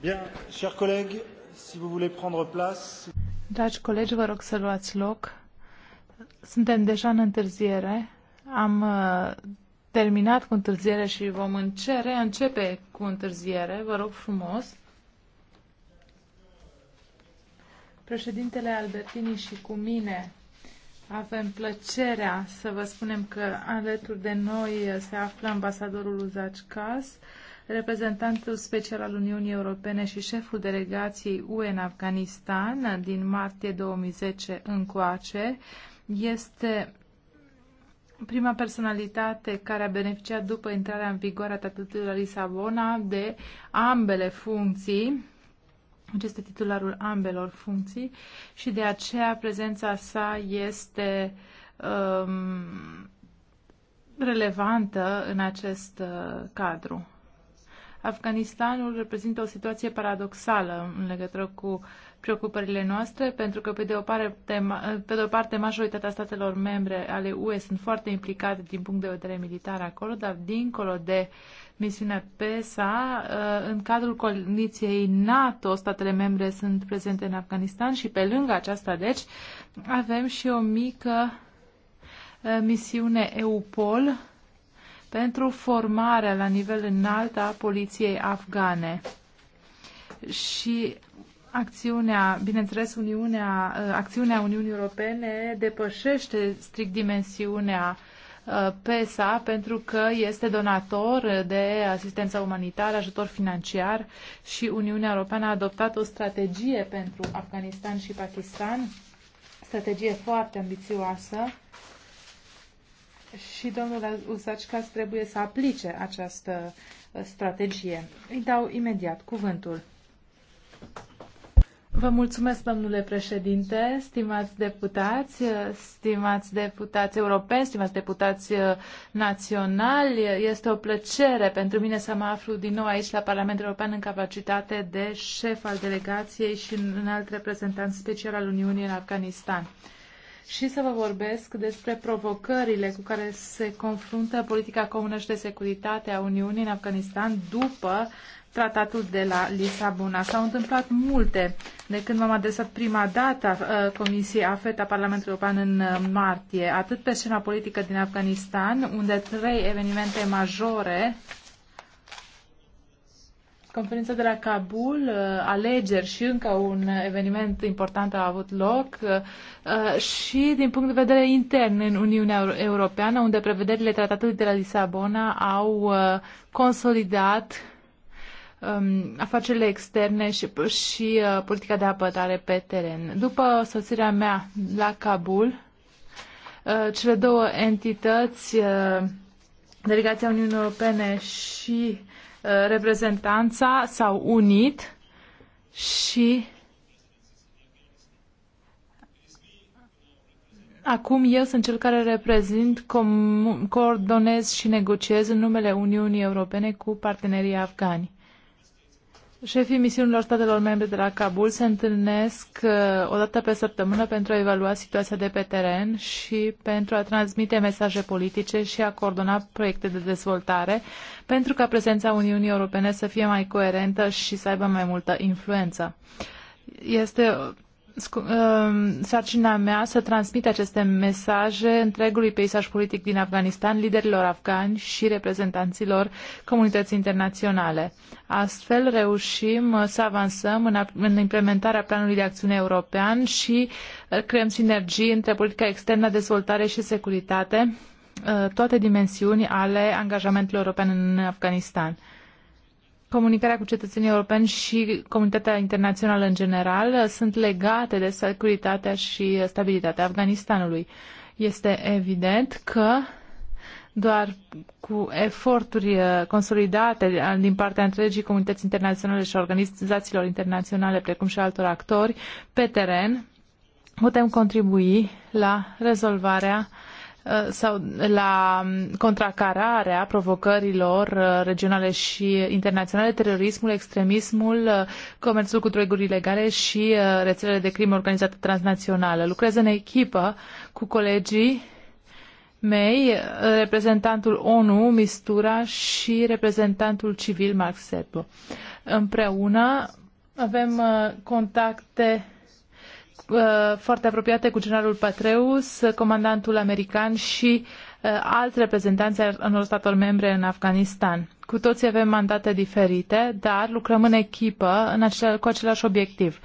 Dragi colegi, vă rog să luați loc. Suntem deja în întârziere. Am uh, terminat cu întârziere și vom încere, începe cu întârziere. Vă rog frumos. Președintele Albertini și cu mine avem plăcerea să vă spunem că alături de noi se află ambasadorul Uzaci Cas, reprezentantul special al Uniunii Europene și șeful delegației UE în Afganistan din martie 2010 încoace, este prima personalitate care a beneficiat după intrarea în vigoare a Tratatului la Lisabona de ambele funcții, deci este titularul ambelor funcții și de aceea prezența sa este um, relevantă în acest uh, cadru. Afganistanul reprezintă o situație paradoxală în legătură cu preocupările noastre, pentru că, pe de o parte, pe de o parte majoritatea statelor membre ale UE sunt foarte implicate din punct de vedere militar acolo, dar dincolo de misiunea PESA, uh, în cadrul coaliției NATO, statele membre sunt prezente în Afganistan și pe lângă aceasta, deci, avem și o mică uh, misiune EUPOL, pentru formarea la nivel înalt a poliției afgane. Și acțiunea, bineînțeles, Uniunea, uh, acțiunea Uniunii Europene depășește strict dimensiunea uh, PESA pentru că este donator de asistență umanitară, ajutor financiar și Uniunea Europeană a adoptat o strategie pentru Afganistan și Pakistan, strategie foarte ambițioasă și domnul Uzacicas trebuie să aplice această uh, strategie. Îi dau imediat cuvântul. Vă mulțumesc, domnule președinte, stimați deputați, stimați deputați europeni, stimați deputați uh, naționali. Este o plăcere pentru mine să mă aflu din nou aici la Parlamentul European în capacitate de șef al delegației și în alt reprezentant special al Uniunii în Afganistan și să vă vorbesc despre provocările cu care se confruntă politica comună și de securitate a Uniunii în Afganistan după tratatul de la Lisabona. S-au întâmplat multe de când m-am adresat prima dată uh, Comisiei AFET a Parlamentului European în uh, martie, atât pe scena politică din Afganistan, unde trei evenimente majore Conferința de la Kabul, uh, alegeri și încă un eveniment important a avut loc uh, uh, și din punct de vedere intern în Uniunea Europeană, unde prevederile tratatului de la Lisabona au consolidat um, afacerile externe și, și politica de apătare pe teren. După sosirea mea la Kabul, cele două entități, Delegația Uniunii Europene și Uh, reprezentanța s-au unit și Acum eu sunt cel care reprezint, coordonez și negociez în numele Uniunii Europene cu partenerii afgani. Șefii misiunilor statelor membre de la Kabul se întâlnesc uh, o dată pe săptămână pentru a evalua situația de pe teren și pentru a transmite mesaje politice și a coordona proiecte de dezvoltare, pentru ca prezența Uniunii Europene să fie mai coerentă și să aibă mai multă influență. Este Um, sarcina mea să transmit aceste mesaje întregului peisaj politic din Afganistan, liderilor afgani și reprezentanților comunității internaționale. Astfel reușim să avansăm în, implementarea planului de acțiune european și uh, creăm sinergii între politica externă, dezvoltare și securitate, uh, toate dimensiuni ale angajamentului european în Afganistan comunicarea cu cetățenii europeni și comunitatea internațională în general sunt legate de securitatea și stabilitatea Afganistanului. Este evident că doar cu eforturi uh, consolidate din partea întregii comunități internaționale și organizațiilor internaționale, precum și altor actori, pe teren, putem contribui la rezolvarea Uh, sau la contracararea provocărilor uh, regionale și internaționale, terorismul, extremismul, uh, comerțul cu droguri ilegale și rețelele de crimă organizată transnațională. Lucrez în echipă cu colegii mei, reprezentantul ONU, Mistura și reprezentantul civil, Mark Serbo. Împreună avem contacte Uh, foarte apropiate cu generalul Patreus, comandantul american și uh, alți reprezentanți ai unor statelor membre în Afganistan. Cu toții avem mandate diferite, dar lucrăm în echipă în acela, cu același obiectiv.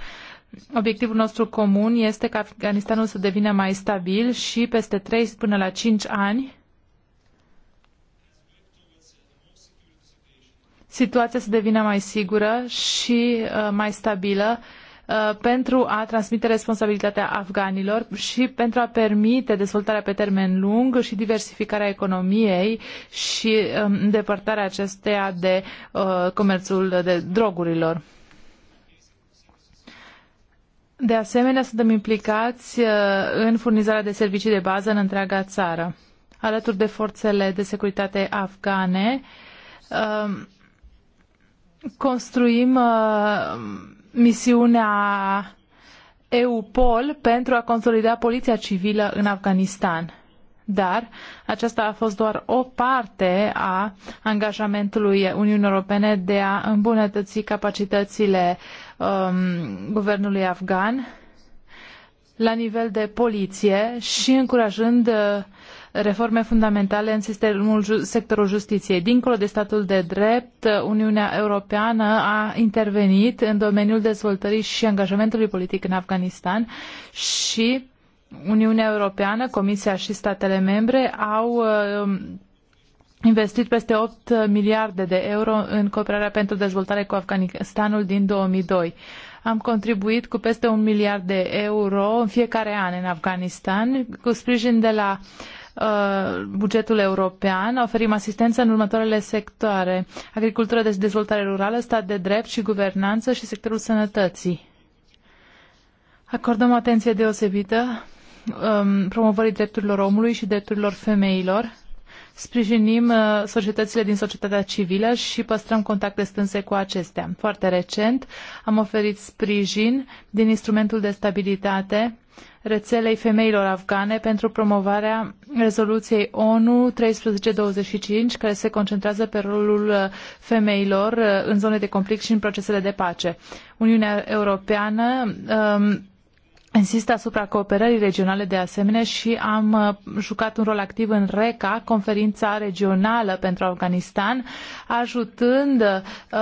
Obiectivul nostru comun este ca Afganistanul să devină mai stabil și peste 3 până la 5 ani situația să devină mai sigură și uh, mai stabilă Uh, pentru a transmite responsabilitatea afganilor și pentru a permite dezvoltarea pe termen lung și diversificarea economiei și um, îndepărtarea acesteia de uh, comerțul de drogurilor. De asemenea, suntem implicați uh, în furnizarea de servicii de bază în întreaga țară. Alături de forțele de securitate afgane, um, construim misiunea EUPOL pentru a consolida poliția civilă în Afganistan. Dar aceasta a fost doar o parte a angajamentului Uniunii Europene de a îmbunătăți capacitățile um, guvernului afgan la nivel de poliție și încurajând uh, reforme fundamentale în sistemul, sectorul justiției. Dincolo de statul de drept, Uniunea Europeană a intervenit în domeniul dezvoltării și angajamentului politic în Afganistan și Uniunea Europeană, Comisia și statele membre au um, investit peste 8 miliarde de euro în cooperarea pentru dezvoltare cu Afganistanul din 2002. Am contribuit cu peste un miliard de euro în fiecare an în Afganistan, cu sprijin de la uh, Uh, bugetul european. Oferim asistență în următoarele sectoare. Agricultură, deci dezvoltare rurală, stat de drept și guvernanță și sectorul sănătății. Acordăm atenție deosebită um, promovării drepturilor omului și drepturilor femeilor. Sprijinim uh, societățile din societatea civilă și păstrăm contacte strânse cu acestea. Foarte recent am oferit sprijin din instrumentul de stabilitate rețelei femeilor afgane pentru promovarea rezoluției ONU 1325, care se concentrează pe rolul femeilor uh, în zone de conflict și în procesele de pace. Uniunea Europeană um, asupra cooperării regionale de asemenea și am uh, jucat un rol activ în RECA, conferința regională pentru Afganistan, ajutând uh,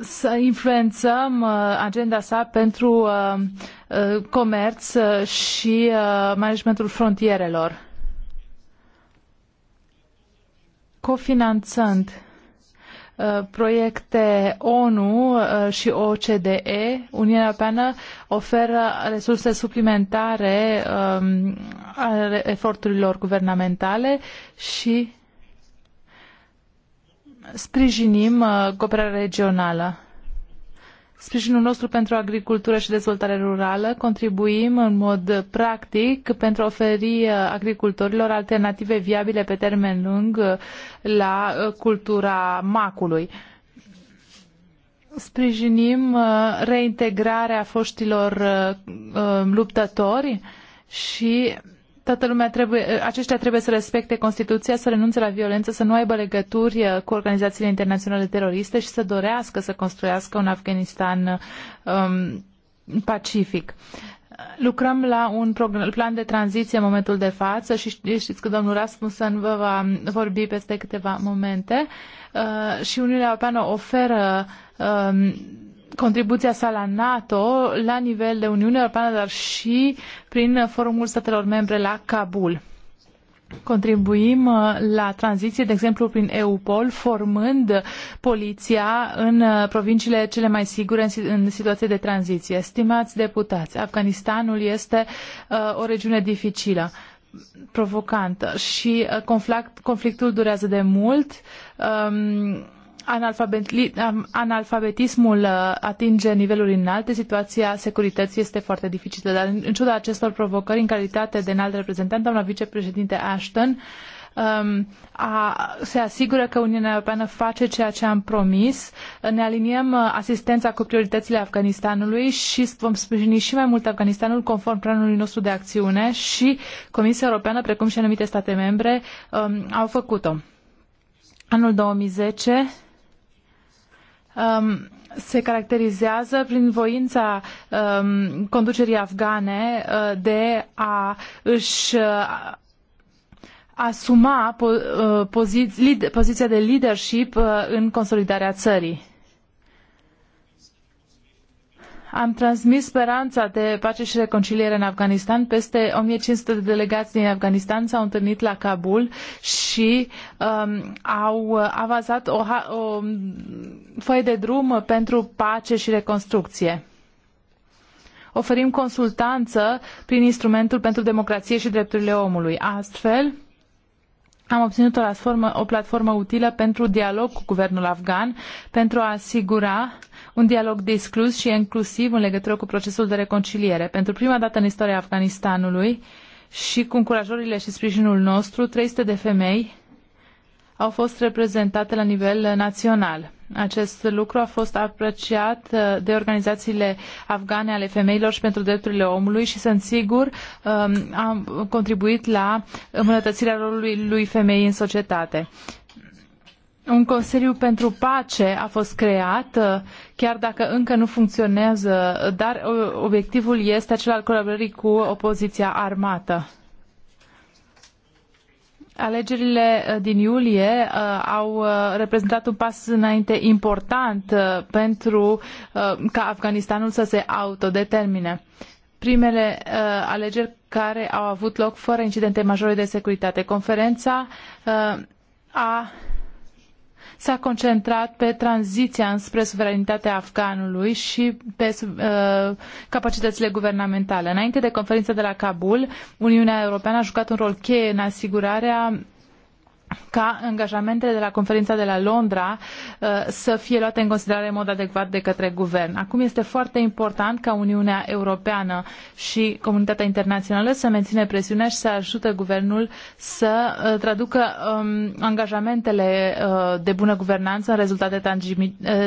să influențăm uh, agenda sa pentru uh, Uh, comerț uh, și uh, managementul frontierelor. Cofinanțând proiecte ONU și OCDE, Uniunea Europeană oferă resurse suplimentare um, eforturilor guvernamentale și sprijinim cooperarea regională sprijinul nostru pentru agricultură și dezvoltare rurală, contribuim în mod practic pentru a oferi uh, agricultorilor alternative viabile pe termen lung uh, la uh, cultura macului. Sprijinim reintegrarea foștilor luptători și toată lumea trebuie, aceștia trebuie să respecte Constituția, să renunțe la violență, să nu aibă legături uh, cu organizațiile internaționale teroriste și să dorească să construiască un Afganistan um, pacific. Lucrăm la un plan de tranziție în momentul de față și știți că domnul Rasmussen vă va vorbi peste câteva momente uh, și Uniunea Europeană oferă uh, contribuția sa la NATO la nivel de Uniune Europeană, dar și prin forumul statelor membre la Kabul. Contribuim uh, la tranziție, de exemplu, prin EUPOL, formând poliția în uh, provinciile cele mai sigure în situație de tranziție. Stimați deputați, Afganistanul este uh, o regiune dificilă provocantă și conflict, conflictul durează de mult. Um, analfabetismul uh, atinge niveluri înalte, situația securității este foarte dificilă, dar în ciuda acestor provocări, în calitate de înalt reprezentant, doamna vicepreședinte Ashton, um, a, se asigură că Uniunea Europeană face ceea ce am promis. Ne aliniem uh, asistența cu prioritățile Afganistanului și vom sprijini și mai mult Afganistanul conform planului nostru de acțiune și Comisia Europeană, precum și anumite state membre, um, au făcut-o. Anul 2010 um, se caracterizează prin voința um, conducerii afgane uh, de a își uh, asuma po, uh, poziția de leadership uh, în consolidarea țării am transmis speranța de pace și reconciliere în Afganistan. Peste 1500 de delegați din Afganistan s-au întâlnit la Kabul și um, au avansat o, o foaie de drum pentru pace și reconstrucție. Oferim consultanță prin instrumentul pentru democrație și drepturile omului. Astfel, am obținut o platformă, o platformă utilă pentru dialog cu guvernul afgan, pentru a asigura un dialog disclus și inclusiv în legătură cu procesul de reconciliere. Pentru prima dată în istoria Afganistanului și cu încurajările și sprijinul nostru, 300 de femei au fost reprezentate la nivel național. Acest lucru a fost apreciat uh, de organizațiile afgane ale femeilor și pentru drepturile omului și sunt sigur um, a contribuit la îmbunătățirea rolului lui femei în societate. Un Consiliu pentru Pace a fost creat, uh, chiar dacă încă nu funcționează, dar uh, obiectivul este acela al colaborării cu opoziția armată. Alegerile uh, din iulie uh, au uh, reprezentat un pas înainte important pentru ca Afganistanul să se autodetermine. Primele alegeri care au avut loc fără incidente majore de securitate. Conferența a s-a concentrat pe tranziția înspre suveranitatea Afganului și pe uh, capacitățile guvernamentale. Înainte de conferința de la Kabul, Uniunea Europeană a jucat un rol cheie în asigurarea ca angajamentele de la conferința de la Londra uh, să fie luate în considerare în mod adecvat de către guvern. Acum este foarte important ca Uniunea Europeană și comunitatea internațională să mențină presiunea și să ajute guvernul să uh, traducă um, angajamentele uh, de bună guvernanță în rezultate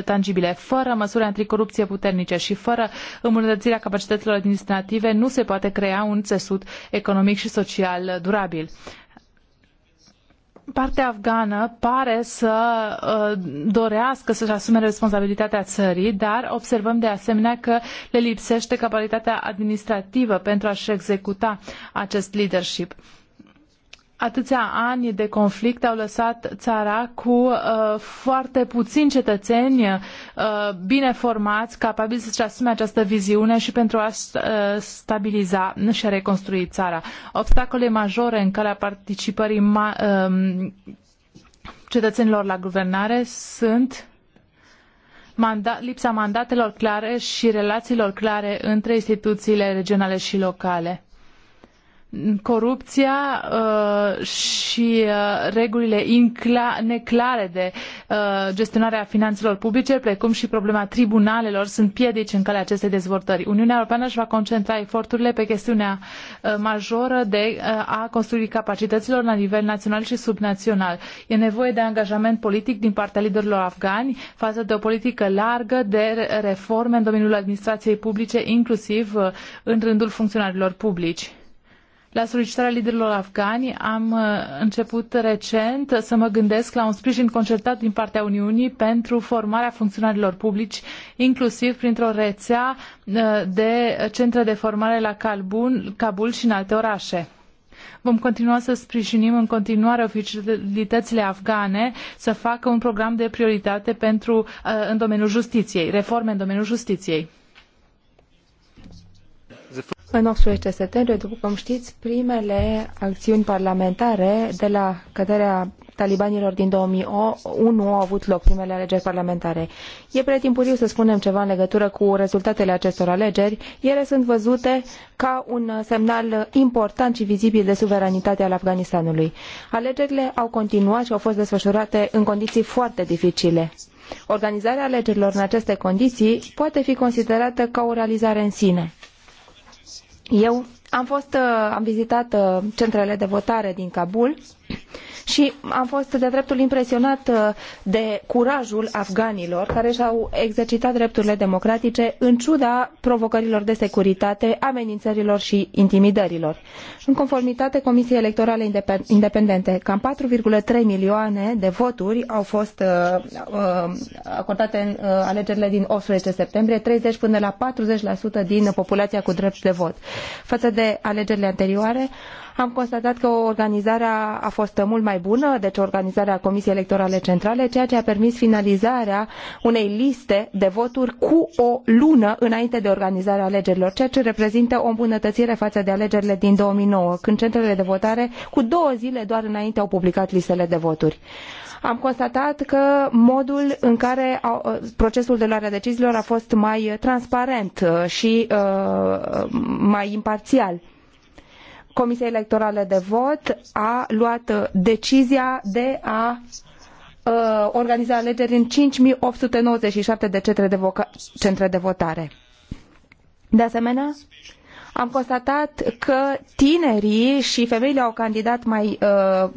tangibile. Fără măsuri anticorupție puternice și fără îmbunătățirea capacităților administrative nu se poate crea un țesut economic și social durabil partea afgană pare să uh, dorească să-și asume responsabilitatea țării, dar observăm de asemenea că le lipsește capacitatea administrativă pentru a-și executa acest leadership atâția ani de conflict au lăsat țara cu uh, foarte puțini cetățeni uh, bine formați, capabili să-și asume această viziune și pentru a uh, stabiliza și a reconstrui țara. Obstacole majore în calea participării ma- uh, cetățenilor la guvernare sunt manda- lipsa mandatelor clare și relațiilor clare între instituțiile regionale și locale corupția uh, și uh, regulile neclare de uh, gestionare a finanțelor publice, precum și problema tribunalelor, sunt piedici în calea acestei dezvoltări. Uniunea Europeană își va concentra eforturile pe chestiunea uh, majoră de uh, a construi capacităților la nivel național și subnațional. E nevoie de angajament politic din partea liderilor afgani față de o politică largă de reforme în domeniul administrației publice, inclusiv uh, în rândul funcționarilor publici la solicitarea liderilor afgani am uh, început recent să mă gândesc la un sprijin concertat din partea Uniunii pentru formarea funcționarilor publici, inclusiv printr-o rețea uh, de centre de formare la Kabul, Kabul și în alte orașe. Vom continua să sprijinim în continuare oficialitățile afgane să facă un program de prioritate pentru, uh, în domeniul justiției, reforme în domeniul justiției. În 18 septembrie, după cum știți, primele acțiuni parlamentare de la căderea talibanilor din 2001 au avut loc primele alegeri parlamentare. E prea timpuriu să spunem ceva în legătură cu rezultatele acestor alegeri. Ele sunt văzute ca un semnal important și vizibil de suveranitate al Afganistanului. Alegerile au continuat și au fost desfășurate în condiții foarte dificile. Organizarea alegerilor în aceste condiții poate fi considerată ca o realizare în sine eu am fost, uh, am vizitat uh, centrele de votare din Kabul și am fost de dreptul impresionat uh, de curajul afganilor care și-au exercitat drepturile democratice în ciuda provocărilor de securitate, amenințărilor și intimidărilor. În conformitate Comisiei Electorale Independente, cam 4,3 milioane de voturi au fost uh, uh, acordate în alegerile din 18 septembrie, 30 până la 40% din populația cu drept de vot. Față de alegerile anterioare, am constatat că organizarea a fost mult mai bună, deci organizarea Comisiei Electorale Centrale, ceea ce a permis finalizarea unei liste de voturi cu o lună înainte de organizarea alegerilor, ceea ce reprezintă o îmbunătățire față de alegerile din 2009, când centrele de votare cu două zile doar înainte au publicat listele de voturi am constatat că modul în care uh, procesul de luare a deciziilor a fost mai transparent uh, și uh, mai imparțial. Comisia Electorală de Vot a luat decizia de a uh, organiza alegeri în 5897 de centre de, centre de votare. De asemenea, am constatat că tinerii și femeile au candidat mai uh, uh,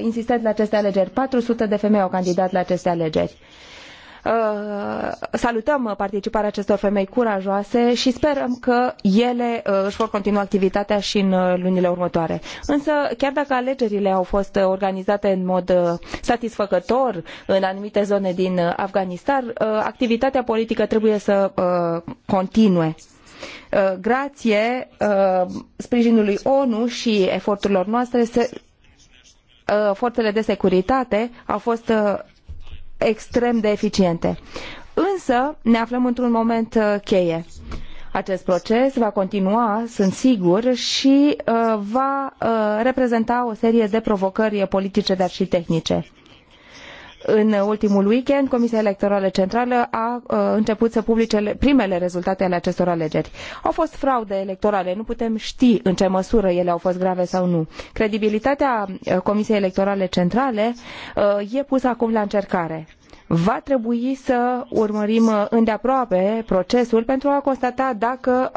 insistent la aceste alegeri. 400 de femei au candidat la aceste alegeri. Uh, salutăm participarea acestor femei curajoase și sperăm că ele uh, își vor continua activitatea și în uh, lunile următoare. Însă, chiar dacă alegerile au fost organizate în mod satisfăcător în anumite zone din Afganistan, activitatea politică trebuie să continue grație sprijinului ONU și eforturilor noastre, forțele de securitate au fost extrem de eficiente. Însă ne aflăm într-un moment uh, cheie. Acest proces va continua, sunt sigur, și uh, va uh, reprezenta o serie de provocări politice, dar și tehnice în ultimul weekend, Comisia Electorală Centrală a uh, început să publice primele rezultate ale acestor alegeri. Au fost fraude electorale, nu putem ști în ce măsură ele au fost grave sau nu. Credibilitatea uh, Comisiei Electorale Centrale uh, e pusă acum la încercare Va trebui să urmărim uh, îndeaproape procesul pentru a constata dacă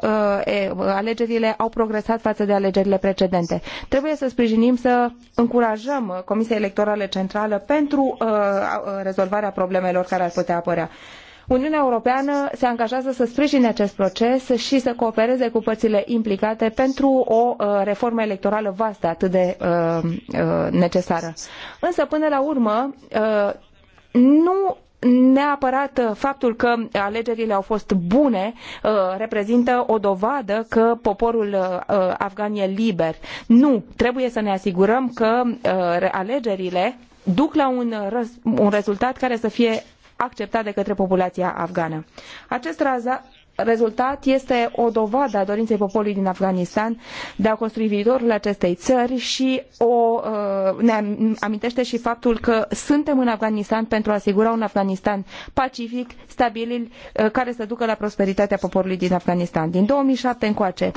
uh, alegerile au progresat față de alegerile precedente. Trebuie să sprijinim, să încurajăm Comisia Electorală Centrală pentru uh, rezolvarea problemelor care ar putea apărea. Uniunea Europeană se angajează să sprijine acest proces și să coopereze cu părțile implicate pentru o reformă electorală vastă atât de necesară. Însă, până la urmă, nu neapărat faptul că alegerile au fost bune uh, reprezintă o dovadă că poporul uh, afgan e liber. Nu, trebuie să ne asigurăm că uh, alegerile duc la un, un rezultat care să fie acceptat de către populația afgană. Acest rezultat este o dovadă a dorinței poporului din Afganistan de a construi viitorul acestei țări și o, uh, ne amintește și faptul că suntem în Afganistan pentru a asigura un Afganistan pacific, stabil, uh, care să ducă la prosperitatea poporului din Afganistan. Din 2007 încoace,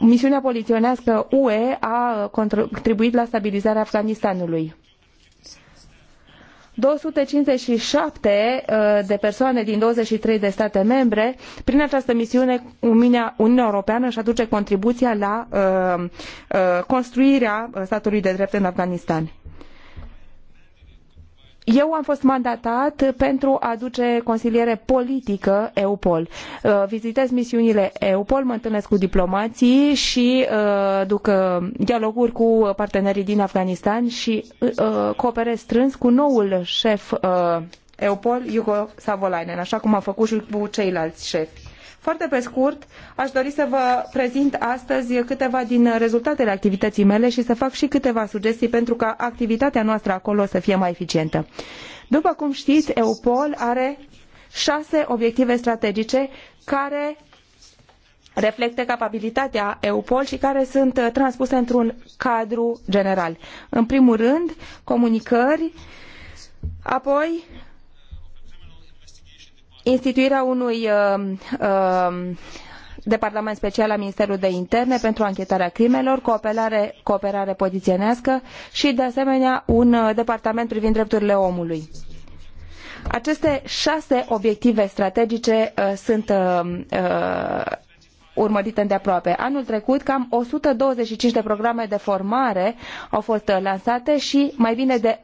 misiunea poliționească UE a contribuit la stabilizarea Afganistanului șapte uh, de persoane din 23 de state membre, prin această misiune, Uniunea Europeană își aduce contribuția la uh, uh, construirea statului de drept în Afganistan eu am fost mandatat pentru a aduce consiliere politică EUPOL. Uh, vizitez misiunile EUPOL, mă întâlnesc cu diplomații și uh, duc uh, dialoguri cu partenerii din Afganistan și cooperez strâns cu noul șef EUPOL, Hugo Savolainen, așa cum am făcut și cu ceilalți șefi. Foarte pe scurt, aș dori să vă prezint astăzi câteva din rezultatele activității mele și să fac și câteva sugestii pentru ca activitatea noastră acolo să fie mai eficientă. După cum știți, EUPOL are șase obiective strategice care reflectă capabilitatea EUPOL și care sunt transpuse într-un cadru general. În primul rând, comunicări, apoi instituirea unui uh, uh, departament special al Ministerului de Interne pentru anchetarea crimelor, cooperare, cooperare polițienească și, de asemenea, un uh, departament privind drepturile omului. Aceste șase obiective strategice uh, sunt uh, urmărite îndeaproape. Anul trecut, cam 125 de programe de formare au fost lansate și mai bine de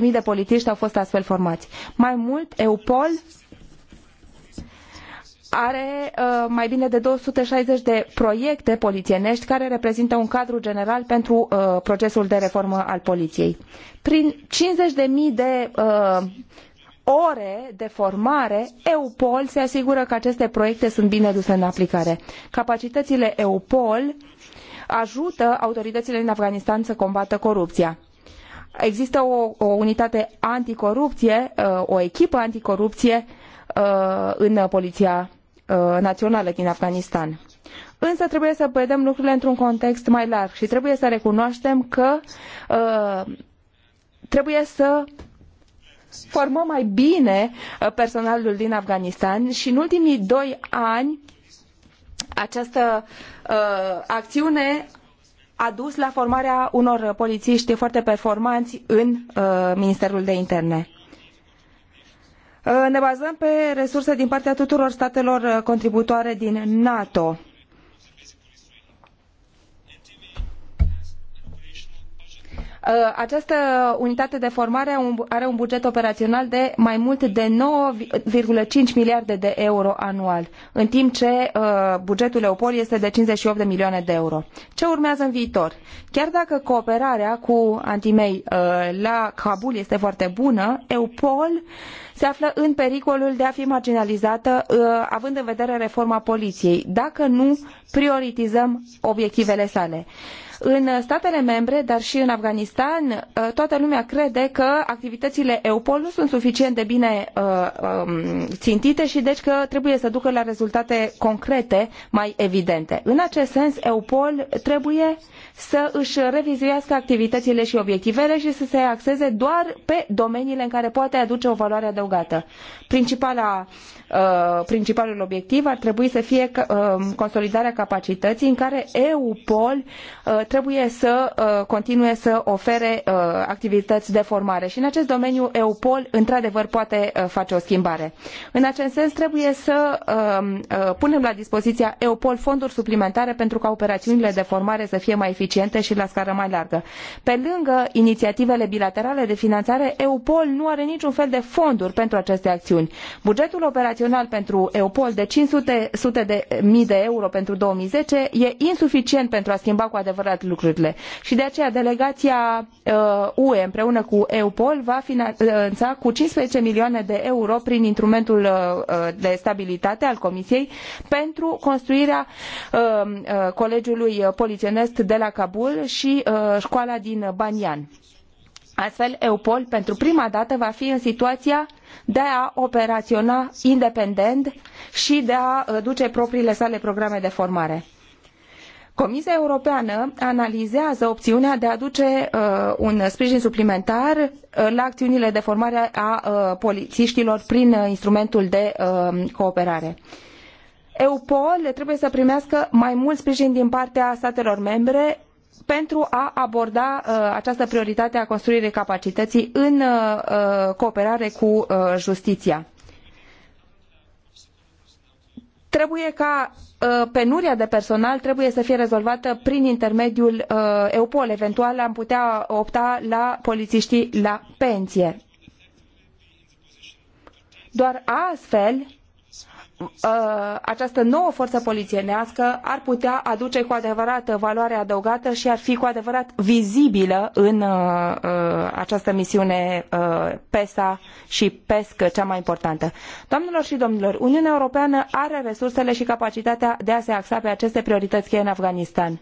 11.000 de polițiști au fost astfel formați. Mai mult, EUPOL are uh, mai bine de 260 de proiecte polițienești care reprezintă un cadru general pentru uh, procesul de reformă al poliției. Prin 50.000 de uh, ore de formare, EUPOL se asigură că aceste proiecte sunt bine duse în aplicare. Capacitățile EUPOL ajută autoritățile din Afganistan să combată corupția. Există o, o unitate anticorupție, uh, o echipă anticorupție uh, în poliția Uh, naționale din Afganistan. Însă trebuie să vedem lucrurile într-un context mai larg și trebuie să recunoaștem că uh, trebuie să formăm mai bine uh, personalul din Afganistan și în ultimii doi ani această uh, acțiune a dus la formarea unor polițiști foarte performanți în uh, Ministerul de Interne ne bazăm pe resurse din partea tuturor statelor contributoare din NATO. Uh, această unitate de formare are un buget operațional de mai mult de 9,5 miliarde de euro anual, în timp ce uh, bugetul Leopol este de 58 de milioane de euro. Ce urmează în viitor? Chiar dacă cooperarea cu Antimei uh, la Kabul este foarte bună, Eupol se află în pericolul de a fi marginalizată, având în vedere reforma poliției, dacă nu prioritizăm obiectivele sale. În statele membre, dar și în Afganistan, uh, toată lumea crede că activitățile EUPOL nu sunt suficient de bine uh, um, țintite și deci că trebuie să ducă la rezultate concrete mai evidente. În acest sens, EUPOL trebuie să își revizuiască activitățile și obiectivele și să se axeze doar pe domeniile în care poate aduce o valoare adăugată. Principala uh, Uh, principalul obiectiv ar trebui să fie um, consolidarea capacității în care EUPOL uh, trebuie să uh, continue să ofere activități de formare și în acest domeniu EUPOL într-adevăr poate face o schimbare. În acest sens trebuie să um, punem la dispoziția EUPOL fonduri suplimentare pentru ca operațiunile de formare să fie mai eficiente și la scară mai largă. Pe lângă inițiativele bilaterale de finanțare, EUPOL nu are niciun fel de fonduri pentru aceste acțiuni. Bugetul operativ operațional pentru EUPOL de 500 sute de mii de euro pentru 2010 e insuficient pentru a schimba cu adevărat lucrurile. Și de aceea delegația UE uh, împreună cu EUPOL va finanța cu cincisprezece milioane de euro prin instrumentul uh, uh, de stabilitate al Comisiei pentru construirea colegiului polițienesc de la Kabul și școala din Banian. Astfel, EUPOL pentru prima dată va fi în situația de a operaționa independent și de a uh, duce propriile sale programe de formare. Comisia Europeană analizează opțiunea de a aduce uh, un sprijin suplimentar uh, la acțiunile de formare a uh, polițiștilor prin instrumentul de cooperare. EUPOL trebuie să primească mai mult sprijin din partea statelor membre pentru a aborda uh, această prioritate a construirii capacității în uh, uh, cooperare cu justiția. Trebuie ca penuria de personal trebuie să fie rezolvată prin intermediul EUPOL. Eventual am putea opta la polițiștii la pensie. Doar astfel Uh, această nouă forță polițienească ar putea aduce cu adevărat valoare adăugată și ar fi cu adevărat vizibilă în uh, uh, această misiune PESA și PESC cea mai importantă. Doamnelor și domnilor, Uniunea Europeană are resursele și capacitatea de a se axa pe aceste priorități cheie în Afganistan.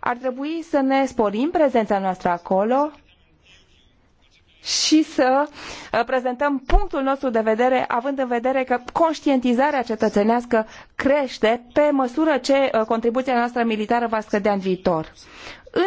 Ar trebui să ne sporim prezența noastră acolo, și să uh, prezentăm punctul nostru de vedere, având în vedere că conștientizarea cetăenească crește pe măsură ce uh, contribuția noastră militară va scădea în viitor.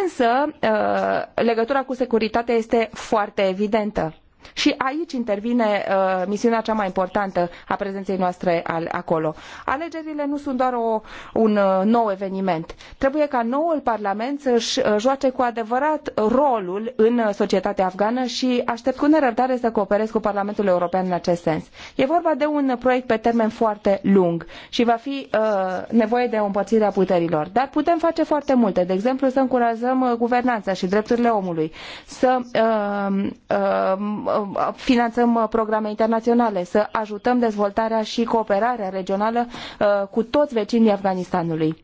Însă, uh, legătura cu securitatea este foarte evidentă și aici intervine uh, misiunea cea mai importantă a prezenței noastre al, acolo. Alegerile nu sunt doar o, un uh, nou eveniment. Trebuie ca noul Parlament să-și uh, joace cu adevărat rolul în uh, societatea afgană și aștept cu nerăbdare să cooperez cu Parlamentul European în acest sens. E vorba de un proiect pe termen foarte lung și va fi uh, nevoie de o împărțire a puterilor. Dar putem face foarte multe. De exemplu, să încurajăm uh, guvernanța și drepturile omului. Să uh, uh, Uh, finanțăm uh, programe internaționale, să ajutăm dezvoltarea și cooperarea regională uh, cu toți vecinii Afganistanului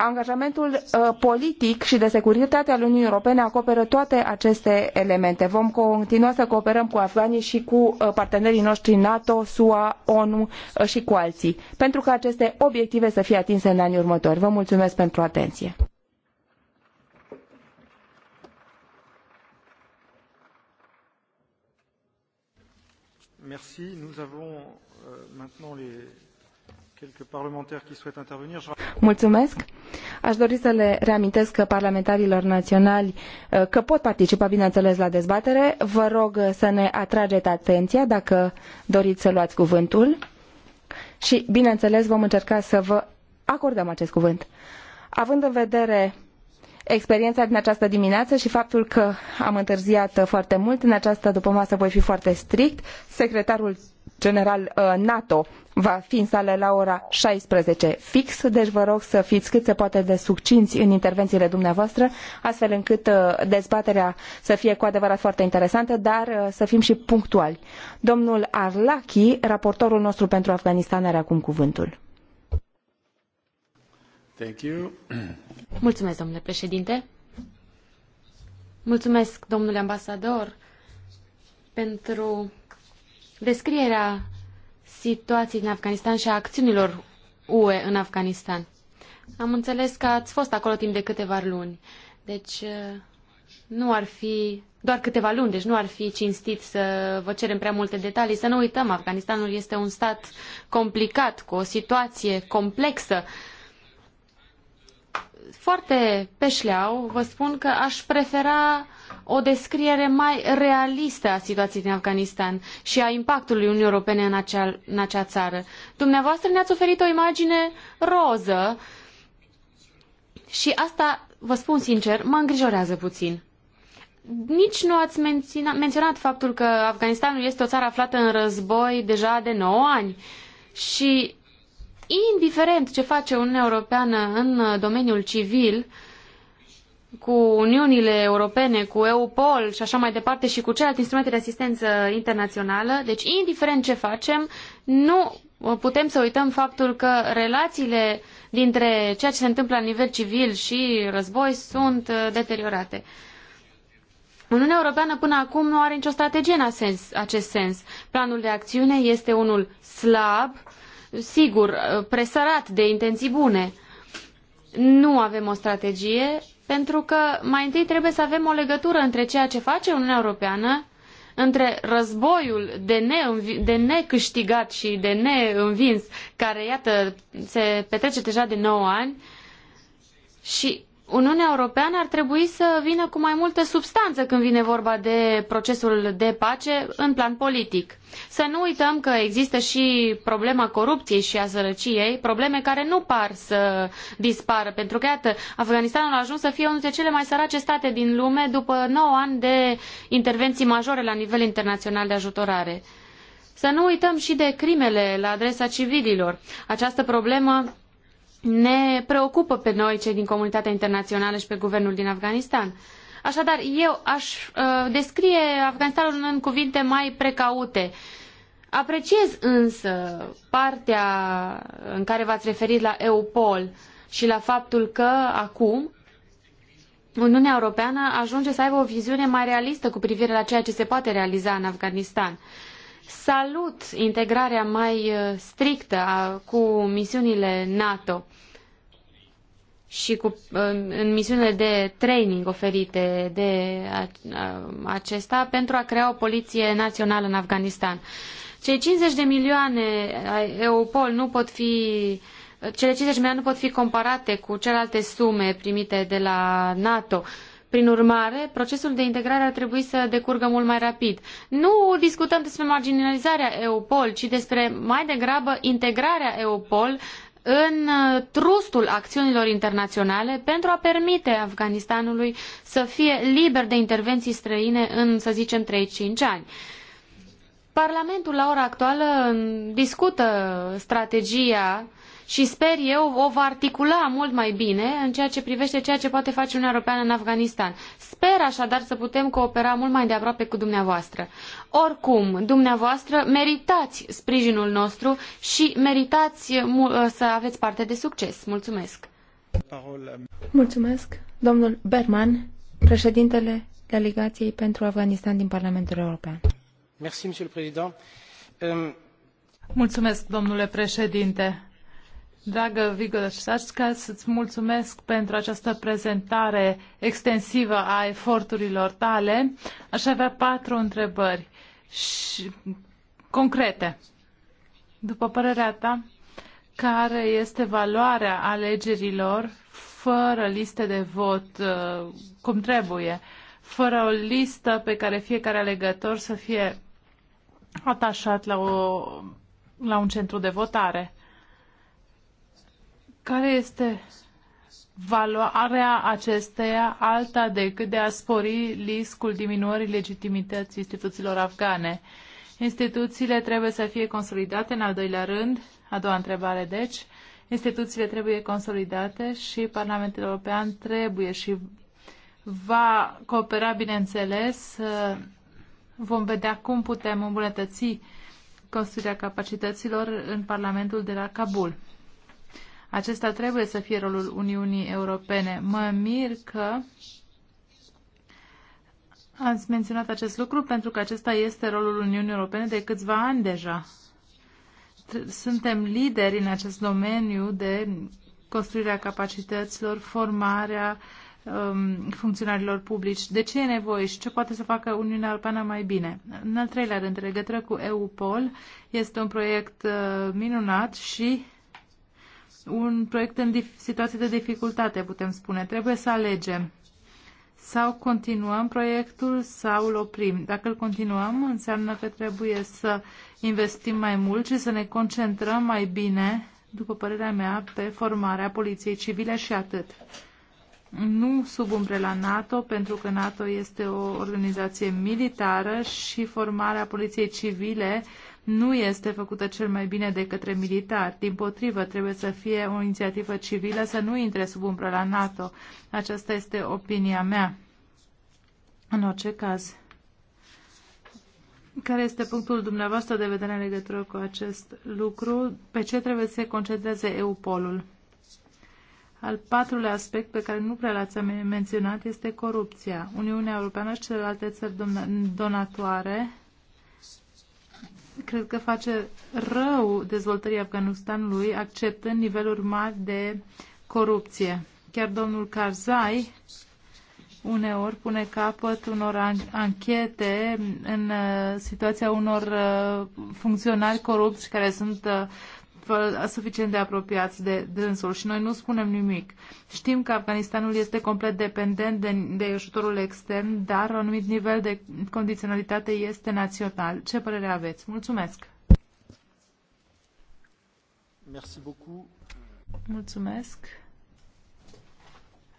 angajamentul politic și de securitate al Uniunii Europene acoperă toate aceste elemente. Vom continua să cooperăm cu afganii și cu partenerii noștri NATO, SUA, ONU și cu alții, pentru ca aceste obiective să fie atinse în anii următori. Vă mulțumesc pentru atenție. Merci. Nous avons euh, maintenant les quelques parlementaires qui souhaitent intervenir. Mulțumesc. Aș dori să le reamintesc că parlamentarilor naționali uh, că pot participa, bineînțeles, la dezbatere. Vă rog uh, să ne atrageți atenția dacă doriți să luați cuvântul. Și, bineînțeles, vom încerca să vă acordăm acest cuvânt. Având în vedere experiența din această dimineață și faptul că am întârziat uh, foarte mult. În această dupămasă voi fi foarte strict. Secretarul general uh, NATO va fi în sală la ora 16 fix, deci vă rog să fiți cât se poate de succinți în intervențiile dumneavoastră, astfel încât uh, dezbaterea să fie cu adevărat foarte interesantă, dar să fim și punctuali. Domnul Arlachi, raportorul nostru pentru Afganistan, are acum cuvântul. Thank you. Mulțumesc, domnule președinte. Mulțumesc, domnule ambasador, pentru descrierea situației din Afganistan și a acțiunilor UE în Afganistan. Am înțeles că ați fost acolo timp de câteva luni, deci uh, nu ar fi doar câteva luni, deci nu ar fi cinstit să vă cerem prea multe detalii. Să nu uităm, Afganistanul este un stat complicat, cu o situație complexă. Uh, foarte pe șleau, vă spun că aș prefera o descriere mai realistă a situației din Afganistan și a impactului Uniunii Europene în acea, în acea țară. Dumneavoastră ne-ați oferit o imagine roză și asta, vă spun sincer, mă îngrijorează puțin. Nici nu ați menționat, menționat faptul că Afganistanul este o țară aflată în război deja de 9 ani și indiferent ce face Uniunea Europeană în domeniul civil, cu Uniunile Europene, cu EUPOL și așa mai departe și cu celelalte instrumente de asistență internațională, deci indiferent ce facem, nu putem să uităm faptul că relațiile dintre ceea ce se întâmplă la nivel civil și război sunt uh, deteriorate. Uniunea Europeană până acum nu are nicio strategie în acest sens. Planul de acțiune este unul slab, sigur, uh, presărat de intenții bune. Nu avem o strategie pentru că mai întâi trebuie să avem o legătură între ceea ce face Uniunea Europeană, între războiul de, ne, de necâștigat și de neînvins, care, iată, se petrece deja de 9 ani, și Uniunea Europeană ar trebui să vină cu mai multă substanță când vine vorba de procesul de pace în plan politic. Să nu uităm că există și problema corupției și a sărăciei, probleme care nu par să dispară, pentru că, iată, Afganistanul a ajuns să fie unul dintre cele mai sărace state din lume după 9 ani de intervenții majore la nivel internațional de ajutorare. Să nu uităm și de crimele la adresa civililor. Această problemă ne preocupă pe noi, cei din comunitatea internațională și pe guvernul din Afganistan. Așadar, eu aș uh, descrie Afganistanul în cuvinte mai precaute. Apreciez însă partea în care v-ați referit la EUPOL și la faptul că acum Uniunea Europeană ajunge să aibă o viziune mai realistă cu privire la ceea ce se poate realiza în Afganistan. Salut integrarea mai uh, strictă a, cu misiunile NATO și cu, în misiunile de training oferite de acesta pentru a crea o poliție națională în Afganistan. Cei 50 de milioane EUPOL nu pot fi cele 50 de milioane nu pot fi comparate cu celelalte sume primite de la NATO. Uh, prin urmare, procesul de integrare ar trebui să decurgă mult mai rapid. Nu discutăm despre marginalizarea EUPOL, ci despre mai degrabă integrarea EUPOL în uh, trustul acțiunilor internaționale pentru a permite Afganistanului să fie liber de intervenții străine în, să zicem, 3-5 ani. Parlamentul la ora actuală discută strategia și sper eu o va articula mult mai bine în ceea ce privește ceea ce poate face Uniunea Europeană în Afganistan. Sper așadar să putem coopera mult mai de aproape cu dumneavoastră. Oricum, dumneavoastră meritați sprijinul nostru și meritați uh, să aveți parte de succes. Mulțumesc! Mulțumesc, domnul Berman, președintele delegației pentru Afganistan din Parlamentul European. Euh, Mulțumesc, domnule președinte Dragă Vigor să-ți mulțumesc pentru această prezentare extensivă a eforturilor tale. Aș avea patru întrebări și concrete. După părerea ta, care este valoarea alegerilor fără liste de vot uh, cum trebuie, fără o listă pe care fiecare alegător să fie atașat la, o, la un centru de votare? care este valoarea acesteia alta decât de a spori riscul diminuării legitimității instituțiilor afgane. Instituțiile trebuie să fie consolidate în al doilea rând, a doua întrebare deci, instituțiile trebuie consolidate și Parlamentul European trebuie și va coopera, bineînțeles, vom vedea cum putem îmbunătăți construirea capacităților în Parlamentul de la Kabul. Acesta trebuie să fie rolul Uniunii Europene. Mă mir că ați menționat acest lucru pentru că acesta este rolul Uniunii Europene de câțiva ani deja. Suntem lideri în acest domeniu de construirea capacităților, formarea um, funcționarilor publici. De ce e nevoie și ce poate să facă Uniunea Europeană mai bine? În al treilea rând, legătură cu EUPOL, este un proiect uh, minunat și un proiect în situație de dificultate, putem spune. Trebuie să alegem. Sau continuăm proiectul sau îl oprim. Dacă îl continuăm, înseamnă că trebuie să investim mai mult și să ne concentrăm mai bine, după părerea mea, pe formarea poliției civile și atât. Nu sub umbrela NATO, pentru că NATO este o organizație militară și formarea poliției civile uh, nu este făcută cel mai bine de către militari. Din potrivă, trebuie să fie o inițiativă civilă să nu intre sub umbră la NATO. Aceasta este opinia mea. În orice caz. Care este punctul dumneavoastră de vedere în legătură cu acest lucru? Pe ce trebuie să se concentreze EUPOL-ul? Al patrulea aspect pe care nu prea l-ați menționat este corupția. Uniunea Europeană și celelalte țări donatoare cred că face rău dezvoltării Afganistanului acceptând niveluri mari de corupție. Chiar domnul Karzai uneori pune capăt unor anchete în uh, situația unor uh, funcționari corupți care sunt uh, altfel suficient de apropiați de dânsul și noi nu spunem nimic. Știm că Afganistanul este complet dependent de, de ajutorul extern, dar un anumit nivel de condiționalitate este național. Ce părere aveți? Mulțumesc! Merci beaucoup. Mulțumesc!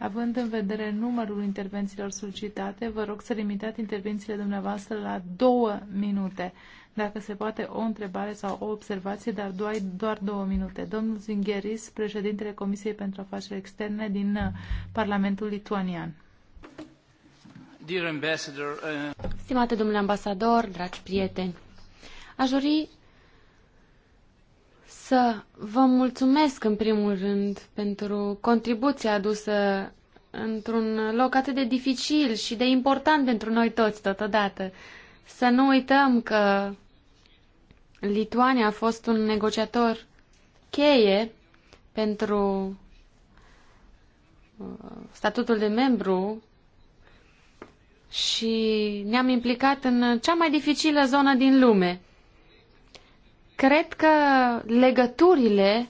Având în vedere numărul intervențiilor solicitate, vă rog să limitați intervențiile dumneavoastră la două minute. Dacă se poate, o întrebare sau o observație, dar doar, doar două minute. Domnul Zingheris, președintele Comisiei pentru Afaceri Externe din uh, Parlamentul Lituanian. Dear ambassador, uh... Stimate domnule ambasador, dragi prieteni, aș dori să vă mulțumesc în primul rând pentru contribuția adusă într-un loc atât de dificil și de important pentru noi toți totodată. Să nu uităm că Lituania a fost un negociator cheie pentru uh, statutul de membru și ne-am implicat în cea mai dificilă zonă din lume. Cred că legăturile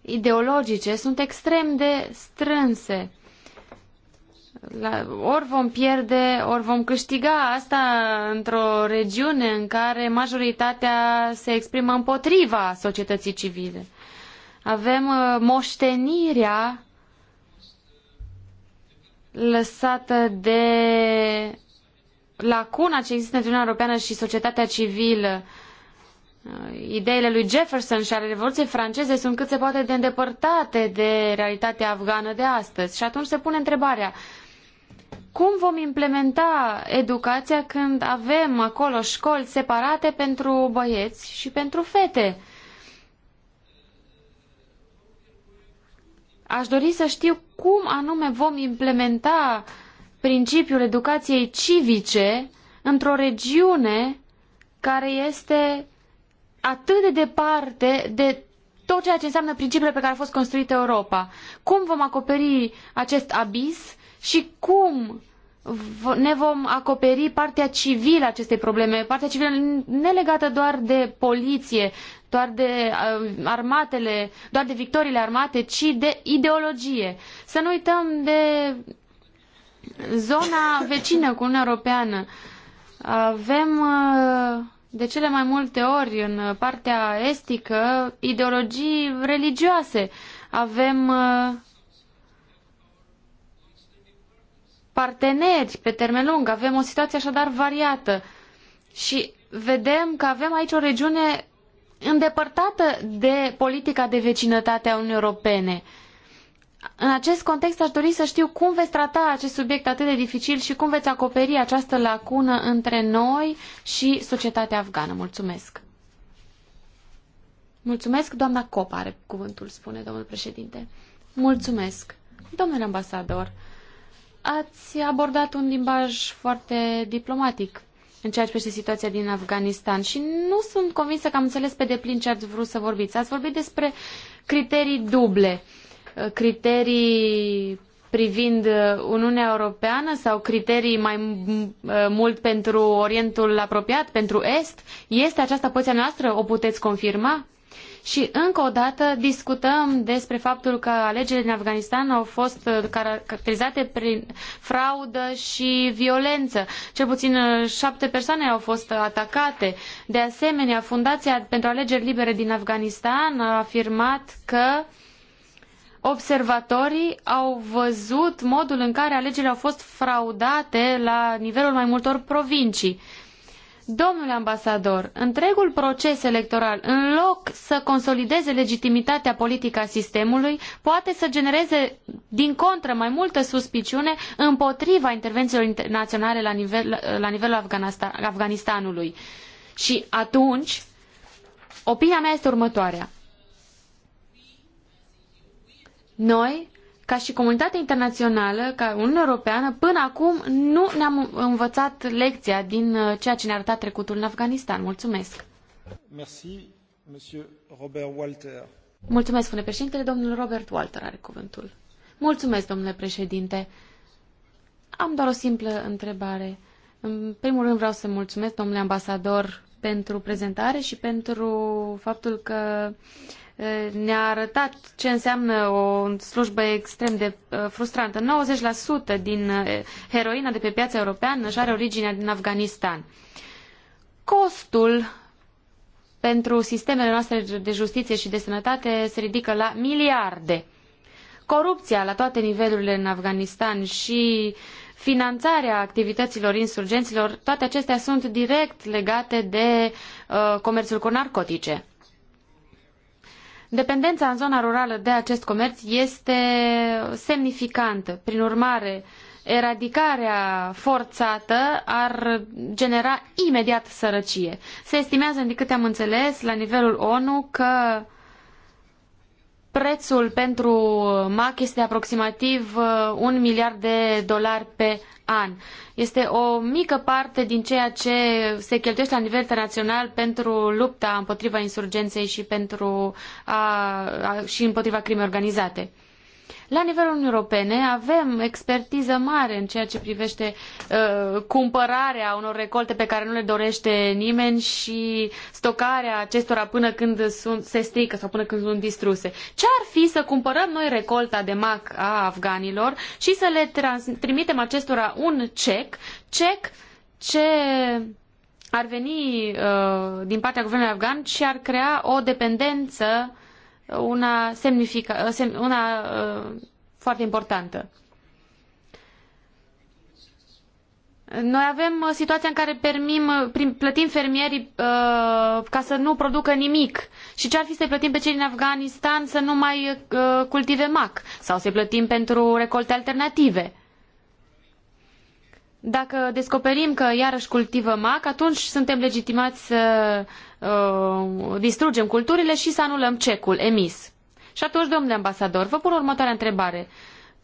ideologice sunt extrem de strânse. La, ori vom pierde, ori vom câștiga asta într-o regiune în care majoritatea se exprimă împotriva societății civile. Avem uh, moștenirea lăsată de lacuna ce există între Uniunea Europeană și societatea civilă uh, Uh, ideile lui Jefferson și ale Revoluției franceze sunt cât se poate de îndepărtate de realitatea afgană de astăzi. Și atunci se pune întrebarea, cum vom implementa educația când avem acolo școli separate pentru băieți și pentru fete? Aș dori să știu cum anume vom implementa principiul educației civice într-o regiune care este atât de departe de tot ceea ce înseamnă principiile pe care a fost construită Europa. Cum vom acoperi acest abis și cum ne vom acoperi partea civilă a acestei probleme, partea civilă nelegată doar de poliție, doar de uh, armatele, doar de victoriile armate, ci de ideologie. Să nu uităm de zona vecină cu Uniunea Europeană. Avem uh, de cele mai multe ori în partea estică ideologii religioase. Avem uh, parteneri pe termen lung, avem o situație așadar variată și vedem că avem aici o regiune îndepărtată de politica de vecinătate a Uniunii Europene. În acest context aș dori să știu cum veți trata acest subiect atât de dificil și cum veți acoperi această lacună între noi și societatea afgană. Mulțumesc! Mulțumesc, doamna Copa are cuvântul, spune domnul președinte. Mulțumesc, domnule ambasador. Ați abordat un limbaj foarte diplomatic în ceea ce privește situația din Afganistan și nu sunt convinsă că am înțeles pe deplin ce ați vrut să vorbiți. Ați vorbit despre criterii duble. Uh, criterii privind Uniunea Europeană sau criterii mai mult pentru Orientul apropiat, pentru Est? Este această poziția noastră? O puteți confirma? Și încă o dată discutăm despre faptul că alegerile din Afganistan au fost caracterizate prin fraudă și violență. Cel puțin uh, șapte persoane au fost atacate. De asemenea, Fundația pentru Alegeri Libere din Afganistan a afirmat că uh, observatorii au văzut modul în care alegerile au fost fraudate la nivelul mai multor provincii. Domnule ambasador, întregul proces electoral, în loc să consolideze legitimitatea politică a sistemului, poate să genereze, din contră, mai multă suspiciune împotriva intervențiilor internaționale la, nivel, la nivelul Afganistanului. Și atunci, opinia mea este următoarea. Noi, ca și comunitatea internațională, ca Uniunea Europeană, până acum nu ne-am învățat lecția din uh, ceea ce ne-a arătat trecutul în Afganistan. Mulțumesc! Merci, Monsieur Robert Walter. Mulțumesc, spune președintele. Domnul Robert Walter are cuvântul. Mulțumesc, domnule președinte. Am doar o simplă întrebare. În primul rând vreau să mulțumesc, domnule ambasador, pentru prezentare și pentru faptul că ne-a arătat ce înseamnă o slujbă extrem de uh, frustrantă. 90% din uh, heroina de pe piața europeană își are originea din Afganistan. Costul pentru sistemele noastre de justiție și de sănătate se ridică la miliarde. Corupția la toate nivelurile în Afganistan și finanțarea activităților insurgenților, toate acestea sunt direct legate de uh, comerțul cu narcotice. Dependența în zona rurală de acest comerț este semnificantă. Prin urmare, eradicarea forțată ar genera imediat sărăcie. Se estimează, din câte am înțeles, la nivelul ONU că Prețul pentru MAC este aproximativ uh, un miliard de dolari pe an. Este o mică parte din ceea ce se cheltuiește la nivel internațional pentru lupta împotriva insurgenței și, pentru a, a, și împotriva crimei organizate. La nivelul Uniunii Europene avem expertiză mare în ceea ce privește uh, cumpărarea unor recolte pe care nu le dorește nimeni și stocarea acestora până când sunt, se strică sau până când sunt distruse. Ce ar fi să cumpărăm noi recolta de mac a afganilor și să le trans- trimitem acestora un cec, cec ce ar veni uh, din partea guvernului afgan și ar crea o dependență uh, una, semnifica, uh, una uh, foarte importantă. Noi avem uh, situația în care permim, plătim fermierii uh, ca să nu producă nimic. Și ce ar fi să plătim pe cei din Afganistan să nu mai uh, cultive mac? Sau să plătim pentru recolte alternative? Dacă descoperim că iarăși cultivă mac, atunci suntem legitimați să uh, distrugem culturile și să anulăm cecul emis. Și atunci, domnule ambasador, vă pun următoarea întrebare.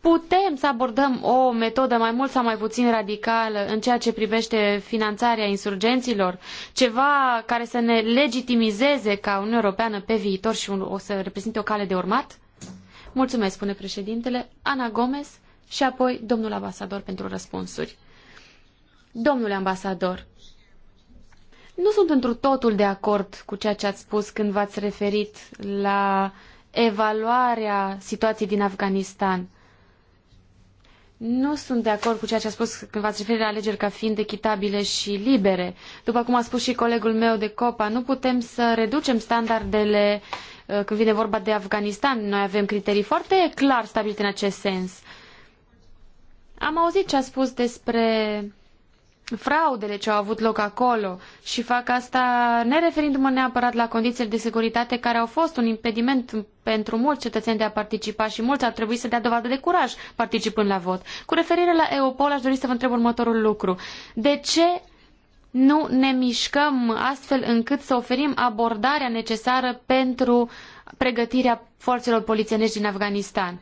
Putem să abordăm o metodă mai mult sau mai puțin radicală în ceea ce privește finanțarea insurgenților? Ceva care să ne legitimizeze ca Uniunea Europeană pe viitor și o să reprezinte o cale de urmat? Mulțumesc, spune președintele, Ana Gomes și apoi domnul ambasador pentru răspunsuri. Domnule ambasador, nu sunt întru totul de acord cu ceea ce ați spus când v-ați referit la evaluarea situației din Afganistan. Nu sunt de acord cu ceea ce a spus când v-ați referit la alegeri ca fiind echitabile și libere. După cum a spus și colegul meu de COPA, nu putem să reducem standardele uh, când vine vorba de Afganistan. Noi avem criterii foarte clar stabilite în acest sens. Am auzit ce a spus despre fraudele ce au avut loc acolo și fac asta ne referindu-mă neapărat la condițiile de securitate care au fost un impediment pentru mulți cetățeni de a participa și mulți ar trebui să dea dovadă de curaj participând la vot. Cu referire la europol aș dori să vă întreb următorul lucru. De ce nu ne mișcăm astfel încât să oferim abordarea necesară pentru pregătirea forțelor polițienești din Afganistan?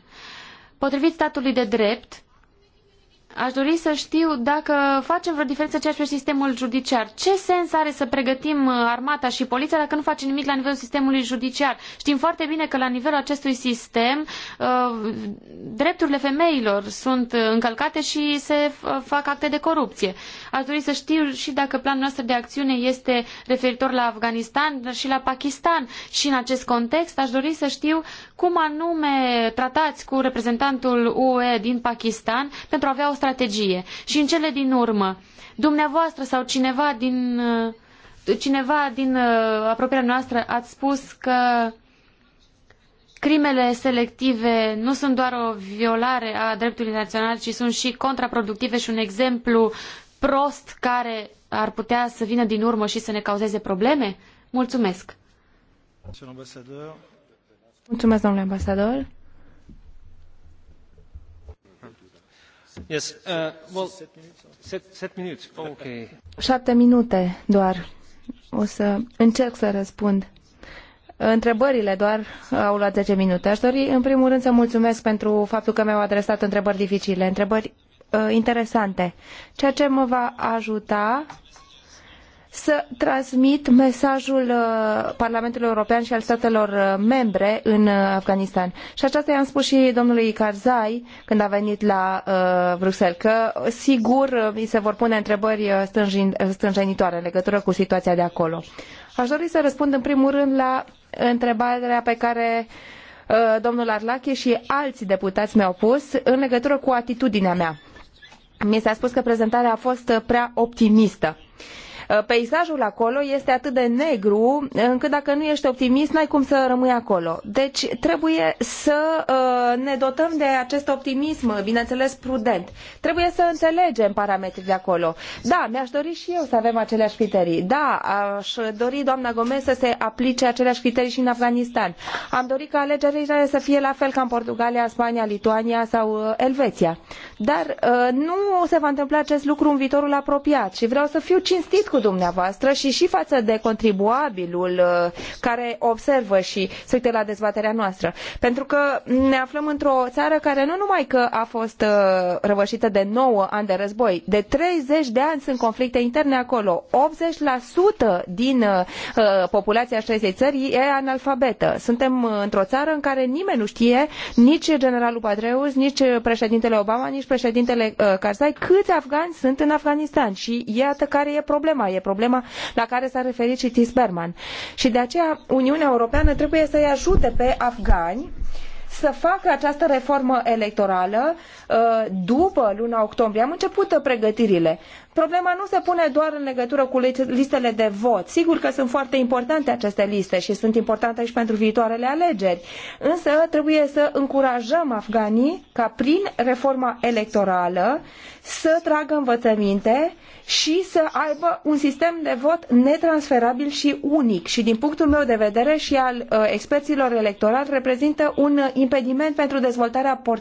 Potrivit statului de drept, Aș dori să știu dacă facem vreo diferență ceea ce sistemul judiciar. Ce sens are să pregătim uh, armata și poliția dacă nu facem nimic la nivelul sistemului judiciar? Știm foarte bine că la nivelul acestui sistem uh, drepturile femeilor sunt uh, încălcate și se fac acte de corupție. Aș dori să știu și dacă planul nostru de acțiune este referitor la Afganistan și la Pakistan. Și în acest context aș dori să știu cum anume tratați cu reprezentantul UE din Pakistan pentru a avea o strategie. Și în cele din urmă, dumneavoastră sau cineva din, uh, cineva din uh, apropierea noastră ați spus că crimele selective nu sunt doar o violare a dreptului național, ci sunt și contraproductive și un exemplu prost care ar putea să vină din urmă și să ne cauzeze probleme? Mulțumesc! Mulțumesc, domnule ambasador. Uh, Șapte minute doar. O să încerc să răspund. Întrebările doar au luat 10 minute. Aș dori, în primul rând, să mulțumesc pentru faptul că mi-au adresat întrebări dificile, întrebări uh, interesante, ceea ce mă va ajuta să transmit mesajul uh, Parlamentului European și al statelor uh, membre în uh, Afganistan. Și aceasta i-am spus și domnului Karzai când a venit la Bruxelles, că sigur îi se vor pune întrebări stânjenitoare în legătură cu situația de acolo. Aș dori să răspund în primul rând la întrebarea pe care domnul Arlache și alți deputați mi-au pus în legătură cu atitudinea mea. Mi s-a spus că prezentarea a fost prea optimistă Uh, peisajul acolo este atât de negru încât dacă nu ești optimist, n-ai cum să rămâi acolo. Deci trebuie să uh, ne dotăm de acest optimism, bineînțeles prudent. Trebuie să înțelegem parametrii de acolo. Da, mi-aș dori și eu să avem aceleași criterii. Da, aș dori, doamna Gomez, să se aplice aceleași criterii și în Afganistan. Am dorit ca alegerile să fie la fel ca în Portugalia, Spania, Lituania sau uh, Elveția. Dar uh, nu se va întâmpla acest lucru în viitorul apropiat și vreau să fiu cinstit cu dumneavoastră și și față de contribuabilul uh, care observă și se uită la dezbaterea noastră. Pentru că ne aflăm într-o țară care nu numai că a fost uh, răvășită de 9 ani de război, de 30 de ani sunt conflicte interne acolo. 80% din populația acestei țări e analfabetă. Suntem într-o țară în care nimeni nu știe nici generalul Patreus, nici președintele Obama, nici preedintele uh, Karzai, câți afgani sunt în Afganistan și iată care e problema, e problema la care s-a referit și Tisberman Și de aceea Uniunea Europeană trebuie să-i ajute pe afgani să facă această reformă electorală uh, după luna octombrie. Am început pregătirile problema nu se pune doar în legătură cu listele de vot. Sigur că sunt foarte importante aceste liste și sunt importante și pentru viitoarele alegeri, însă trebuie să încurajăm afganii ca prin reforma electorală să tragă învățăminte și să aibă un sistem de vot netransferabil și unic și din punctul meu de vedere și al uh, experților electorali reprezintă un impediment pentru dezvoltarea uh,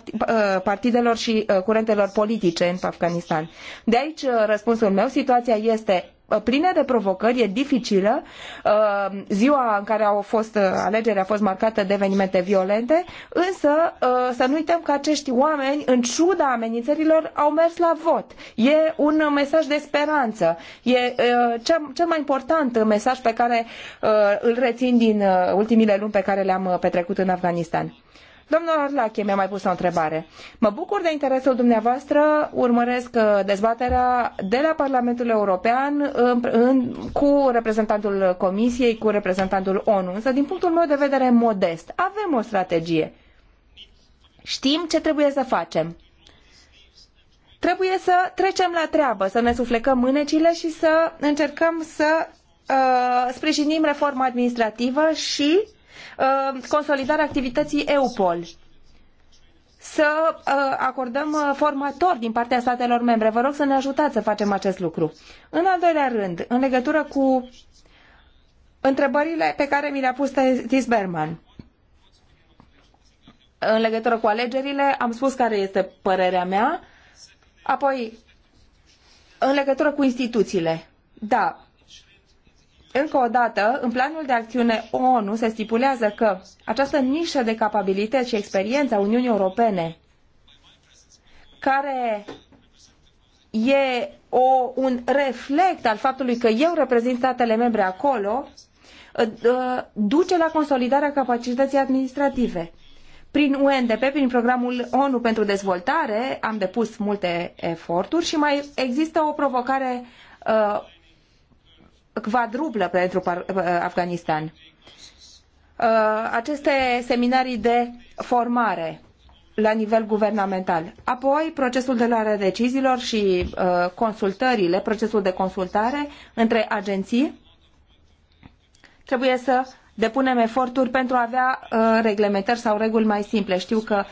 partidelor și uh, curentelor politice în Afganistan. De aici răspunsul meu. Situația este uh, plină de provocări, e dificilă. Uh, ziua în care au fost uh, alegeri a fost marcată de evenimente violente, însă să nu uităm că acești oameni, în ciuda amenințărilor, au mers la vot. E un mesaj de speranță. E cel mai important mesaj pe care îl rețin din ultimile luni pe care le-am petrecut în Afganistan. Domnul Arlache mi-a mai pus o întrebare. Mă bucur de interesul dumneavoastră, urmăresc uh, dezbaterea de la Parlamentul European în, în, cu reprezentantul Comisiei, cu reprezentantul ONU, însă din punctul meu de vedere modest, avem o strategie. Știm ce trebuie să facem. Trebuie să trecem la treabă, să ne suflecăm mânecile și să încercăm să uh, sprijinim reforma administrativă și Uh, consolidarea activității EUPOL să uh, acordăm uh, formatori din partea statelor membre. Vă rog să ne ajutați să facem acest lucru. În al doilea rând, în legătură cu întrebările pe care mi le-a pus Tis Berman. În legătură cu alegerile, am spus care este părerea mea. Apoi, în legătură cu instituțiile. Da, încă o dată, în planul de acțiune ONU se stipulează că această nișă de capabilități și experiența a Uniunii Europene, care e o, un reflect al faptului că eu reprezint statele membre acolo, ă, ă, duce la consolidarea capacității administrative. Prin UNDP, prin programul ONU pentru dezvoltare, am depus multe eforturi și mai există o provocare ă, quadruplă pentru uh, Afganistan. Uh, aceste seminarii de formare la nivel guvernamental. Apoi, procesul de luare a deciziilor și uh, consultările, procesul de consultare între agenții. Trebuie să depunem eforturi pentru a avea reglementări sau reguli mai simple. Știu că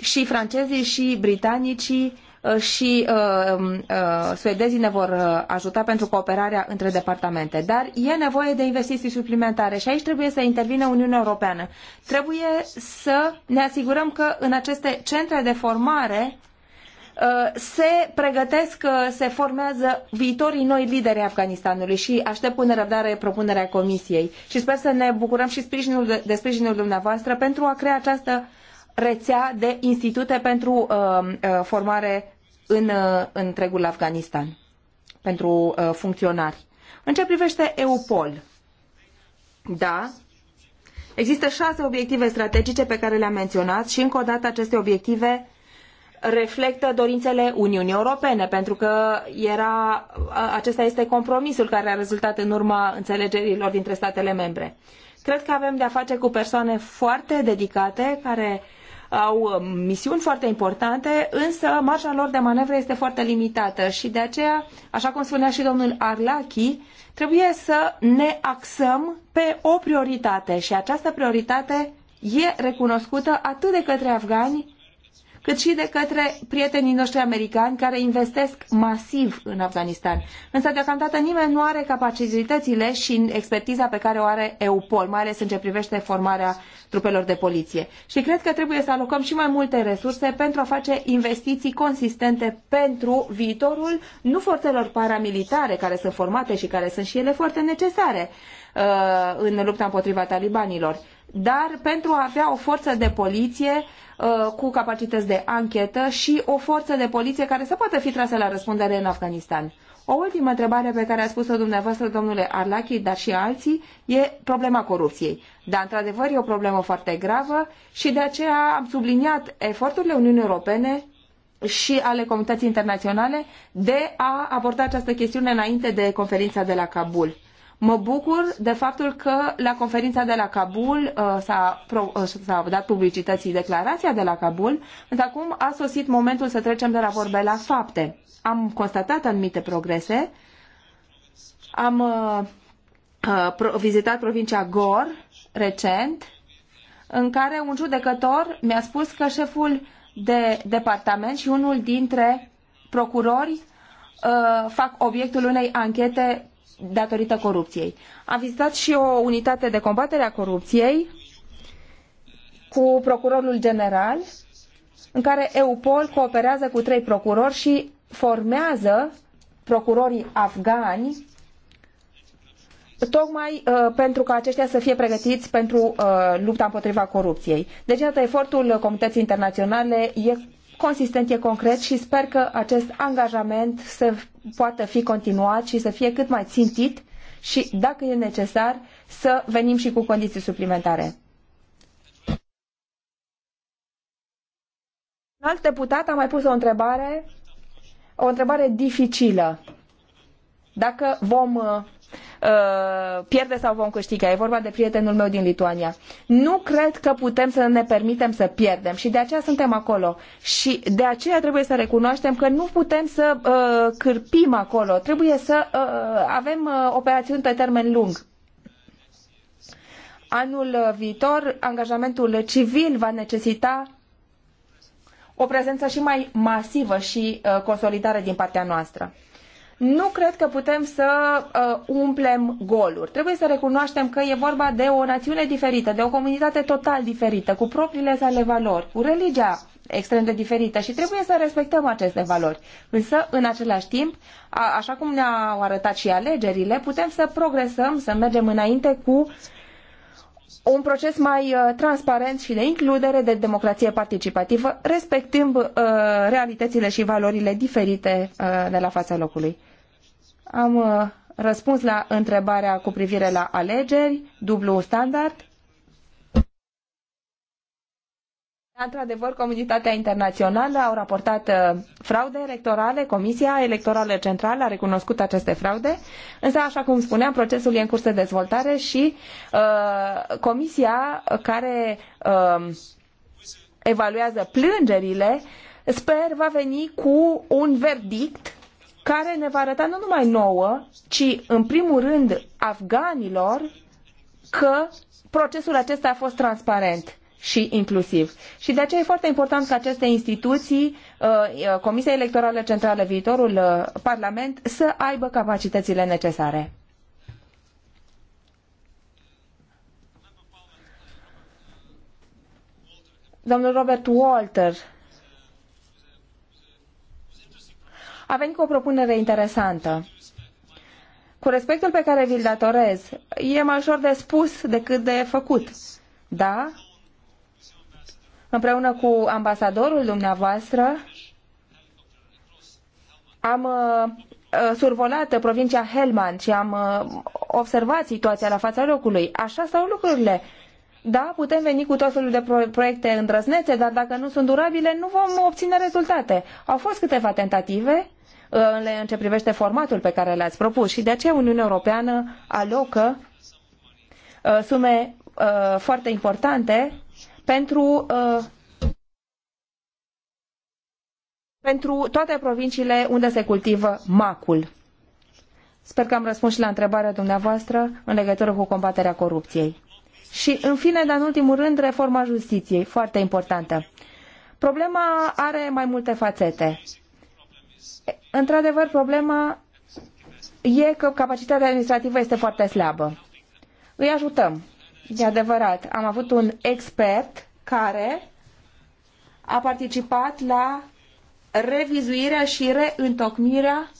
și francezii și britanicii Uh, și uh, um, uh, suedezii ne vor uh, ajuta pentru cooperarea între departamente. Dar e nevoie de investiții suplimentare și aici trebuie să intervine Uniunea Europeană. Trebuie să ne asigurăm că în aceste centre de formare uh, se pregătesc, se formează viitorii noi lideri Afganistanului și aștept cu nerăbdare propunerea Comisiei și sper să ne bucurăm și sprijinul de, de sprijinul dumneavoastră pentru a crea această rețea de institute pentru uh, formare în uh, întregul Afganistan pentru uh, funcționari. În ce privește EUPOL, da, există șase obiective strategice pe care le-am menționat și încă o dată aceste obiective reflectă dorințele Uniunii Europene, pentru că era, acesta este compromisul care a rezultat în urma înțelegerilor dintre statele membre. Cred că avem de-a face cu persoane foarte dedicate care au uh, misiuni foarte importante, însă marja lor de manevră este foarte limitată și de aceea, așa cum spunea și domnul Arlachi, trebuie să ne axăm pe o prioritate și această prioritate e recunoscută atât de către afgani cât și de către prietenii noștri americani care investesc masiv în Afganistan. Însă, deocamdată, nimeni nu are capacitățile și expertiza pe care o are EUPOL, mai ales în ce privește formarea trupelor de poliție. Și cred că trebuie să alocăm și mai multe resurse pentru a face investiții consistente pentru viitorul nu forțelor paramilitare care sunt formate și care sunt și ele foarte necesare uh, în lupta împotriva talibanilor, dar pentru a avea o forță de poliție Uh, cu capacități de anchetă și o forță de poliție care să poată fi trasă la răspundere în Afganistan. O ultimă întrebare pe care a spus-o dumneavoastră, domnule Arlachi, dar și alții, e problema corupției. Da, într-adevăr, e o problemă foarte gravă și de aceea am subliniat eforturile Uniunii Europene și ale comunității internaționale de a aborda această chestiune înainte de conferința de la Kabul. Mă bucur de faptul că la conferința de la Kabul uh, s-a, uh, s-a dat publicității declarația de la Kabul, însă acum a sosit momentul să trecem de la vorbe la fapte. Am constatat anumite progrese, am uh, uh pro vizitat provincia Gor recent, în care un judecător mi-a spus că șeful de departament și unul dintre procurori fac obiectul unei anchete datorită corupției. Am vizitat și o unitate de combatere a corupției cu procurorul general, în care EUPOL cooperează cu trei procurori și formează procurorii afgani tocmai uh, pentru ca aceștia să fie pregătiți pentru uh, lupta împotriva corupției. Deci, iată, efortul Comunității Internaționale e consistent, e concret și sper că acest angajament să poată fi continuat și să fie cât mai țintit și, dacă e necesar, să venim și cu condiții suplimentare. Un alt deputat a mai pus o întrebare, o întrebare dificilă. Dacă vom uh, Uh, pierde sau vom câștiga. E vorba de prietenul meu din Lituania. Nu cred că putem să ne permitem să pierdem și de aceea suntem acolo. Și de aceea trebuie să recunoaștem că nu putem să uh, cârpim acolo. Trebuie să uh, avem uh, operațiuni pe termen lung. Anul uh, viitor, angajamentul civil va necesita o prezență și mai masivă și uh, consolidare din partea noastră nu cred că putem să uh, umplem goluri. Trebuie să recunoaștem că e vorba de o națiune diferită, de o comunitate total diferită, cu propriile sale valori, cu religia extrem de diferită și trebuie să respectăm aceste valori. Însă, în același timp, a, așa cum ne-au arătat și alegerile, putem să progresăm, să mergem înainte cu un proces mai uh, transparent și de includere de democrație participativă, respectând uh, realitățile și valorile diferite uh, de la fața locului. Am uh, răspuns la întrebarea cu privire la alegeri, dublu standard. Într-adevăr, comunitatea internațională au raportat uh, fraude electorale, Comisia Electorală Centrală a recunoscut aceste fraude, însă, așa cum spuneam, procesul e în curs de dezvoltare și uh, Comisia care uh, evaluează plângerile, sper, va veni cu un verdict care ne va arăta nu numai nouă, ci în primul rând afganilor că procesul acesta a fost transparent și inclusiv. Și de aceea e foarte important ca aceste instituții, uh, uh, Comisia Electorală Centrală, viitorul uh, Parlament, să aibă capacitățile necesare. Domnul Robert Walter a venit cu o propunere interesantă. Cu respectul pe care vi-l datorez, e mai ușor de spus decât de făcut. Da? Împreună cu ambasadorul dumneavoastră, am uh, survolat provincia Helmand și am uh, observat situația la fața locului. Așa stau lucrurile. Da, putem veni cu tot felul de pro proiecte îndrăznețe, dar dacă nu sunt durabile, nu vom obține rezultate. Au fost câteva tentative Uh, în ce privește formatul pe care l-ați propus și de aceea Uniunea Europeană alocă uh, sume uh, foarte importante pentru pentru toate provinciile unde se cultivă macul. Sper că am răspuns și la întrebarea dumneavoastră în legătură cu combaterea corupției. Și, în fine, dar în ultimul rând, reforma justiției, foarte importantă. Problema are mai multe fațete într-adevăr, problema e că capacitatea administrativă este foarte slabă. Îi ajutăm. E adevărat. Am avut un expert care a participat la revizuirea și reîntocmirea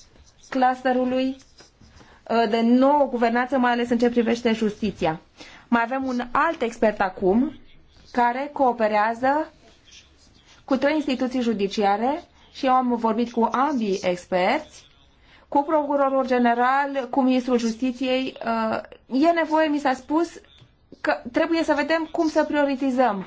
clusterului uh, de nouă guvernanță, mai ales în ce privește justiția. Mai avem un alt expert acum care cooperează cu trei instituții judiciare și eu am vorbit cu ambii experți, cu procurorul general, cu ministrul justiției. Uh, e nevoie, mi s-a spus, că trebuie să vedem cum să prioritizăm.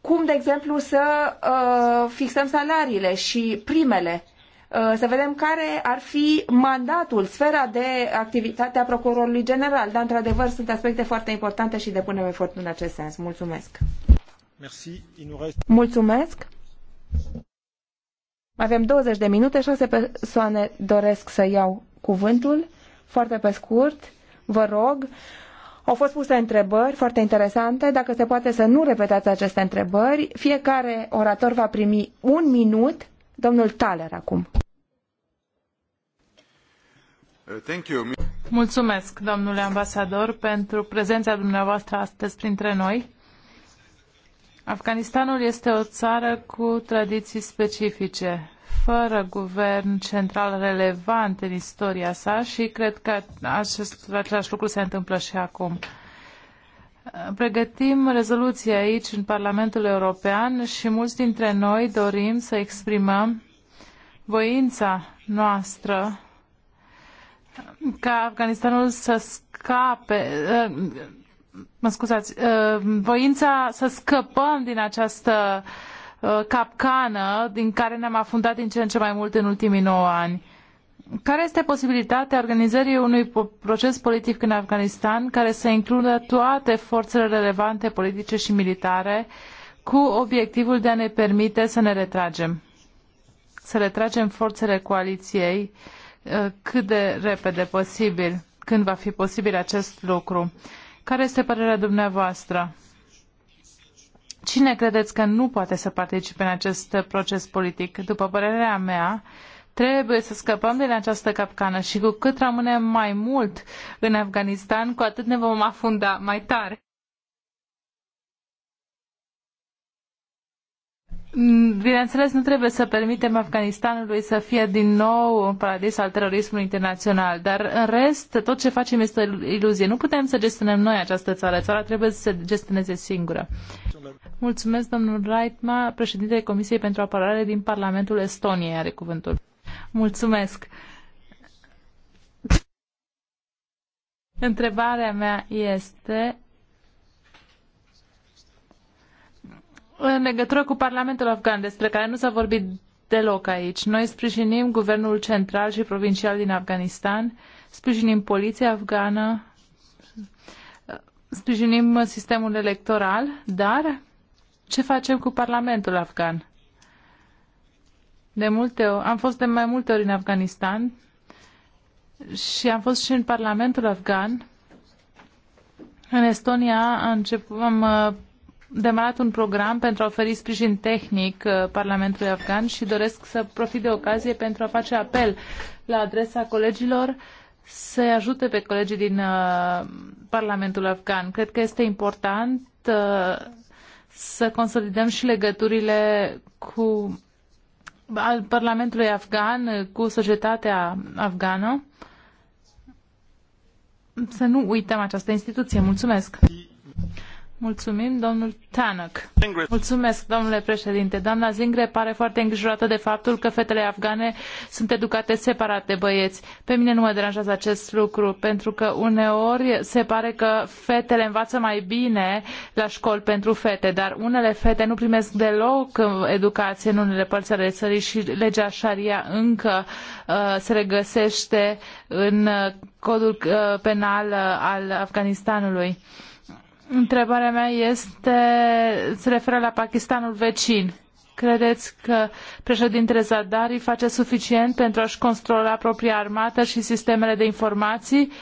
Cum, de exemplu, să uh, fixăm salariile și primele uh, să vedem care ar fi mandatul, sfera de activitate a procurorului general. Dar, într-adevăr, sunt aspecte foarte importante și depunem efortul în acest sens. Mulțumesc! Mulțumesc! Mai avem 20 de minute, șase persoane doresc să iau cuvântul. Foarte pe scurt, vă rog. Au fost puse întrebări foarte interesante. Dacă se poate să nu repetați aceste întrebări, fiecare orator va primi un minut. Domnul Taler acum. Mulțumesc, domnule ambasador, pentru prezența dumneavoastră astăzi printre noi. Afganistanul este o țară cu tradiții specifice, fără guvern central relevant în istoria sa și cred că acest, același lucru se întâmplă și acum. Pregătim rezoluții aici, în Parlamentul European, și mulți dintre noi dorim să exprimăm voința noastră ca Afganistanul să scape mă scuzați, uh, voința să scăpăm din această uh, capcană din care ne-am afundat din ce în ce mai mult în ultimii 9 ani. Care este posibilitatea organizării unui proces politic în Afganistan care să includă toate forțele relevante politice și militare cu obiectivul de a ne permite să ne retragem? Să retragem forțele coaliției uh, cât de repede posibil, când va fi posibil acest lucru. Uh, care este părerea dumneavoastră? Cine credeți că nu poate să participe în acest proces politic? După părerea mea, trebuie să scăpăm din această capcană și cu cât rămânem mai mult în Afganistan, cu atât ne vom afunda mai tare. Bineînțeles, nu trebuie să permitem Afganistanului să fie din nou un paradis al terorismului internațional, dar în rest, tot ce facem este o iluzie. Nu putem să gestionăm noi această țară. Țara trebuie să se gestioneze singură. Mulțumesc, domnul Reitma, președintele Comisiei pentru Apărare din Parlamentul Estoniei, are cuvântul. Mulțumesc. Întrebarea mea este în legătură cu Parlamentul Afgan, despre care nu s-a vorbit deloc aici. Noi sprijinim guvernul central și provincial din Afganistan, sprijinim poliția afgană, sprijinim sistemul electoral, dar ce facem cu Parlamentul afgan? De multe ori, am fost de mai multe ori în Afganistan și am fost și în Parlamentul afgan. În Estonia am, început, am uh, demarat un program pentru a oferi sprijin tehnic uh, Parlamentului afgan și doresc să profit de ocazie pentru a face apel la adresa colegilor să-i ajute pe colegii din uh, Parlamentul afgan. Cred că este important uh, să consolidăm și legăturile cu al Parlamentului afgan cu societatea afgană. Să nu uităm această instituție. Mulțumesc! Mulțumim, domnul Mulțumesc, domnule președinte. Doamna Zingre pare foarte îngrijorată de faptul că fetele afgane sunt educate separat de băieți. Pe mine nu mă deranjează acest lucru, pentru că uneori se pare că fetele învață mai bine la școli pentru fete, dar unele fete nu primesc deloc educație în unele părți ale țării și legea Sharia încă uh, se regăsește în uh, codul uh, penal al Afganistanului. Întrebarea mea este, se referă la Pakistanul vecin. Credeți că președintele Zadari face suficient pentru a-și controla propria armată și sistemele de informații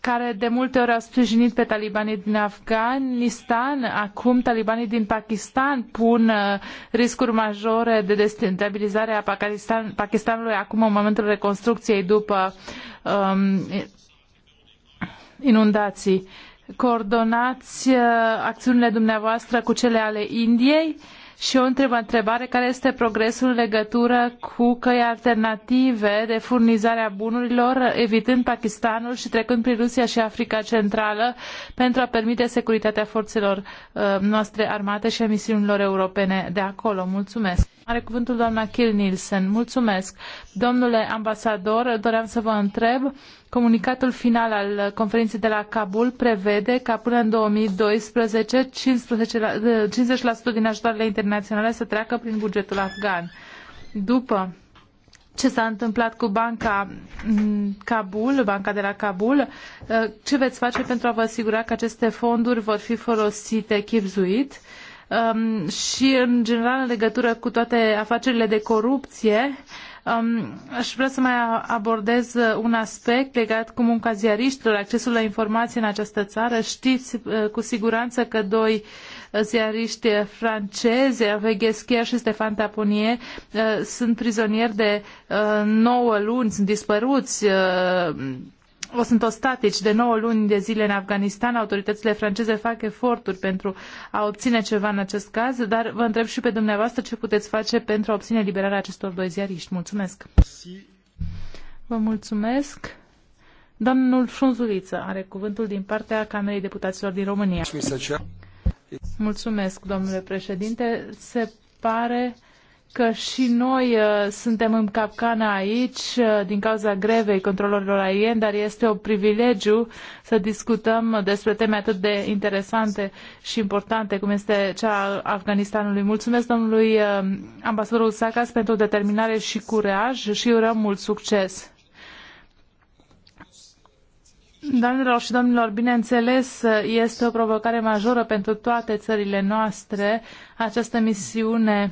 care de multe ori au sprijinit pe talibanii din Afganistan, acum talibanii din Pakistan pun uh, riscuri majore de destabilizare a Pakistan, Pakistanului acum în momentul reconstrucției după um, inundații. Coordonați uh, acțiunile dumneavoastră cu cele ale Indiei? Și o întreb întrebare, care este progresul în legătură cu căi alternative de furnizare a bunurilor, evitând Pakistanul și trecând prin Rusia și Africa Centrală, pentru a permite securitatea forțelor uh, noastre armate și a misiunilor europene de acolo? Mulțumesc! Are cuvântul doamna Kill Nielsen. Mulțumesc. Domnule ambasador, doream să vă întreb. Comunicatul final al conferinței de la Kabul prevede ca până în 2012 15%, 50% din ajutoarele internaționale să treacă prin bugetul afgan. După ce s-a întâmplat cu banca mm, Kabul, banca de la Kabul, eh, ce veți face pentru a vă asigura că aceste fonduri vor fi folosite chipzuit? um, și, în general, în legătură cu toate afacerile de corupție, um, aș vrea să mai abordez un aspect legat cu munca ziariștilor, accesul la informații în această țară. Știți uh, cu siguranță că doi uh, ziariști francezi, Hervé Ghesquier și Stefan Taponie, uh, sunt prizonieri de 9 luni, sunt dispăruți o sunt ostatici de 9 luni de zile în Afganistan. Autoritățile franceze fac eforturi pentru a obține ceva în acest caz, dar vă întreb și pe dumneavoastră ce puteți face pentru a obține liberarea acestor doi ziariști. Mulțumesc! Vă mulțumesc! Domnul Frunzuliță are cuvântul din partea Camerei Deputaților din România. Mulțumesc, domnule președinte. Se pare că și noi uh, suntem în capcana aici uh, din cauza grevei controlorilor aerieni, dar este un privilegiu să discutăm despre teme atât de interesante și importante cum este cea a Afganistanului. Mulțumesc domnului uh, ambasadorul Sakas pentru determinare și curaj și urăm mult succes. Doamnelor și domnilor, bineînțeles, este o provocare majoră pentru toate țările noastre această misiune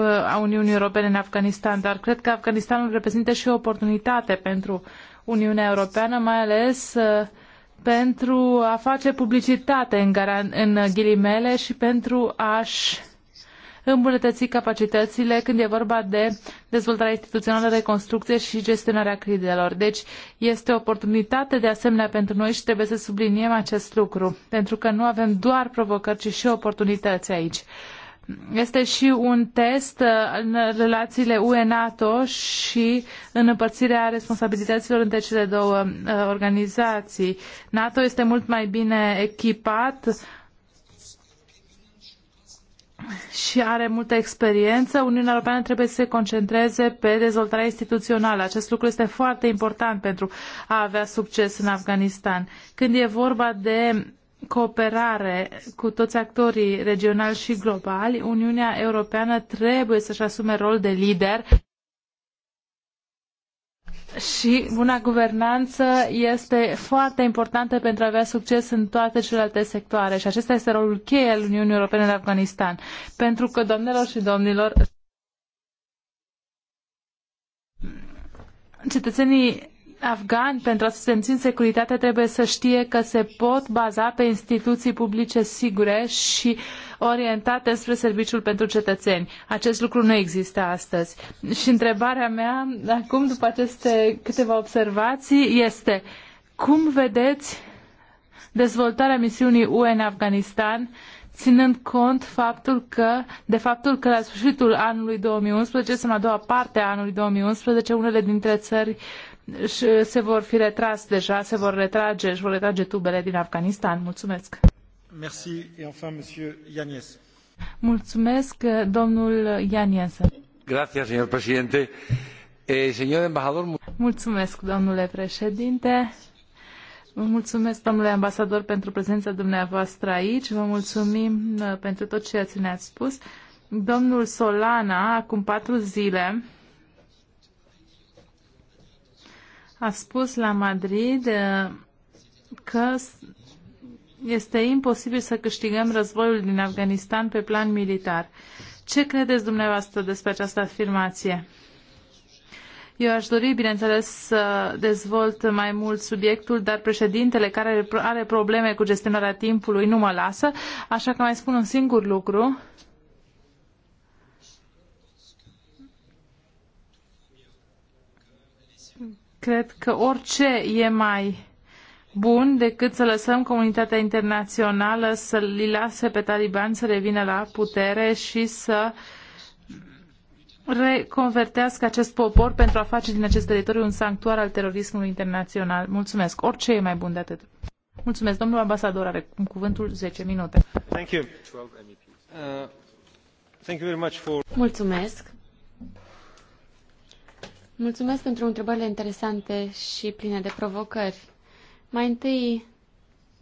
uh, a Uniunii Europene în Afganistan, dar cred că Afganistanul reprezintă și o oportunitate pentru Uniunea Europeană, mai ales uh, pentru a face publicitate în, în ghilimele și pentru a-și îmbunătăți capacitățile când e vorba de dezvoltarea instituțională, reconstrucție și gestionarea crizelor. Deci este o oportunitate de asemenea pentru noi și trebuie să subliniem acest lucru, pentru că nu avem doar provocări, ci și oportunități aici. Este și un test în relațiile UE-NATO și în împărțirea responsabilităților între cele două uh, organizații. NATO este mult mai bine echipat și are multă experiență, Uniunea Europeană trebuie să se concentreze pe dezvoltarea instituțională. Acest lucru este foarte important pentru a avea succes în Afganistan. Când e vorba de cooperare cu toți actorii regionali și globali, Uniunea Europeană trebuie să-și asume rol de lider și buna guvernanță este foarte importantă pentru a avea succes în toate celelalte sectoare și acesta este rolul cheie al Uniunii Europene în Afganistan. Pentru că, doamnelor și domnilor, cetățenii afgani pentru a susține securitate trebuie să știe că se pot baza pe instituții publice sigure și orientate spre serviciul pentru cetățeni. Acest lucru nu există astăzi. Și întrebarea mea, acum, după aceste câteva observații, este cum vedeți dezvoltarea misiunii UE în Afganistan ținând cont faptul că, de faptul că la sfârșitul anului 2011, sau în a doua parte a anului 2011, unele dintre țări și se vor fi retras deja, se vor retrage, își vor retrage tubele din Afganistan. Mulțumesc. Merci. Et enfin, monsieur Yanis. Mulțumesc, domnul Ianies. Gracias, señor presidente. Eh, señor embajador... Mulțumesc, domnule președinte. Vă mulțumesc, domnule ambasador, pentru prezența dumneavoastră aici. Vă mulțumim uh, pentru tot ceea ce ne-ați spus. Domnul Solana, acum patru zile, a spus la Madrid uh, că este imposibil să câștigăm războiul din Afganistan pe plan militar. Ce credeți dumneavoastră despre această afirmație? Eu aș dori, bineînțeles, să dezvolt mai mult subiectul, dar președintele care are probleme cu gestionarea timpului nu mă lasă, așa că mai spun un singur lucru. Cred că orice e mai bun decât să lăsăm comunitatea internațională să li lase pe talibani să revină la putere și să reconvertească acest popor pentru a face din acest teritoriu un sanctuar al terorismului internațional. Mulțumesc. Orice e mai bun de atât. Mulțumesc. Domnul ambasador are cuvântul 10 minute. Thank uh, Thank you. you very much for. Mulțumesc. Mulțumesc pentru întrebările interesante și pline de provocări. Mai întâi,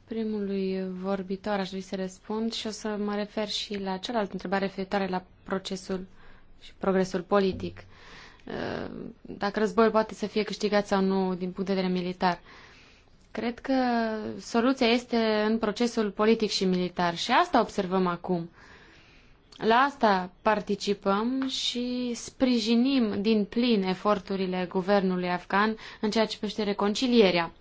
primului vorbitor aș vrea să răspund și o să mă refer și la cealaltă întrebare referitoare la procesul și progresul politic. Uh, dacă războiul poate să fie câștigat sau nu din punct de vedere militar. Cred că soluția este în procesul politic și militar și asta observăm acum. La asta participăm și sprijinim din plin eforturile guvernului afgan în ceea ce privește reconcilierea.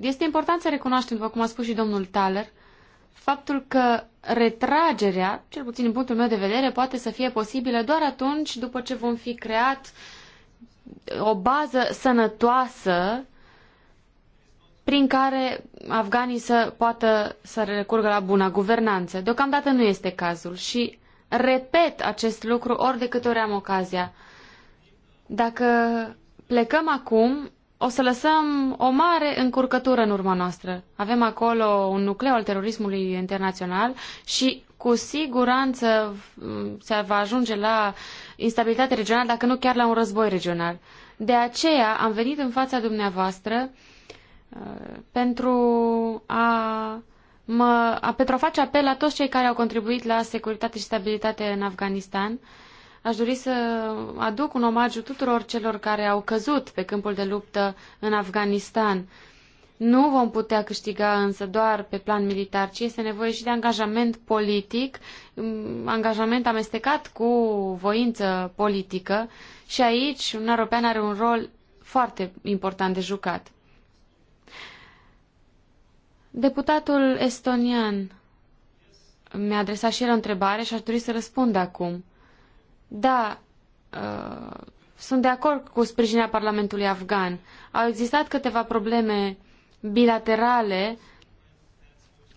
Este important să recunoaștem, după cum a spus și domnul Thaler, faptul că retragerea, cel puțin din punctul meu de vedere, poate să fie posibilă doar atunci după ce vom fi creat o bază sănătoasă prin care afganii să poată să recurgă la buna guvernanță. Deocamdată nu este cazul și repet acest lucru ori de câte ori am ocazia. Dacă plecăm acum, o să lăsăm o mare încurcătură în urma noastră. Avem acolo un nucleu al terorismului internațional și cu siguranță mm, se va ajunge la instabilitate regională, dacă nu chiar la un război regional. De aceea am venit în fața dumneavoastră uh, pentru a, mă, a, pentru a face apel la toți cei care au contribuit la securitate și stabilitate în Afganistan. Aș dori să aduc un omagiu tuturor celor care au căzut pe câmpul de luptă în Afganistan. Nu vom putea câștiga însă doar pe plan militar, ci este nevoie și de angajament politic, angajament amestecat cu voință politică și aici Uniunea Europeană are un rol foarte important de jucat. Deputatul estonian mi-a adresat și el o întrebare și aș dori să răspund acum. Da, uh, sunt de acord cu sprijinirea Parlamentului afgan. Au existat câteva probleme bilaterale,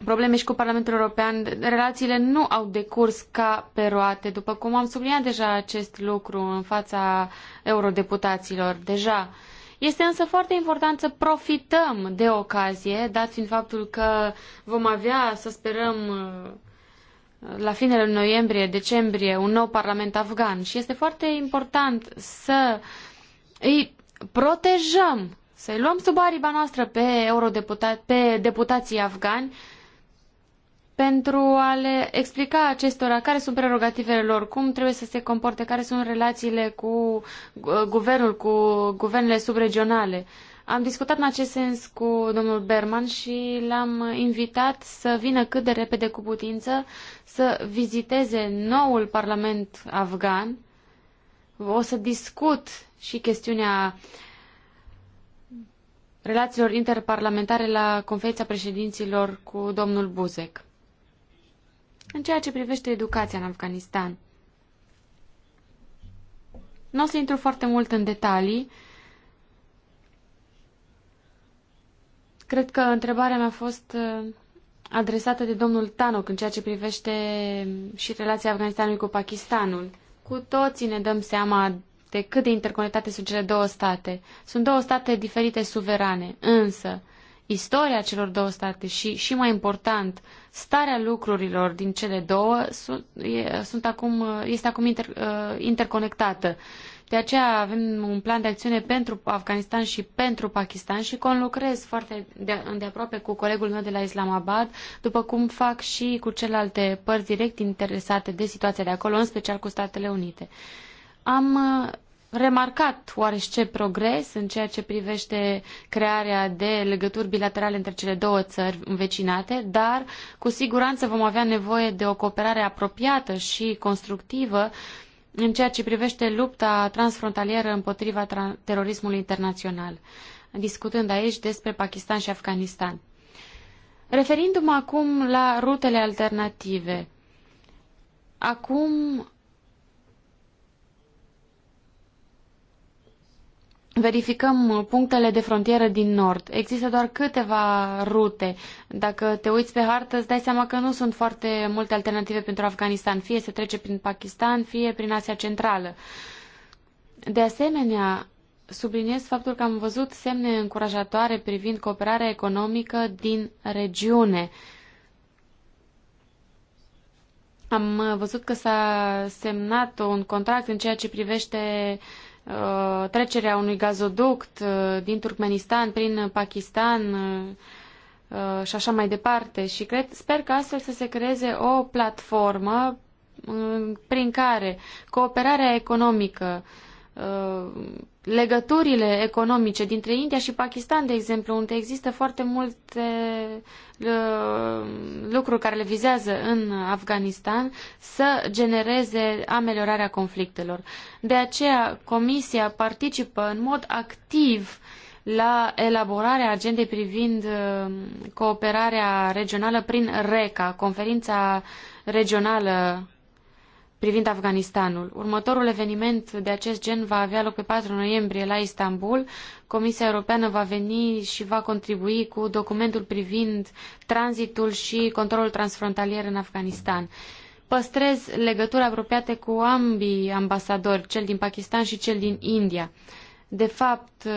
probleme și cu Parlamentul European. Relațiile nu au decurs ca pe roate, după cum am subliniat deja acest lucru în fața eurodeputaților. Deja uh, este însă foarte important să profităm de ocazie, dat fiind faptul că vom avea, să sperăm, la finele noiembrie, decembrie, un nou parlament afgan și este foarte important să îi protejăm, să-i luăm sub ariba noastră pe eurodeputat, pe deputații afgani pentru a le explica acestora care sunt prerogativele lor, cum trebuie să se comporte, care sunt relațiile cu uh, guvernul, cu guvernele subregionale. Am discutat în acest sens cu domnul Berman și l-am invitat să vină cât de repede cu putință să viziteze noul Parlament afgan. O să discut și chestiunea relațiilor interparlamentare la conferința președinților cu domnul Buzek în ceea ce privește educația în Afganistan. Nu o să intru foarte mult în detalii. Cred că întrebarea mea a fost uh, adresată de domnul Tanok în ceea ce privește um, și relația Afganistanului cu Pakistanul. Cu toții ne dăm seama de cât de interconectate sunt cele două state. Sunt două state diferite suverane, însă istoria celor două state și, și mai important, starea lucrurilor din cele două sunt, e, sunt acum, este acum inter, uh, interconectată. De aceea avem un plan de acțiune pentru Afganistan și pentru Pakistan și conlucrez foarte de, îndeaproape cu colegul meu de la Islamabad, după cum fac și cu celelalte părți direct interesate de situația de acolo, în special cu Statele Unite. Am uh, remarcat oarește progres în ceea ce privește crearea de legături bilaterale între cele două țări învecinate, dar cu siguranță vom avea nevoie de o cooperare apropiată și constructivă în ceea ce privește lupta transfrontalieră împotriva terorismului internațional, discutând aici despre Pakistan și Afganistan. Referindu-mă acum la rutele alternative, acum verificăm punctele de frontieră din nord. Există doar câteva rute. Dacă te uiți pe hartă, îți dai seama că nu sunt foarte multe alternative pentru Afganistan. Fie se trece prin Pakistan, fie prin Asia Centrală. De asemenea, subliniez faptul că am văzut semne încurajatoare privind cooperarea economică din regiune. Am văzut că s-a semnat un contract în ceea ce privește uh, Uh, trecerea unui gazoduct uh, din Turkmenistan prin Pakistan uh, și așa mai departe. Și cred, sper că astfel să se creeze o platformă prin care cooperarea economică legăturile economice dintre India și Pakistan, de exemplu, unde există foarte multe uh, lucruri care le vizează în Afganistan, să genereze ameliorarea conflictelor. De aceea, Comisia participă în mod activ la elaborarea agendei privind uh, cooperarea regională prin RECA, conferința regională privind Afganistanul. Următorul eveniment de acest gen va avea loc pe 4 noiembrie la Istanbul. Comisia Europeană va veni și va contribui cu documentul privind tranzitul și controlul transfrontalier în Afganistan. Păstrez legături apropiate cu ambii ambasadori, cel din Pakistan și cel din India. De fapt,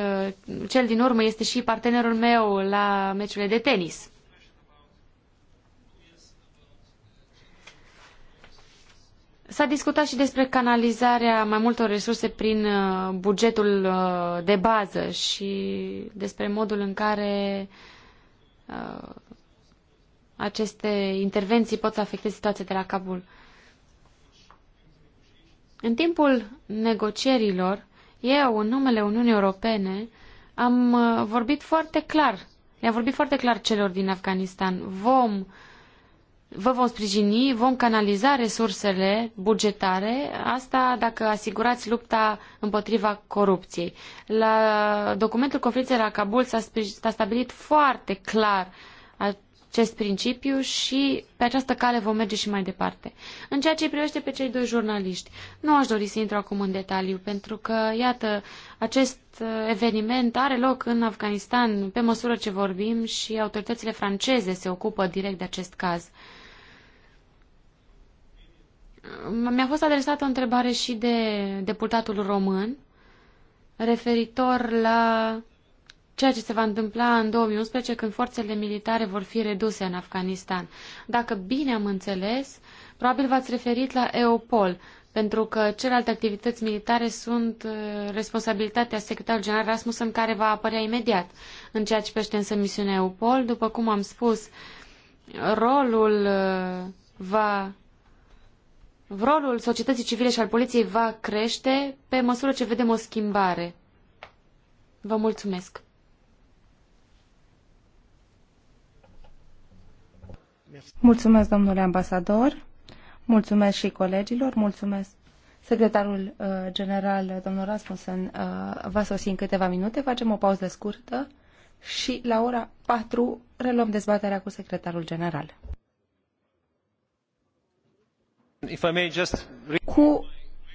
cel din urmă este și partenerul meu la meciurile de tenis. S-a discutat și despre canalizarea mai multor resurse prin uh, bugetul uh, de bază și despre modul în care uh, aceste intervenții pot să afecteze situația de la Kabul. În timpul negocierilor, eu, în numele Uniunii Europene, am vorbit foarte clar, le-am vorbit foarte clar celor din Afganistan. Vom uh, Vă vom sprijini, vom canaliza resursele bugetare, asta dacă asigurați lupta împotriva corupției. La documentul conferinței la Kabul s-a stabilit foarte clar acest principiu și pe această cale vom merge și mai departe. În ceea ce privește pe cei doi jurnaliști, nu aș dori să intru acum în detaliu, pentru că, iată, acest eveniment are loc în Afganistan pe măsură ce vorbim și autoritățile franceze se ocupă direct de acest caz. Mi-a fost adresată o întrebare și de deputatul român referitor la ceea ce se va întâmpla în 2011 când forțele militare vor fi reduse în Afganistan. Dacă bine am înțeles, probabil v-ați referit la EOPOL, pentru că celelalte activități militare sunt uh, responsabilitatea secretarului general în care va apărea imediat în ceea ce pește însă misiunea EUPOL. După cum am spus, rolul uh, va rolul societății civile și al poliției va crește pe măsură ce vedem o schimbare. Vă mulțumesc. Mulțumesc, domnule ambasador. Mulțumesc și colegilor. Mulțumesc. Secretarul uh, general, domnul Rasmussen, uh, va sosi în câteva minute. Facem o pauză scurtă și la ora 4 reluăm dezbaterea cu secretarul general. Cu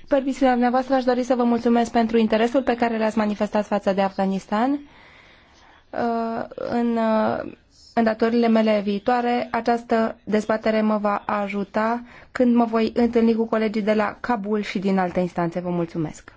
permisiunea dumneavoastră, aș dori să vă mulțumesc pentru interesul pe care l-ați manifestat față de Afganistan. Uh, în uh, îndatoririle mele viitoare, această dezbatere mă va ajuta când mă voi întâlni cu colegii de la Kabul și din alte instanțe. Vă mulțumesc!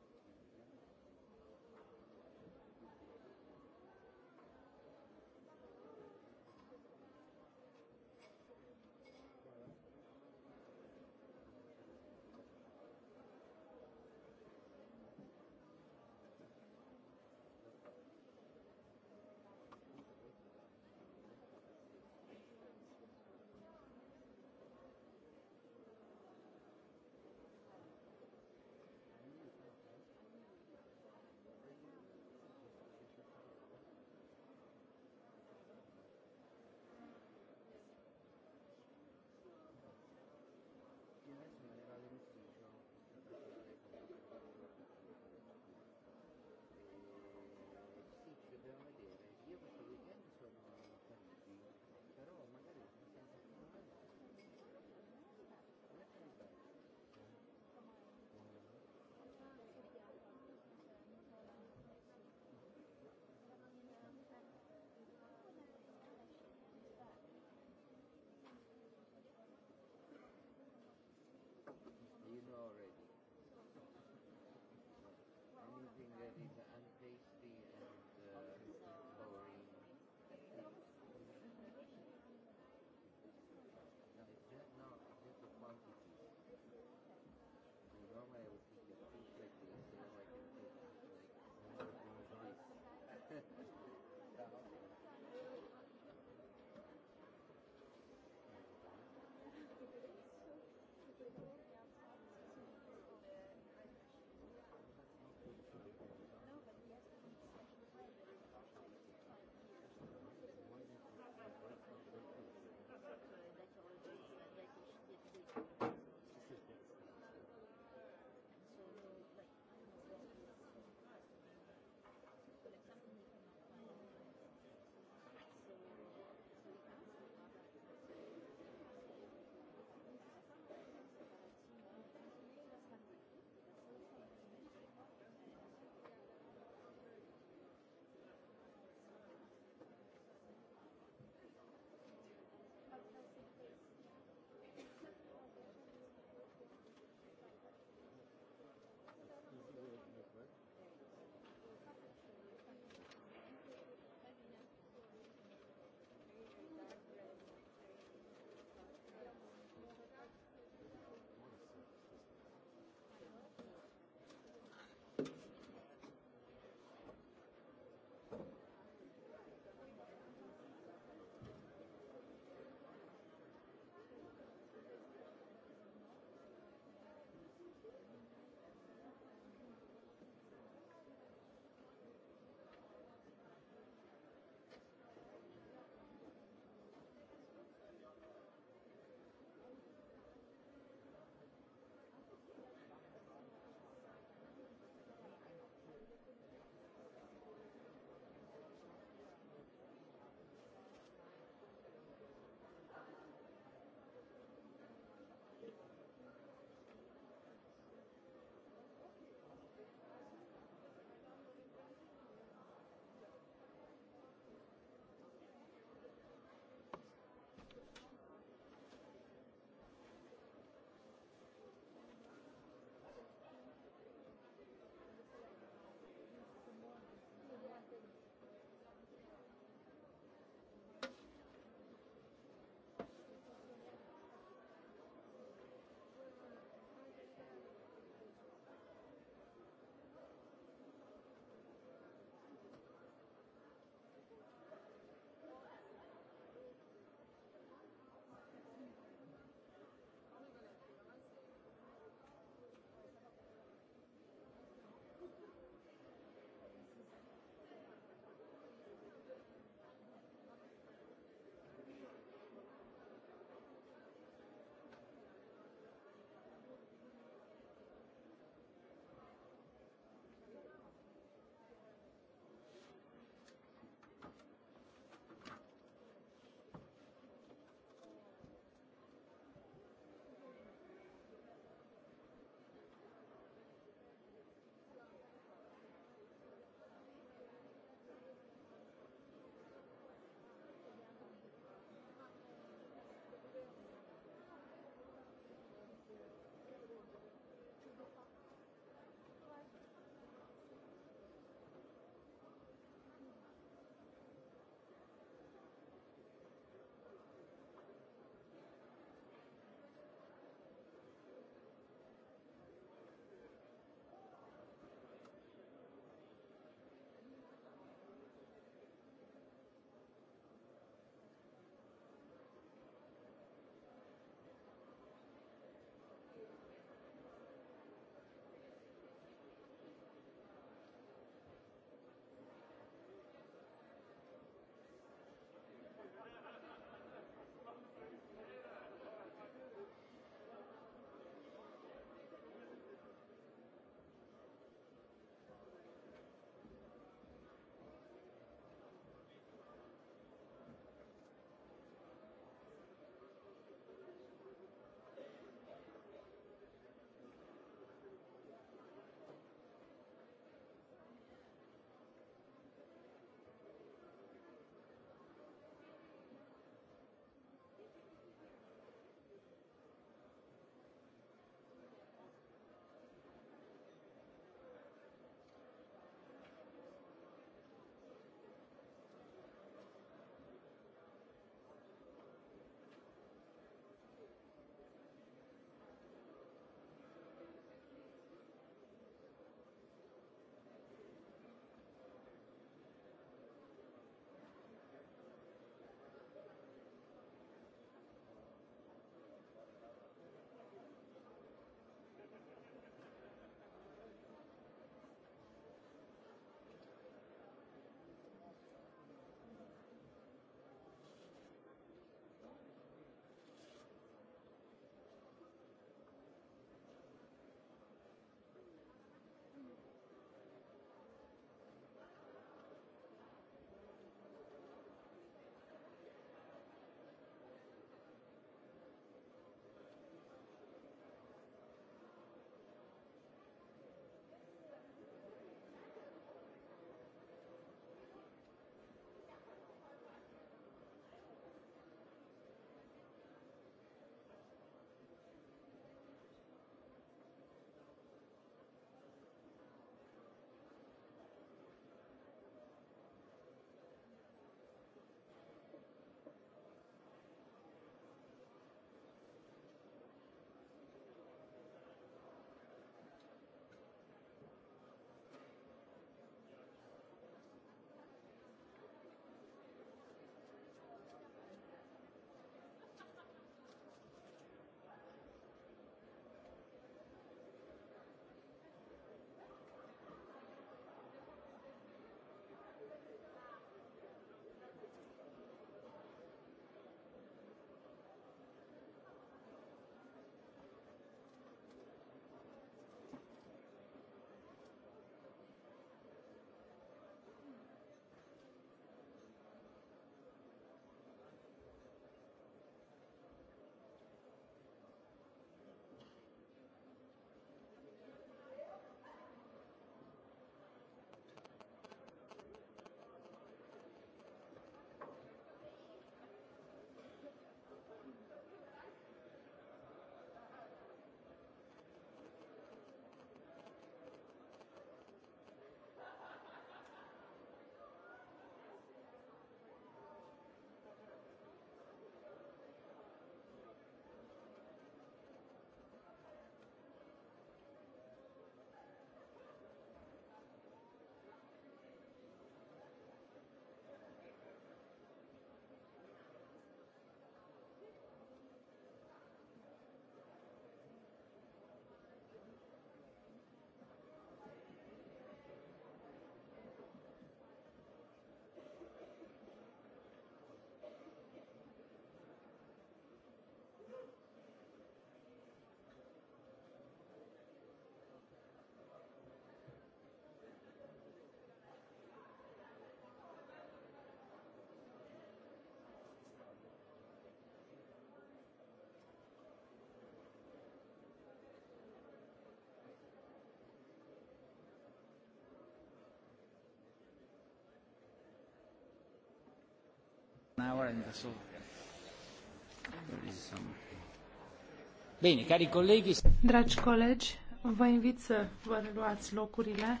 Bine, colegi... Dragi colegi, vă invit să vă reluați locurile.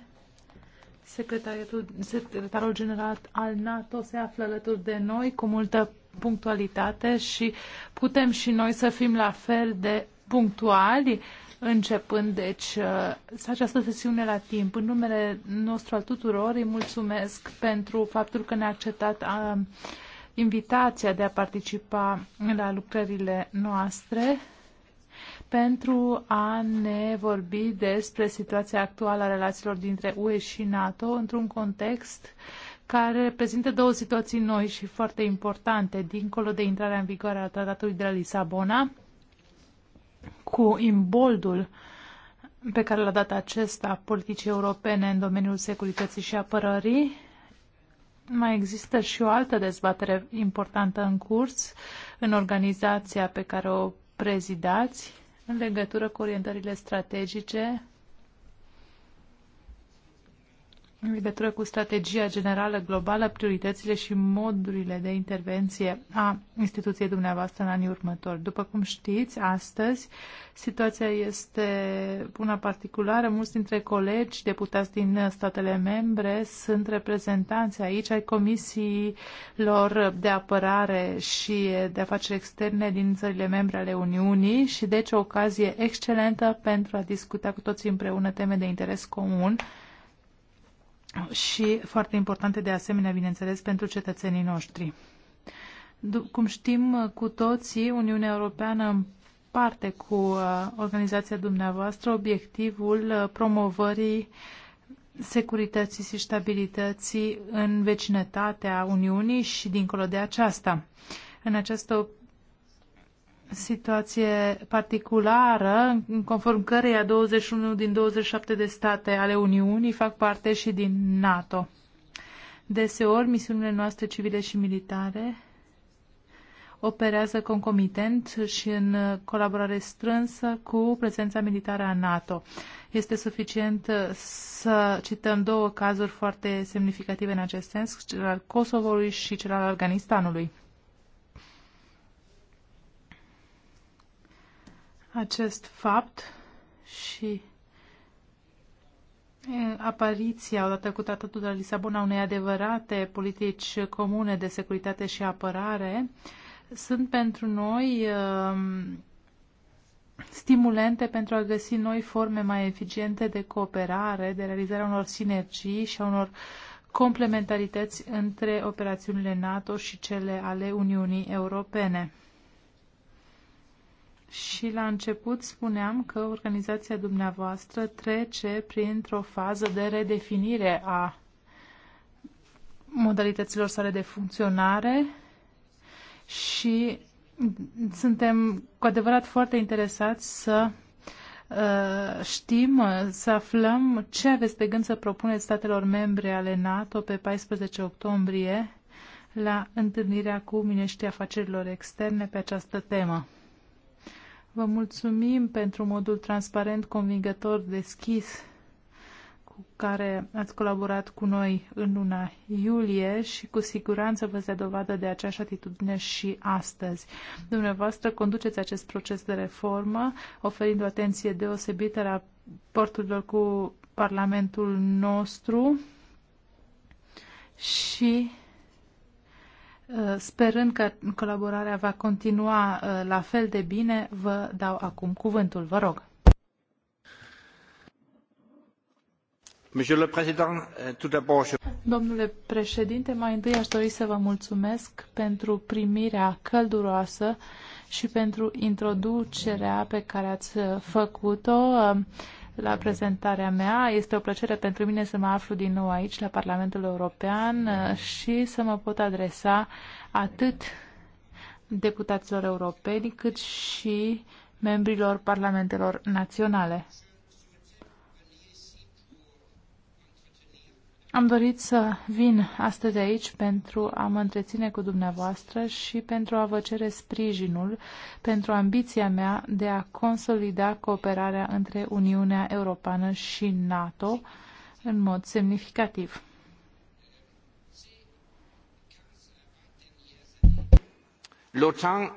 Secretarul, secretarul general al NATO se află alături de noi cu multă punctualitate și putem și noi să fim la fel de punctuali, începând deci uh, această sesiune la timp. În numele nostru al tuturor îi mulțumesc pentru faptul că ne-a acceptat a, uh, invitația de a participa la lucrările noastre pentru a ne vorbi despre situația actuală a relațiilor dintre UE și NATO într-un context care reprezintă două situații noi și foarte importante, dincolo de intrarea în vigoare a Tratatului de la Lisabona, cu imboldul pe care l-a dat acesta politicii europene în domeniul securității și apărării, mai există și o altă dezbatere importantă în curs în organizația pe care o prezidați în legătură cu orientările strategice în legătură cu strategia generală globală, prioritățile și modurile de intervenție a instituției dumneavoastră în anii următori. După cum știți, astăzi situația este una particulară. Mulți dintre colegi deputați din statele membre sunt reprezentanți aici ai comisiilor de apărare și de afaceri externe din țările membre ale Uniunii și deci o ocazie excelentă pentru a discuta cu toții împreună teme de interes comun și foarte importante de asemenea, bineînțeles, pentru cetățenii noștri. Cum știm cu toții, Uniunea Europeană parte cu uh, organizația dumneavoastră obiectivul uh, promovării securității și stabilității în vecinătatea Uniunii și dincolo de aceasta. În această situație particulară, conform căreia 21 din 27 de state ale Uniunii fac parte și din NATO. Deseori, misiunile noastre civile și militare operează concomitent și în colaborare strânsă cu prezența militară a NATO. Este suficient să cităm două cazuri foarte semnificative în acest sens, cel al Kosovoului și cel al Afganistanului. acest fapt și apariția, odată cu Tratatul de la Lisabona, unei adevărate politici comune de securitate și apărare, sunt pentru noi um, stimulente pentru a găsi noi forme mai eficiente de cooperare, de realizarea unor sinergii și a unor complementarități între operațiunile NATO și cele ale Uniunii Europene. Și la început spuneam că organizația dumneavoastră trece printr-o fază de redefinire a modalităților sale de funcționare și suntem cu adevărat foarte interesați să uh, știm, să aflăm ce aveți pe gând să propuneți statelor membre ale NATO pe 14 octombrie la întâlnirea cu miniștrii afacerilor externe pe această temă. Vă mulțumim pentru modul transparent, convingător, deschis cu care ați colaborat cu noi în luna iulie și cu siguranță vă se dovadă de aceeași atitudine și astăzi. Dumneavoastră conduceți acest proces de reformă, oferind o atenție deosebită la porturilor cu Parlamentul nostru și Uh, sperând că colaborarea va continua uh, la fel de bine, vă dau acum cuvântul. Vă rog. Euh, Domnule președinte, mai întâi aș dori să vă mulțumesc pentru primirea călduroasă și pentru introducerea pe care ați făcut-o la prezentarea mea. Este o plăcere pentru mine să mă aflu din nou aici, la Parlamentul European, uh, și să mă pot adresa atât deputaților europeni, cât și membrilor parlamentelor naționale. Am dorit să vin astăzi aici pentru a mă întreține cu dumneavoastră și pentru a vă cere sprijinul pentru ambiția mea de a consolida cooperarea între Uniunea Europeană și NATO în mod semnificativ. L'OTAN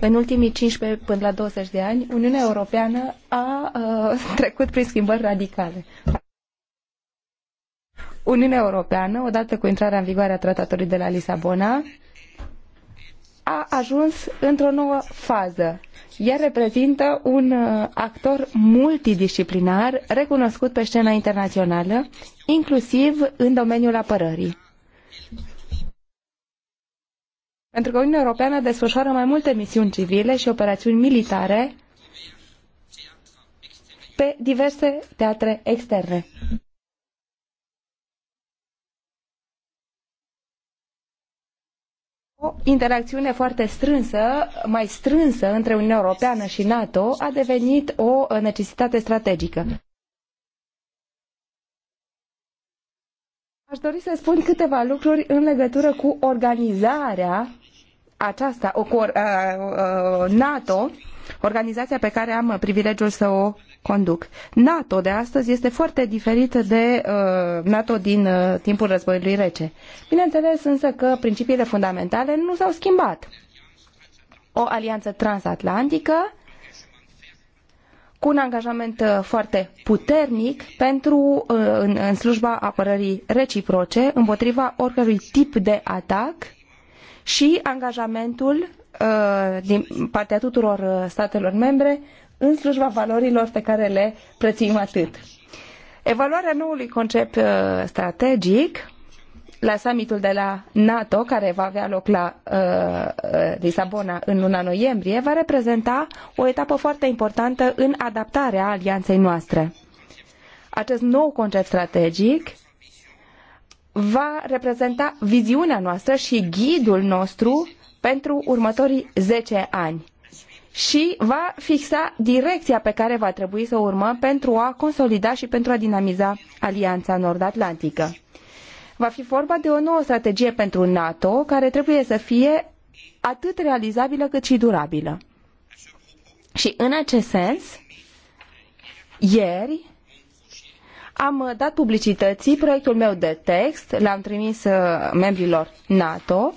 în ultimii 15 până la 20 de ani, Uniunea Europeană a uh, trecut prin schimbări radicale. Uniunea Europeană, odată cu intrarea în vigoare a tratatului de la Lisabona, a ajuns într-o nouă fază. Ea reprezintă un uh, actor multidisciplinar recunoscut pe scena internațională, inclusiv în domeniul apărării. Pentru că Uniunea Europeană desfășoară mai multe misiuni civile și operațiuni militare pe diverse teatre externe. O interacțiune foarte strânsă, mai strânsă între Uniunea Europeană și NATO a devenit o necesitate strategică. Aș dori să spun câteva lucruri în legătură cu organizarea aceasta, o, uh, uh, NATO, organizația pe care am privilegiul să o conduc. NATO de astăzi este foarte diferit de uh, NATO din uh, timpul războiului rece. Bineînțeles însă că principiile fundamentale nu s-au schimbat. O alianță transatlantică cu un angajament uh, foarte puternic pentru uh, în, în slujba apărării reciproce împotriva oricărui tip de atac și angajamentul uh, din partea tuturor statelor membre în slujba valorilor pe care le prețim atât. Evaluarea noului concept uh, strategic la summitul de la NATO, care va avea loc la uh, uh, Lisabona în luna noiembrie, va reprezenta o etapă foarte importantă în adaptarea alianței noastre. Acest nou concept strategic va reprezenta viziunea noastră și ghidul nostru pentru următorii zece ani și va fixa direcția pe care va trebui să o urmăm pentru a consolida și pentru a dinamiza Alianța Nord-Atlantică. Va fi vorba de o nouă strategie pentru NATO care trebuie să fie atât realizabilă cât și durabilă. Și în acest sens, ieri am dat publicității proiectul meu de text, l-am trimis uh, membrilor NATO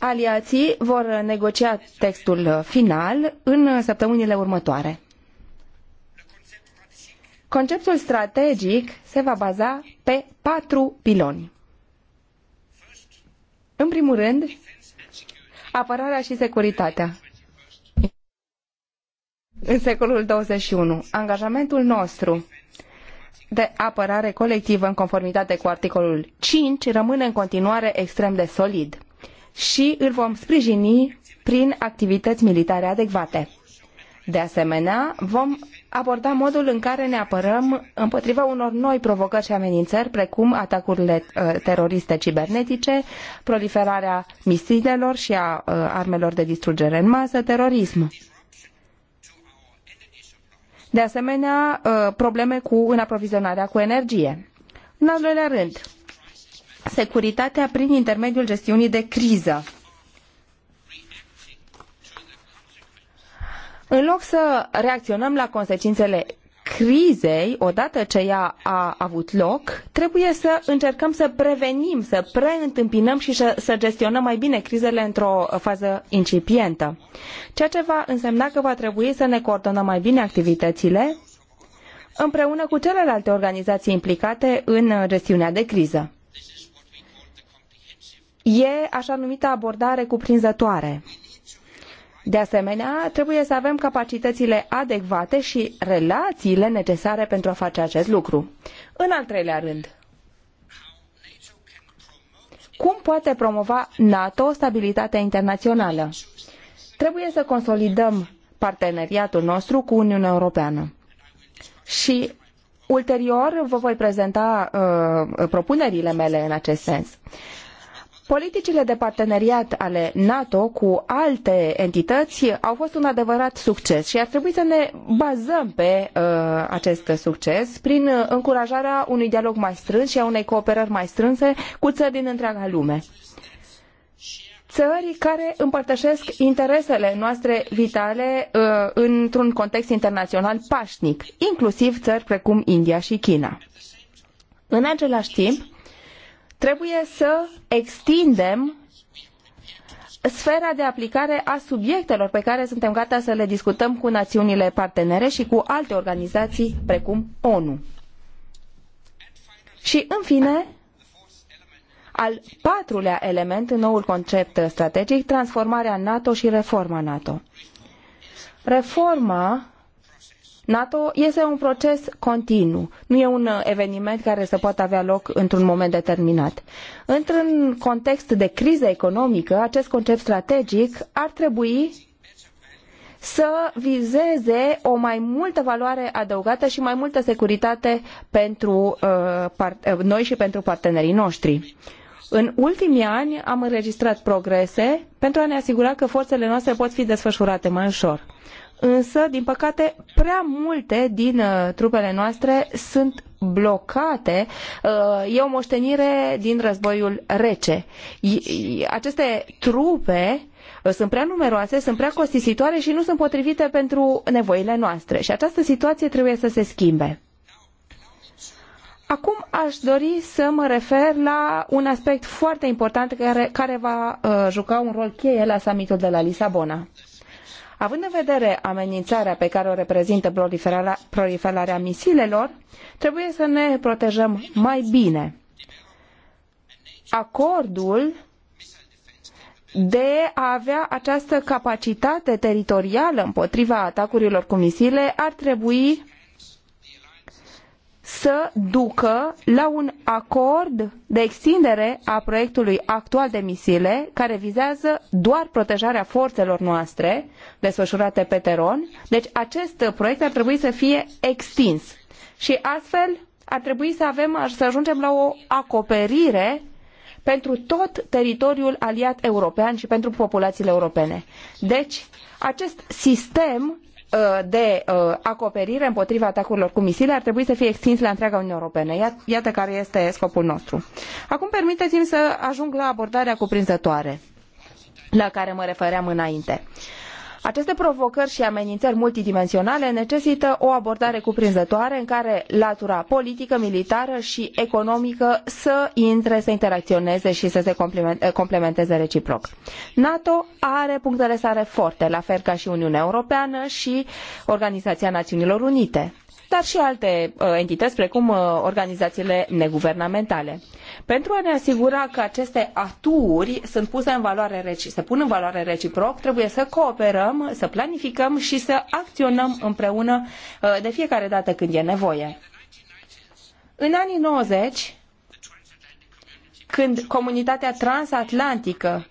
Aliații vor negocia textul final în săptămânile următoare. Conceptul strategic se va baza pe patru piloni. În primul rând, apărarea și securitatea. În secolul 21, angajamentul nostru de apărare colectivă în conformitate cu articolul 5 rămâne în continuare extrem de solid și îl vom sprijini prin activități militare adecvate. De asemenea, vom aborda modul în care ne apărăm împotriva unor noi provocări și amenințări, precum atacurile uh, teroriste cibernetice, proliferarea misilelor și a uh, armelor de distrugere în masă, terorism. De asemenea, uh, probleme cu în aprovizionarea cu energie. În al doilea rând, securitatea prin intermediul gestiunii de criză. În loc să reacționăm la consecințele crizei, odată ce ea a avut loc, trebuie să încercăm să prevenim, să preîntâmpinăm și să gestionăm mai bine crizele într-o fază incipientă. Ceea ce va însemna că va trebui să ne coordonăm mai bine activitățile împreună cu celelalte organizații implicate în gestiunea de criză e așa numită abordare cuprinzătoare. De asemenea, trebuie să avem capacitățile adecvate și relațiile necesare pentru a face acest lucru. În al treilea rând, cum poate promova NATO stabilitatea internațională? Trebuie să consolidăm parteneriatul nostru cu Uniunea Europeană. Și ulterior vă voi prezenta uh, propunerile mele în acest sens. Politicile de parteneriat ale NATO cu alte entități au fost un adevărat succes și ar trebui să ne bazăm pe uh, acest succes prin încurajarea unui dialog mai strâns și a unei cooperări mai strânse cu țări din întreaga lume țări care împărtășesc interesele noastre vitale uh, într-un context internațional pașnic, inclusiv țări precum India și China. În același timp, Trebuie să extindem sfera de aplicare a subiectelor pe care suntem gata să le discutăm cu națiunile partenere și cu alte organizații precum ONU. Și, în fine, al patrulea element în noul concept strategic, transformarea NATO și reforma NATO. Reforma NATO este un proces continuu, nu e un uh, eveniment care să poată avea loc într-un moment determinat. Într-un context de criză economică, acest concept strategic ar trebui să vizeze o mai multă valoare adăugată și mai multă securitate pentru uh, uh noi și pentru partenerii noștri. În ultimii ani am înregistrat progrese pentru a ne asigura că forțele noastre pot fi desfășurate mai ușor. Însă, din păcate, prea multe din uh, trupele noastre sunt blocate. Uh, e o moștenire din războiul rece. Aceste trupe uh, sunt prea numeroase, sunt prea costisitoare și nu sunt potrivite pentru nevoile noastre. Și această situație trebuie să se schimbe. Acum aș dori să mă refer la un aspect foarte important care, care va uh, juca un rol cheie la summitul de la Lisabona. Având în vedere amenințarea pe care o reprezintă proliferarea, proliferarea misilelor, trebuie să ne protejăm mai bine. Acordul de a avea această capacitate teritorială împotriva atacurilor cu misile ar trebui să ducă la un acord de extindere a proiectului actual de misile, care vizează doar protejarea forțelor noastre desfășurate pe teron. Deci acest proiect ar trebui să fie extins și astfel ar trebui să avem să ajungem la o acoperire pentru tot teritoriul aliat european și pentru populațiile europene. Deci, acest sistem Uh, de uh, acoperire împotriva atacurilor cu misile ar trebui să fie extins la întreaga Uniune Europeană. Iată care este scopul nostru. Acum permiteți-mi să ajung la abordarea cuprinzătoare la care mă refeream înainte. Uh, aceste provocări și amenințări multidimensionale necesită o abordare cuprinzătoare în care latura politică, militară și economică să intre, să interacționeze și să se complementeze reciproc. NATO are punctele sale forte, la fel ca și Uniunea Europeană și Organizația Națiunilor Unite dar și alte uh, entități precum uh, organizațiile neguvernamentale. Pentru a ne asigura că aceste aturi sunt puse în valoare, se pun în valoare reciproc, trebuie să cooperăm, să planificăm și să acționăm împreună uh, de fiecare dată când e nevoie. În anii 90, când comunitatea transatlantică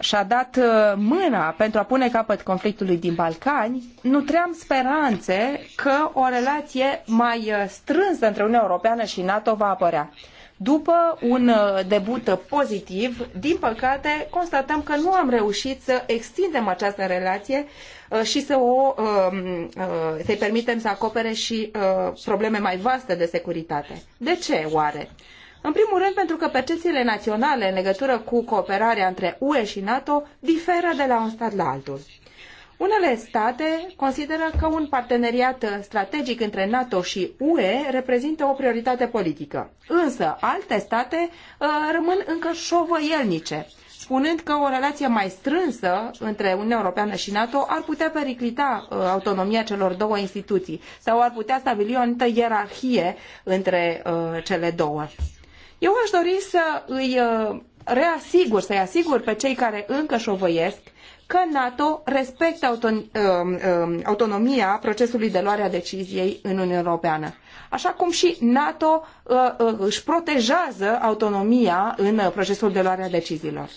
și-a dat uh, mâna pentru a pune capăt conflictului din Balcani, nutream speranțe că o relație mai uh, strânsă între Uniunea Europeană și NATO va apărea. După un uh, debut pozitiv, din păcate, constatăm că nu am reușit să extindem această relație uh, și să o, um, uh, să-i permitem să acopere și probleme mai vaste de securitate. De ce oare? În primul rând pentru că percepțiile naționale în legătură cu cooperarea între UE și NATO diferă de la un stat la altul. Unele state consideră că un parteneriat strategic între NATO și UE reprezintă o prioritate politică. Însă, alte state uh, rămân încă șovăielnice spunând că o relație mai strânsă între Uniunea Europeană și NATO ar putea periclita uh, autonomia celor două instituții sau ar putea stabili o anumită ierarhie între uh, cele două. Eu aș dori să îi reasigur, să-i asigur pe cei care încă șovăiesc că NATO respectă um, um, autonomia procesului de luare a deciziei în Uniunea Europeană. Așa cum și NATO uh, uh, își protejează autonomia în uh, procesul de luare a deciziilor.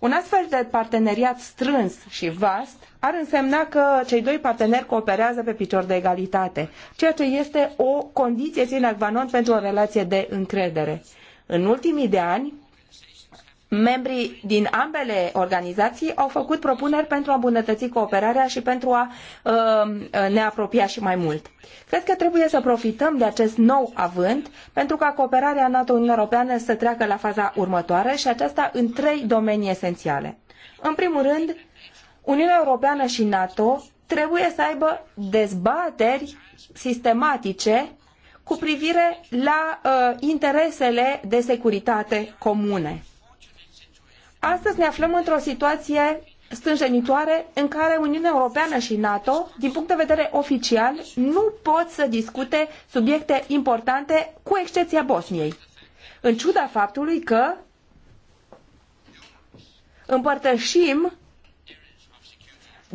Un astfel de parteneriat strâns și vast ar însemna că cei doi parteneri cooperează pe picior de egalitate, ceea ce este o condiție sine qua non pentru o relație de încredere. În ultimii de ani, membrii din ambele organizații au făcut propuneri pentru a îmbunătăți cooperarea și pentru a um, ne apropia și mai mult. Cred că trebuie să profităm de acest nou avânt pentru ca cooperarea NATO-Uniunea Europeană să treacă la faza următoare și aceasta în trei domenii esențiale. În primul rând, Uniunea Europeană și NATO trebuie să aibă dezbateri sistematice cu privire la uh, interesele de securitate comune Astăzi ne aflăm într-o situație stânjenitoare în care Uniunea Europeană și NATO, din punct de vedere oficial, nu pot să discute subiecte importante cu excepția Bosniei. În ciuda faptului că împărtășim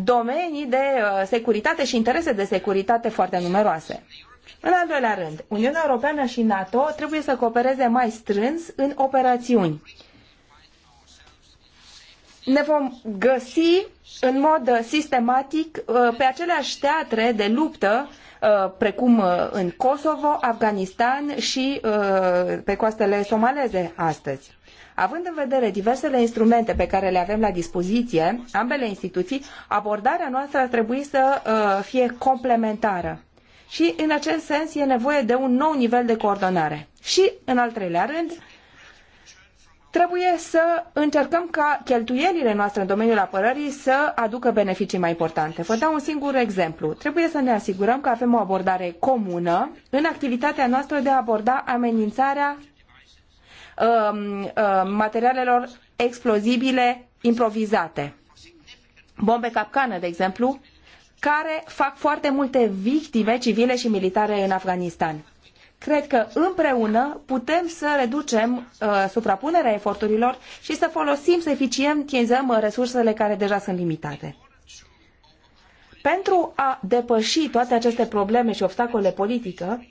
domenii de uh, securitate și interese de securitate foarte numeroase. În al doilea rând, Uniunea Europeană și NATO trebuie să coopereze mai strâns în operațiuni ne vom găsi în mod uh, sistematic uh, pe aceleași teatre de luptă uh, precum în Kosovo, Afganistan și pe coastele somaleze astăzi. Având în vedere diversele instrumente pe care le avem la dispoziție, ambele instituții, abordarea noastră ar trebui să fie complementară. Și în acest sens e nevoie de un nou nivel de coordonare. Și, în al treilea rând, trebuie să încercăm ca cheltuielile noastre în domeniul apărării să aducă beneficii mai importante. Vă dau un singur exemplu. Trebuie să ne asigurăm că avem o abordare comună în activitatea noastră de a aborda amenințarea um, um, materialelor explozibile improvizate. Bombe capcană, de exemplu, care fac foarte multe victime civile și militare în Afganistan. Cred că împreună putem să reducem uh, suprapunerea eforturilor și să folosim, să eficientizăm uh, resursele care deja sunt limitate. Pentru a depăși toate aceste probleme și obstacole politică,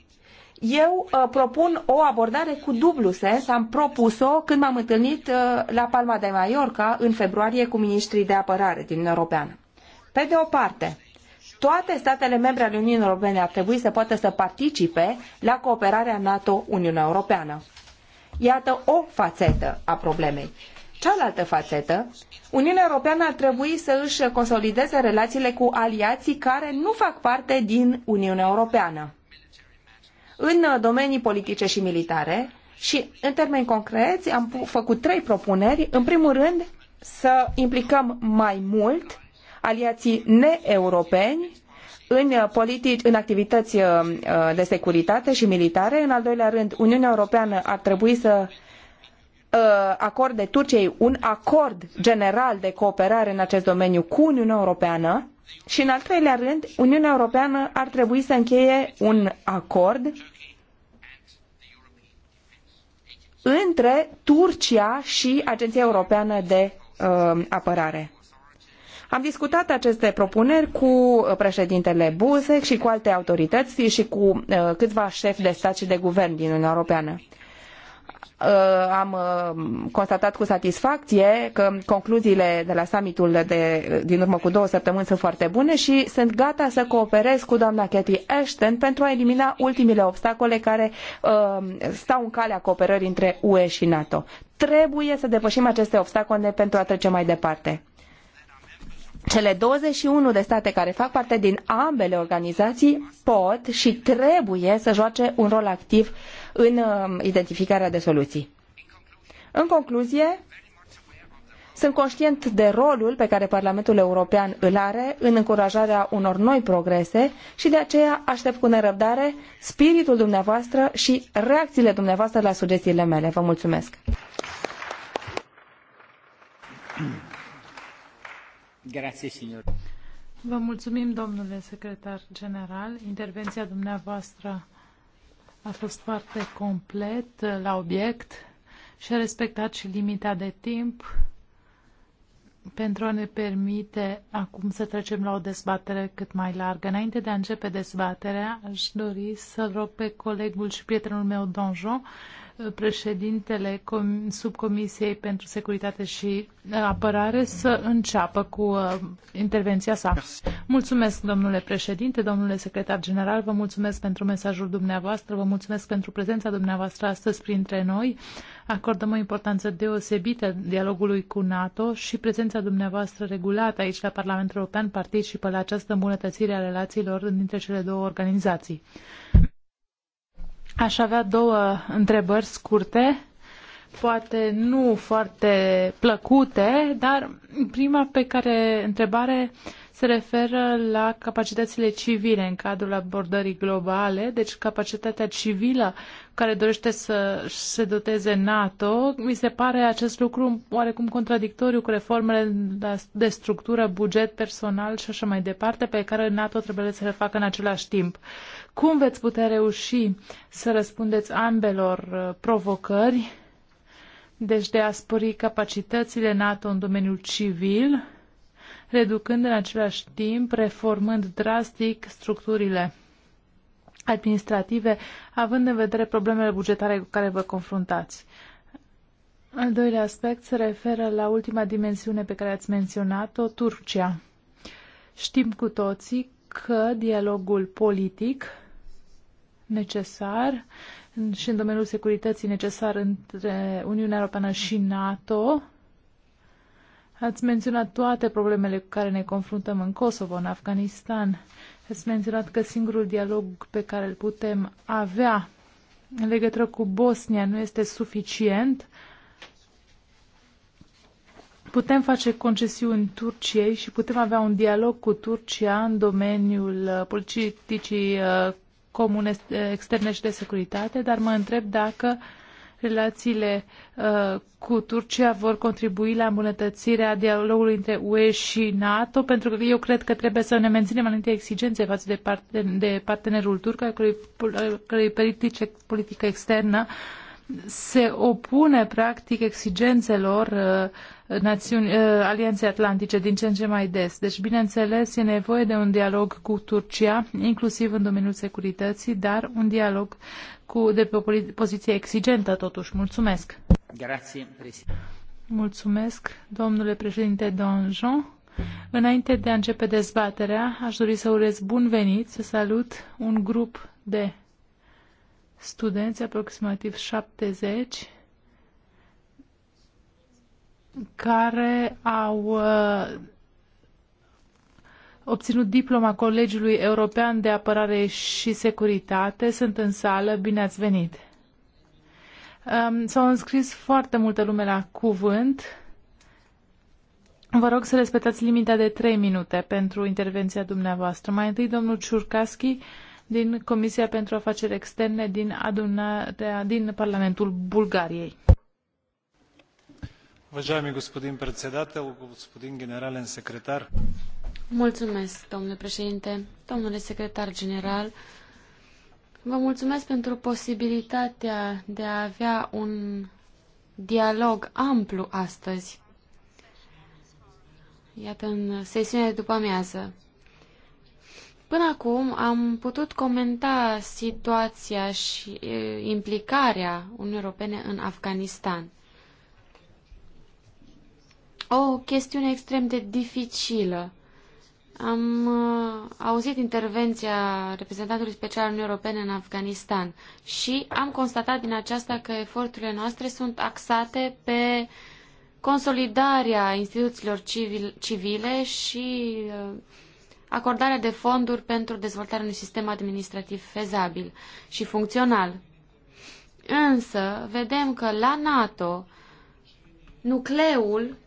eu uh, propun o abordare cu dublu sens. Am propus-o când m-am întâlnit uh, la Palma de Mallorca în februarie cu ministrii de apărare din Europeană. Pe de o parte, toate statele membre ale Uniunii Europene ar trebui să poată să participe la cooperarea NATO-Uniunea Europeană. Iată o fațetă a problemei. Cealaltă fațetă, Uniunea Europeană ar trebui să își consolideze relațiile cu aliații care nu fac parte din Uniunea Europeană în domenii politice și militare și, în termeni concreți, am făcut trei propuneri. În primul rând, să implicăm mai mult aliații neeuropeni în, uh, politici, în activități uh, uh, de securitate și militare. În al doilea rând, Uniunea Europeană ar trebui să acorde Turciei un acord general de cooperare în acest domeniu cu Uniunea Europeană și în al treilea rând, Uniunea Europeană ar trebui să încheie un acord între Turcia și Agenția Europeană de uh, Apărare. Am discutat aceste propuneri cu uh, președintele Buzek și cu alte autorități și cu uh, câțiva șefi de stat și de guvern din Uniunea Europeană uh, am constatat cu satisfacție că concluziile de la summitul de, din urmă cu două săptămâni sunt foarte bune și sunt gata să cooperez cu doamna Cathy Ashton pentru a elimina ultimile obstacole care stau în calea cooperării între UE și NATO. Trebuie să depășim aceste obstacole pentru a trece mai departe cele 21 de state care fac parte din ambele organizații pot și trebuie să joace un rol activ în um, identificarea de soluții. În concluzie, sunt conștient de rolul pe care Parlamentul European îl are în încurajarea unor noi progrese și de aceea aștept cu nerăbdare spiritul dumneavoastră și reacțiile dumneavoastră la sugestiile mele. Vă mulțumesc! Vă mulțumim, domnule secretar general. Intervenția dumneavoastră a fost foarte complet uh, la obiect și a respectat și limita de timp pentru a ne permite acum să trecem la o dezbatere cât mai largă. Înainte de a începe dezbaterea, aș dori să rog pe colegul și prietenul meu, Donjon, președintele subcomisiei pentru securitate și uh, apărare să înceapă cu uh, intervenția sa. Mulțumesc, domnule președinte, domnule secretar general, vă mulțumesc pentru mesajul dumneavoastră, vă mulțumesc pentru prezența dumneavoastră astăzi printre noi. Acordăm o importanță deosebită dialogului cu NATO și prezența dumneavoastră regulată aici la Parlamentul European participă la această îmbunătățire a relațiilor dintre cele două organizații. Aș avea două întrebări scurte, poate nu foarte plăcute, dar prima pe care întrebare se referă la capacitățile civile în cadrul abordării globale, deci capacitatea civilă care dorește să se doteze NATO. Mi se pare acest lucru oarecum contradictoriu cu reformele de structură, buget, personal și așa mai departe, pe care NATO trebuie să le facă în același timp. Uh, cum veți putea reuși să răspundeți ambelor uh, provocări, deci de a spori capacitățile NATO în domeniul civil, reducând în același timp, reformând drastic structurile administrative, având în vedere problemele bugetare cu care vă confruntați. Al doilea aspect se referă la ultima dimensiune pe care ați menționat-o, Turcia. Știm cu toții că dialogul politic necesar și în domeniul securității necesar între Uniunea Europeană și NATO. Ați menționat toate problemele cu care ne confruntăm în Kosovo, în Afganistan. Ați menționat că singurul dialog pe care îl putem avea în legătură cu Bosnia nu este suficient. Uh, putem face concesiuni Turciei și putem avea un dialog cu Turcia în domeniul uh, politicii uh, comune externe și de securitate, dar mă întreb dacă relațiile uh, cu Turcia vor contribui la îmbunătățirea dialogului între UE și NATO, pentru că eu cred că trebuie să ne menținem anumite exigențe față de, parten- de partenerul turc, care cărui, politice, politică externă se opune practic exigențelor uh, națiuni, eh, alianței atlantice din ce în ce mai des. Deci, bineînțeles, e nevoie de un dialog cu Turcia, inclusiv în domeniul securității, dar un dialog cu, de pe o poziție exigentă, totuși. Mulțumesc! Grazie, Mulțumesc, domnule președinte Donjon. Înainte de a începe dezbaterea, aș dori să urez bun venit, să salut un grup de studenți, aproximativ 70, care au uh, obținut diploma Colegiului European de Apărare și Securitate. Sunt în sală, bine ați venit! Um, s-au înscris foarte multă lume la cuvânt. Vă rog să respectați limita de 3 minute pentru intervenția dumneavoastră. Mai întâi, domnul Ciurcaschi, din Comisia pentru Afaceri Externe din, adunarea, din Parlamentul Bulgariei. Уважаеми господин председател, господин генерален секретар. Mulțumesc, domnule președinte, domnule secretar general. Vă mulțumesc pentru posibilitatea de a avea un dialog amplu astăzi. Iată, în sesiunea de după amiază. Până acum am putut comenta situația și implicarea Uniunii Europene în Afganistan o chestiune extrem de dificilă. Am uh, auzit intervenția reprezentantului special al Uniunii Europene în Afganistan și am constatat din aceasta că eforturile noastre sunt axate pe consolidarea instituțiilor civil, civile și uh, acordarea de fonduri pentru dezvoltarea unui sistem administrativ fezabil și funcțional. Însă, vedem că la NATO nucleul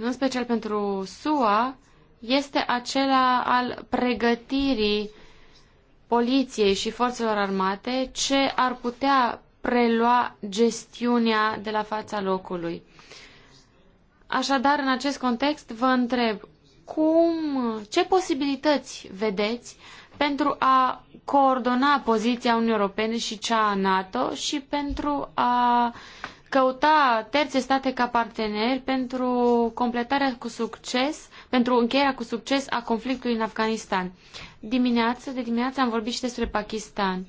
în special pentru SUA, este acela al pregătirii poliției și forțelor armate ce ar putea prelua gestiunea de la fața locului. Așadar, în acest context, vă întreb cum, ce posibilități vedeți pentru a coordona poziția Uniunii Europene și cea a NATO și pentru a căuta terțe state ca parteneri pentru completarea cu succes, pentru încheierea cu succes a conflictului în Afganistan. Dimineață, de dimineață am vorbit și despre Pakistan.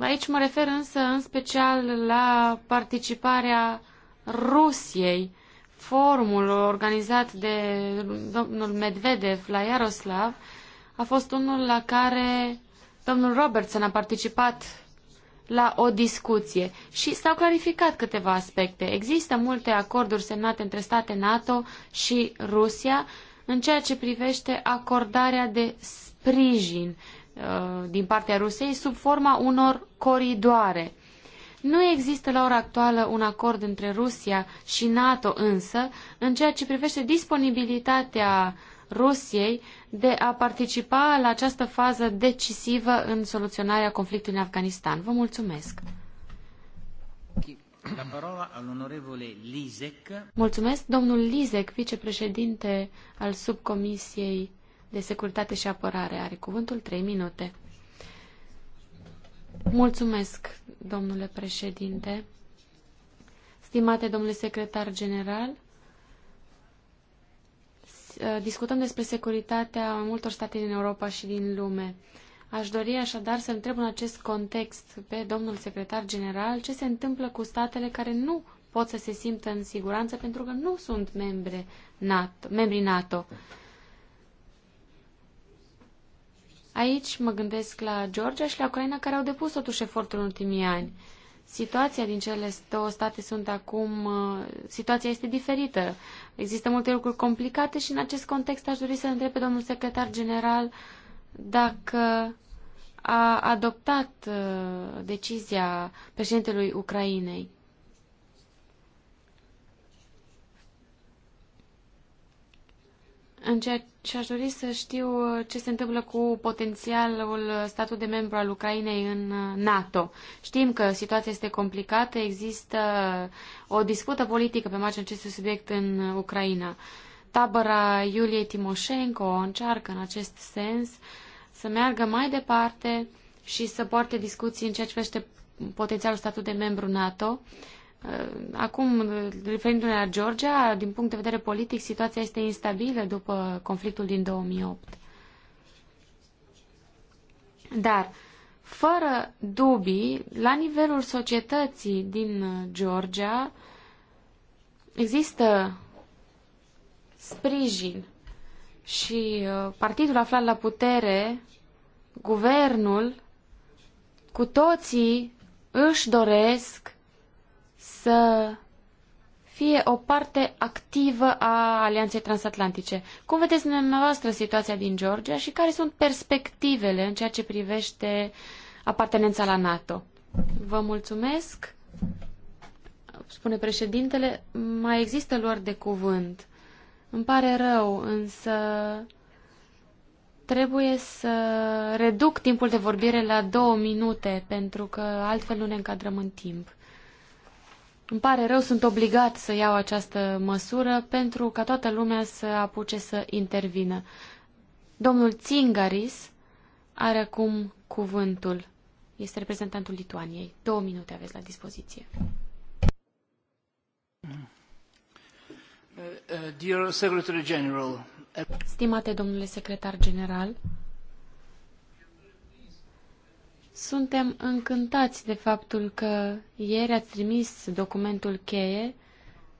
Aici mă refer însă în special la participarea Rusiei, forumul organizat de domnul Medvedev la Iaroslav, a fost unul la care domnul Robertson a participat la o discuție și s-au clarificat câteva aspecte. Există multe acorduri semnate între state NATO și Rusia în ceea ce privește acordarea de sprijin uh, din partea Rusiei sub forma unor coridoare. Nu există la ora actuală un acord între Rusia și NATO însă în ceea ce privește disponibilitatea Rusiei de a participa la această fază decisivă în soluționarea conflictului în Afganistan. Vă mulțumesc! La parola al onorevole Mulțumesc, domnul Lisek, vicepreședinte al subcomisiei de securitate și apărare. Are cuvântul 3 minute. Mulțumesc, domnule președinte. Stimate domnule secretar general, Uh, discutăm despre securitatea multor state din Europa și din lume. Aș dori așadar să întreb în acest context pe domnul secretar general ce se întâmplă cu statele care nu pot să se simtă în siguranță pentru că nu sunt NATO, membri NATO. Aici mă gândesc la Georgia și la Ucraina care au depus totuși efortul în ultimii ani. Uh, Situația din cele două state sunt acum, uh, situația este diferită. Există multe lucruri complicate și în acest context aș dori să întreb pe domnul secretar general dacă a adoptat uh, decizia președintelui Ucrainei. În ceea ce aș dori să știu uh, ce se întâmplă cu potențialul uh, statut de membru al Ucrainei în uh, NATO. Știm că situația este complicată, există o dispută politică pe marginea acestui subiect în Ucraina. Tabăra Iuliei Timoshenko încearcă în acest sens să meargă mai departe și să poarte discuții în ceea ce privește potențialul statut de membru NATO. Uh, Eh, acum, referindu-ne la Georgia, din punct de vedere politic, situația este instabilă după conflictul din 2008. Dar, fără dubii, la nivelul societății din Georgia există sprijin și eh, partidul aflat la putere, guvernul, cu toții își doresc să fie o parte activă a Alianței Transatlantice. Cum vedeți dumneavoastră situația din Georgia și care sunt perspectivele în ceea ce privește apartenența la NATO? Vă mulțumesc, spune președintele. Mai există lor de cuvânt. Îmi pare rău, însă trebuie să reduc timpul de vorbire la două minute, pentru că altfel nu ne încadrăm în timp. Îmi pare rău, sunt obligat să iau această măsură pentru ca toată lumea să apuce să intervină. Domnul Tsingaris are acum cuvântul. Este reprezentantul Lituaniei. Două minute aveți la dispoziție. Stimate domnule secretar general, suntem încântați de faptul că ieri ați trimis documentul cheie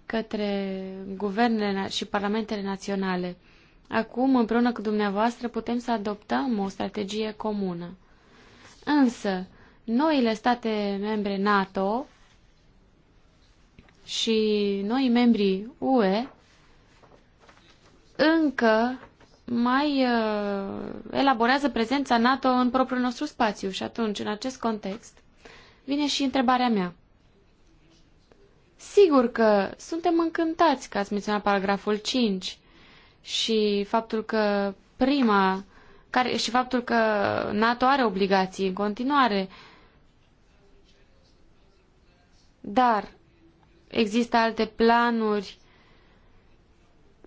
către guvernele și parlamentele naționale. Acum, împreună cu dumneavoastră, putem să adoptăm o strategie comună. Însă, noile state membre NATO și noi membrii UE încă mai uh, elaborează prezența NATO în propriul nostru spațiu. Și atunci, în acest context, vine și întrebarea mea. Sigur că suntem încântați că ați menționat paragraful 5 și faptul că prima care, și faptul că NATO are obligații în continuare. Dar există alte planuri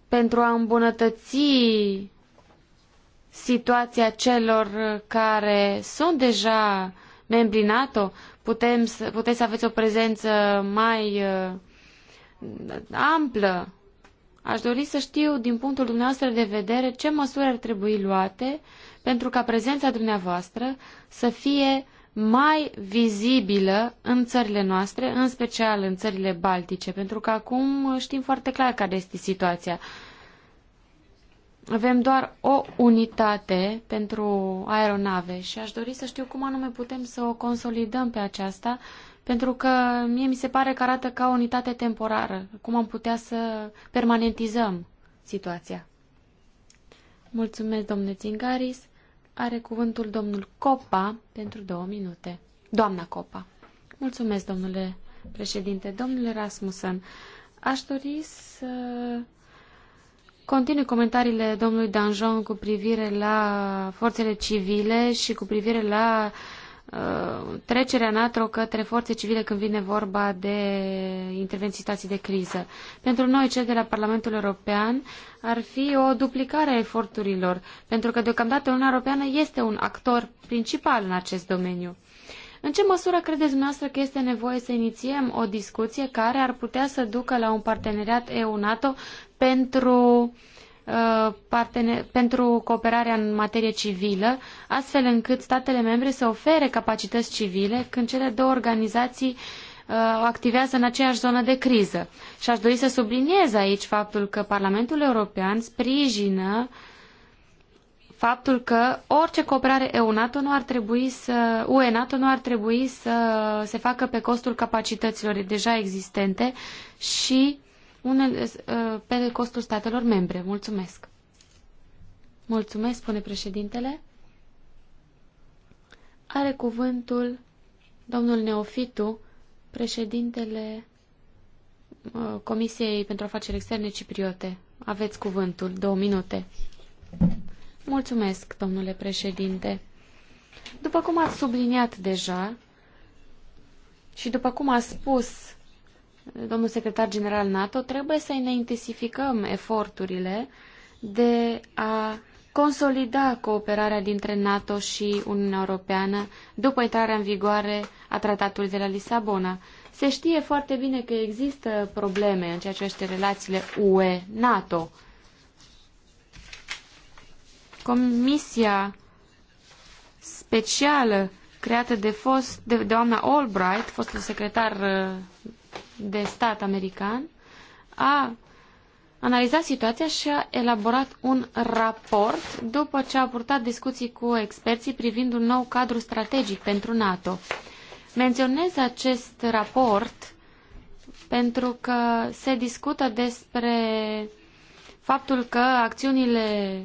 pentru a îmbunătăți situația celor care sunt deja membri NATO? Putem, puteți să aveți o prezență mai uh, amplă? Aș dori să știu, din punctul dumneavoastră de vedere, ce măsuri ar trebui luate pentru ca prezența dumneavoastră să fie mai vizibilă în țările noastre, în special în țările baltice, pentru că acum știm foarte clar care este situația. Avem doar o unitate pentru aeronave și aș dori să știu cum anume putem să o consolidăm pe aceasta, pentru că mie mi se pare că arată ca o unitate temporară, cum am putea să permanentizăm situația. Mulțumesc, domnule Zingaris. Are cuvântul domnul Copa pentru două minute. Doamna Copa. Mulțumesc, domnule președinte. Domnule Rasmussen, aș dori să continui comentariile domnului Danjon cu privire la forțele civile și cu privire la uh, Uh, trecerea NATO către forțe civile când vine vorba de intervenții situații de criză. Pentru noi, cei de la Parlamentul European, ar fi o duplicare a eforturilor, pentru că deocamdată Uniunea Europeană este un actor principal în acest domeniu. În ce măsură credeți dumneavoastră că este nevoie să inițiem o discuție care ar putea să ducă la un parteneriat EU-NATO pentru uh, Uh, pentru cooperarea în materie civilă, astfel încât statele membre să ofere capacități civile când cele două organizații uh, activează în aceeași zonă de criză. Și aș dori să subliniez aici faptul că Parlamentul European sprijină faptul că orice cooperare EU-NATO nu ar trebui să, UE-NATO nu ar trebui să se facă pe costul capacităților deja existente și unele, uh, pe costul statelor membre. Mulțumesc. Mulțumesc, spune președintele. Are cuvântul domnul Neofitu, președintele uh, Comisiei pentru Afaceri Externe Cipriote. Aveți cuvântul, două minute. Mulțumesc, domnule președinte. După cum ați subliniat deja și după cum a spus domnul secretar general NATO, trebuie să ne intensificăm eforturile de a consolida cooperarea dintre NATO și Uniunea Europeană după intrarea în vigoare a tratatului de la Lisabona. Se știe foarte bine că există probleme în ceea ce este relațiile UE-NATO. Comisia specială creată de, fost, de doamna Albright, fostul secretar de stat american a analizat situația și a elaborat un raport după ce a purtat discuții cu experții privind un nou cadru strategic pentru NATO. Menționez acest raport pentru că se discută despre faptul că acțiunile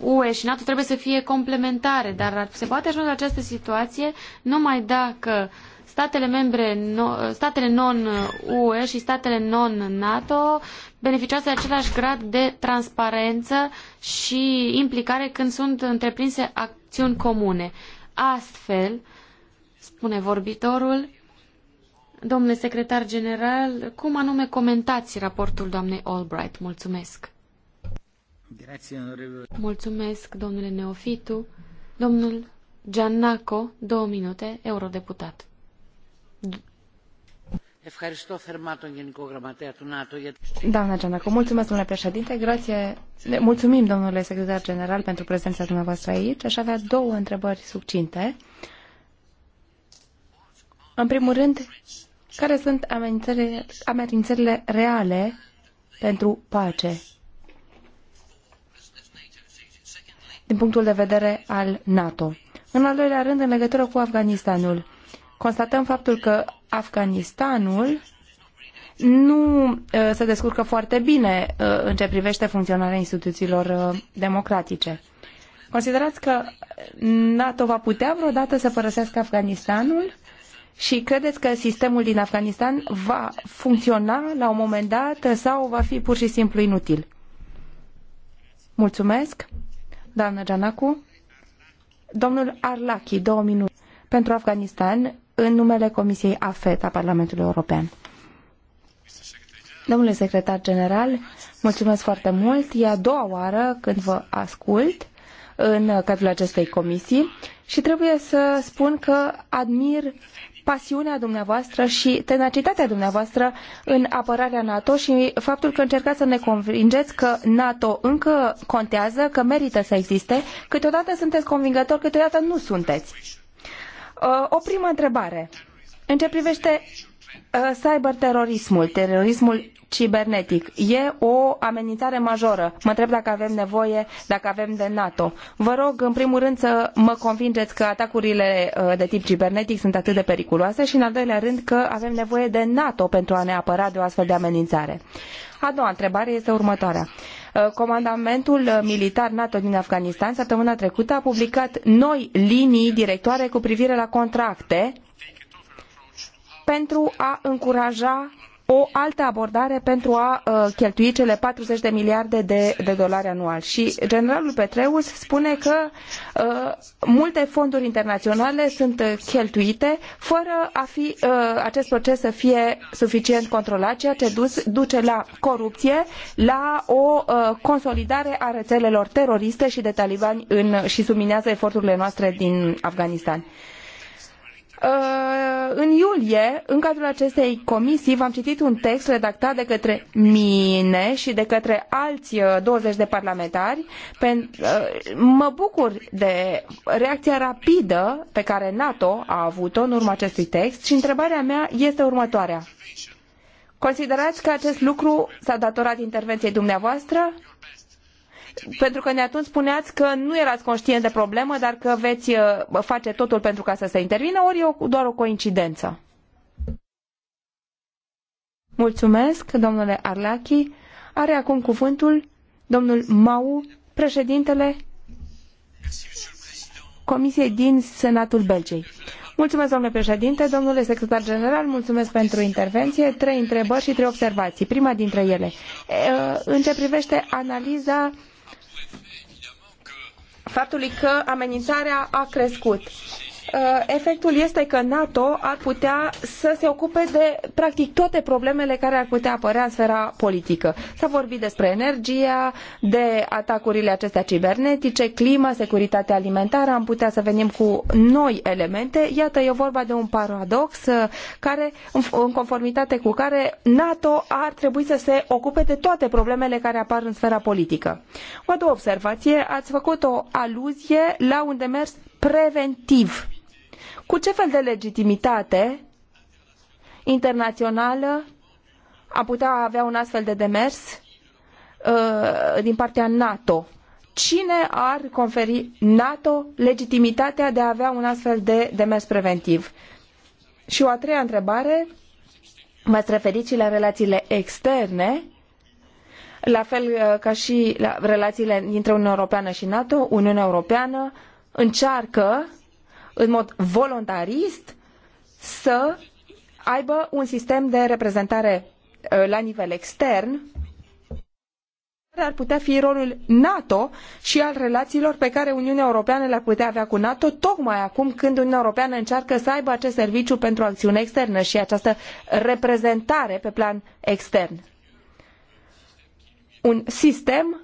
UE uh, și NATO trebuie să fie complementare, dar se poate ajunge la această situație numai dacă uh, Statele membre, no, statele non-UE și statele non-NATO beneficiază de același grad de transparență și implicare când sunt întreprinse acțiuni comune. Astfel, spune vorbitorul, domnule secretar general, cum anume comentați raportul doamnei Albright? Mulțumesc. Mulțumesc, domnule Neofitu. Domnul Giannaco, două minute, eurodeputat. Doamna Gianacu, mulțumesc, domnule președinte. Grație. Mulțumim, domnule secretar general, pentru prezența dumneavoastră aici. Aș avea două întrebări succinte. În primul rând, care sunt amenințările reale pentru pace din punctul de vedere al NATO? În al doilea rând, în legătură cu Afganistanul, constatăm faptul că Afganistanul nu se descurcă foarte bine în ce privește funcționarea instituțiilor democratice. Considerați că NATO va putea vreodată să părăsească Afganistanul? Și credeți că sistemul din Afganistan va funcționa la un moment dat sau va fi pur și simplu inutil? Mulțumesc, doamnă Gianacu. Domnul Arlachi, două minute. Pentru Afganistan, în numele Comisiei AFET a Parlamentului European. Domnule secretar general, mulțumesc foarte mult. E a doua oară când vă ascult în cadrul acestei comisii și trebuie să spun că admir pasiunea dumneavoastră și tenacitatea dumneavoastră în apărarea NATO și faptul că încercați să ne convingeți că NATO încă contează, că merită să existe, câteodată sunteți convingători, câteodată nu sunteți o primă întrebare. În ce privește uh, cyberterorismul, terorismul cibernetic, e o amenințare majoră. Mă întreb dacă avem nevoie, dacă avem de NATO. Vă rog, în primul rând, să mă convingeți că atacurile uh, de tip cibernetic sunt atât de periculoase și, în al doilea rând, că avem nevoie de NATO pentru a ne apăra de o astfel de amenințare. A doua întrebare este următoarea. Uh, comandamentul militar NATO din Afganistan săptămâna trecută a publicat noi linii directoare cu privire la contracte pentru a încuraja o altă abordare pentru a uh, cheltui cele 40 de miliarde de, de dolari anual. Și generalul Petreus spune că uh, multe fonduri internaționale sunt uh, cheltuite fără a fi acest proces să fie suficient controlat, ceea ce duce la corupție, la o consolidare a rețelelor teroriste și de talibani în, și subminează eforturile noastre din Afganistan. Uh, în iulie, în cadrul acestei comisii, v-am citit un text redactat de către mine și de către alți 20 uh, de parlamentari. Uh, mă bucur de reacția rapidă pe care NATO a avut-o în urma acestui text și întrebarea mea este următoarea. Considerați că acest lucru s-a datorat intervenției dumneavoastră? pentru că ne atunci spuneați că nu erați conștient de problemă, dar că veți uh, face totul pentru ca să se intervină, ori e doar o coincidență. Mulțumesc, domnule Arlachi. Are acum cuvântul domnul Mau, președintele Comisiei din Senatul Belgiei. Mulțumesc, domnule președinte, domnule secretar general, mulțumesc pentru intervenție. Trei întrebări și trei observații. Prima dintre ele, în ce privește analiza faptului că amenințarea a crescut. Uh, efectul este că NATO ar putea să se ocupe de practic toate problemele care ar putea apărea în sfera politică. S-a vorbit despre energia, de atacurile acestea cibernetice, clima, securitatea alimentară, am putea să venim cu noi elemente. Iată, e vorba de un paradox uh, care, în conformitate cu care NATO ar trebui să se ocupe de toate problemele care apar în sfera politică. O a doua observație, ați făcut o aluzie la un demers preventiv cu ce fel de legitimitate internațională a putea avea un astfel de demers uh, din partea NATO? Cine ar conferi NATO legitimitatea de a avea un astfel de demers preventiv? Și o a treia întrebare, v-ați referit și la relațiile externe, la fel uh, ca și la relațiile dintre Uniunea Europeană și NATO, Uniunea Europeană încearcă în mod voluntarist să aibă un sistem de reprezentare uh, la nivel extern care ar putea fi rolul NATO și al relațiilor pe care Uniunea Europeană le-ar putea avea cu NATO, tocmai acum când Uniunea Europeană încearcă să aibă acest serviciu pentru acțiune externă și această reprezentare pe plan extern. Un sistem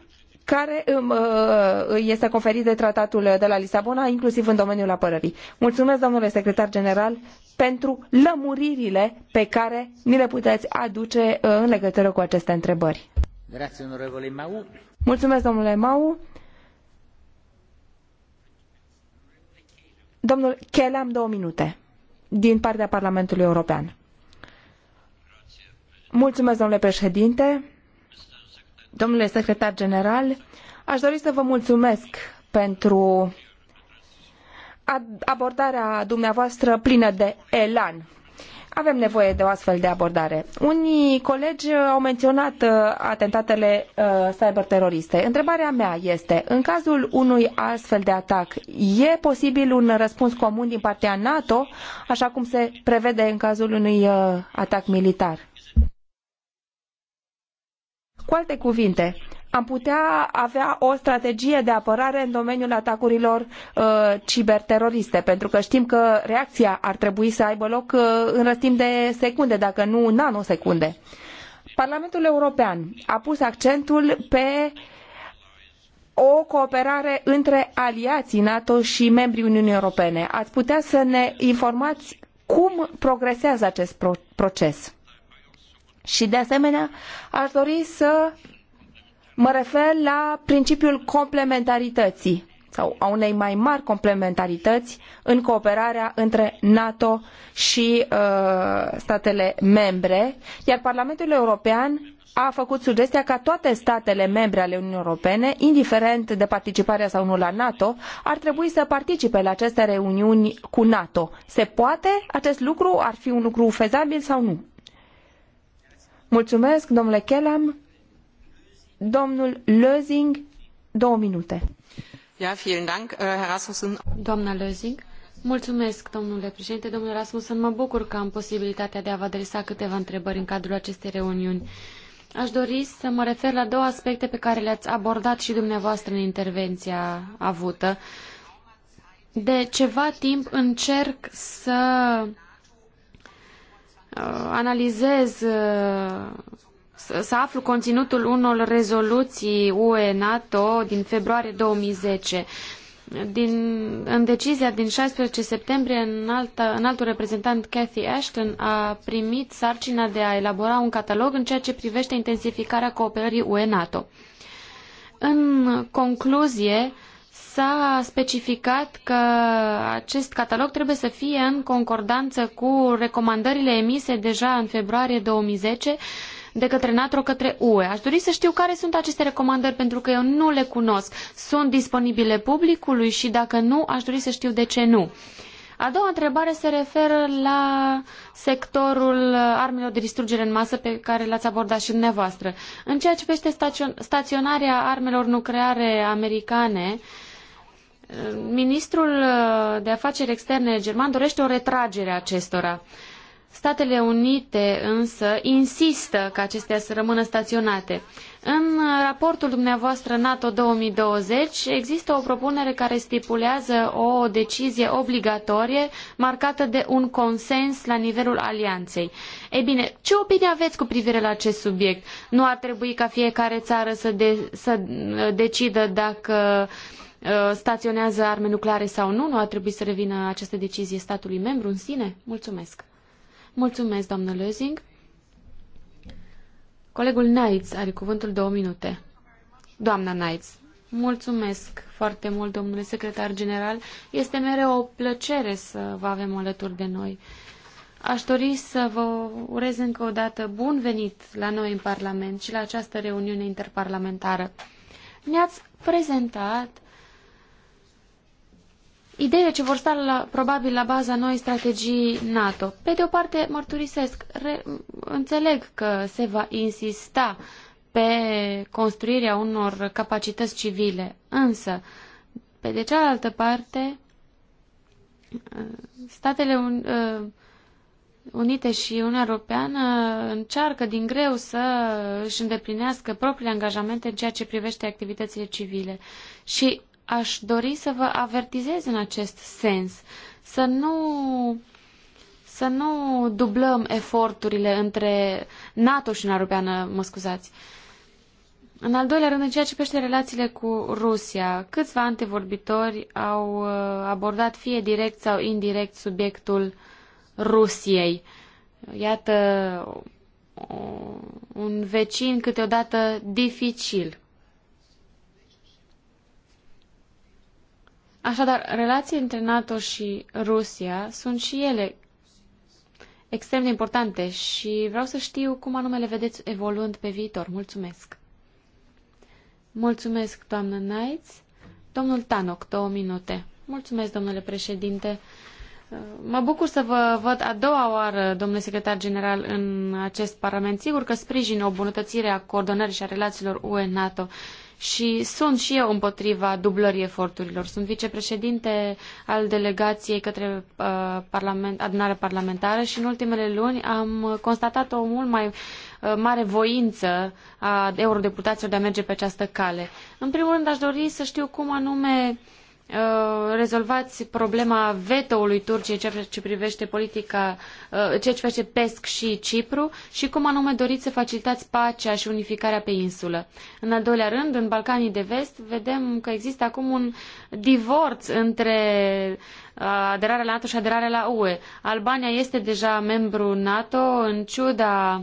care îi um, uh, este conferit de tratatul de la Lisabona, inclusiv în domeniul apărării. Mulțumesc, domnule secretar general, pentru lămuririle pe care ni le puteți aduce uh, în legătură cu aceste întrebări. Grazie, Mulțumesc, domnule Mau. Domnul am două minute, din partea Parlamentului European. Mulțumesc, domnule președinte. Domnule secretar general, aș dori să vă mulțumesc pentru abordarea dumneavoastră plină de elan. Avem nevoie de o astfel de abordare. Unii colegi au menționat uh, atentatele uh, cyberteroriste. Întrebarea mea este, în cazul unui astfel de atac, e posibil un răspuns comun din partea NATO, așa cum se prevede în cazul unui uh, atac militar? Cu alte cuvinte, am putea avea o strategie de apărare în domeniul atacurilor uh, ciberteroriste, pentru că știm că reacția ar trebui să aibă loc uh, în răstim de secunde, dacă nu nanosecunde. Parlamentul European a pus accentul pe o cooperare între aliații NATO și membrii Uniunii Europene. Ați putea să ne informați cum progresează acest proces? Și de asemenea, aș dori să mă refer la principiul complementarității sau a unei mai mari complementarități în cooperarea între NATO și uh, statele membre, iar Parlamentul European a făcut sugestia ca toate statele membre ale Uniunii Europene, indiferent de participarea sau nu la NATO, ar trebui să participe la aceste reuniuni cu NATO. Se poate acest lucru? Ar fi un lucru fezabil sau nu? Mulțumesc, domnule Kelam. Domnul Lözing, două minute. Ja, vielen Dank, äh, Herr Rasmussen. Doamna Lözing. Mulțumesc, domnule președinte. Domnule Rasmussen, mă bucur că am posibilitatea de a vă adresa câteva întrebări în cadrul acestei reuniuni. Aș dori să mă refer la două aspecte pe care le-ați abordat și dumneavoastră în intervenția avută. De ceva timp încerc să Uh, analizez, uh, să aflu conținutul unor rezoluții UE-NATO din februarie 2010. Din, în decizia din 16 septembrie, înalta, înaltul reprezentant Cathy Ashton a primit sarcina de a elabora un catalog în ceea ce privește intensificarea cooperării UE-NATO. În concluzie, s-a specificat că acest catalog trebuie să fie în concordanță cu recomandările emise deja în februarie 2010 de către NATO către UE. Aș dori să știu care sunt aceste recomandări, pentru că eu nu le cunosc. Sunt disponibile publicului și dacă nu, aș dori să știu de ce nu. A doua întrebare se referă la sectorul armelor de distrugere în masă pe care l-ați abordat și dumneavoastră. În ceea ce privește staționarea armelor nucleare americane, uh, Ministrul uh, de afaceri externe german dorește o retragere a acestora. Statele Unite însă insistă ca acestea să rămână staționate. În raportul dumneavoastră NATO 2020 există o propunere care stipulează o decizie obligatorie marcată de un consens la nivelul alianței. Ei bine, ce opinie aveți cu privire la acest subiect? Nu ar trebui ca fiecare țară să, de, să uh, decidă dacă uh, Uh, staționează arme nucleare sau nu, nu ar trebui să revină această decizie statului membru în sine? Mulțumesc. Mulțumesc, doamnă Lözing. Colegul Naitz are cuvântul două minute. Doamna Naitz, mulțumesc foarte mult, domnule secretar general. Este mereu o plăcere să vă avem alături de noi. Aș dori să vă urez încă o dată bun venit la noi în Parlament și la această reuniune interparlamentară. Ne-ați prezentat ideile ce vor sta la, probabil la baza noi strategii NATO. Pe de o parte, mărturisesc, re, înțeleg că se va insista pe construirea unor capacități civile, însă, pe de cealaltă parte, Statele ă, Unite și Uniunea Europeană încearcă din greu să își îndeplinească propriile angajamente în ceea ce privește activitățile civile. Și aș dori să vă avertizez în acest sens, să nu să nu dublăm eforturile între NATO și Europeană, mă scuzați. În al doilea rând, în ceea ce pește relațiile cu Rusia, câțiva antevorbitori au uh, abordat fie direct sau indirect subiectul Rusiei. Iată un vecin câteodată dificil. Așadar, relațiile între NATO și Rusia sunt și ele extrem de importante și vreau să știu cum anume le vedeți evoluând pe viitor. Mulțumesc! Mulțumesc, doamnă Naiț. Domnul Tanoc, două minute. Mulțumesc, domnule președinte. Mă bucur să vă văd a doua oară, domnule secretar general, în acest parlament. Sigur că sprijin o bunătățire a coordonării și a relațiilor UE-NATO și sunt și eu împotriva dublării eforturilor. Sunt vicepreședinte al delegației către uh, parlament, adunarea parlamentară și în ultimele luni am constatat o mult mai uh, mare voință a eurodeputaților de a merge pe această cale. În primul rând aș dori să știu cum anume uh, Uh, rezolvați problema vetoului Turciei ceea ce privește politica, uh, ceea ce privește PESC și Cipru și cum anume doriți să facilitați pacea și unificarea pe insulă. În al doilea rând, în Balcanii de Vest, vedem că există acum un divorț între uh, aderarea la NATO și aderarea la UE. Albania este deja membru NATO în ciuda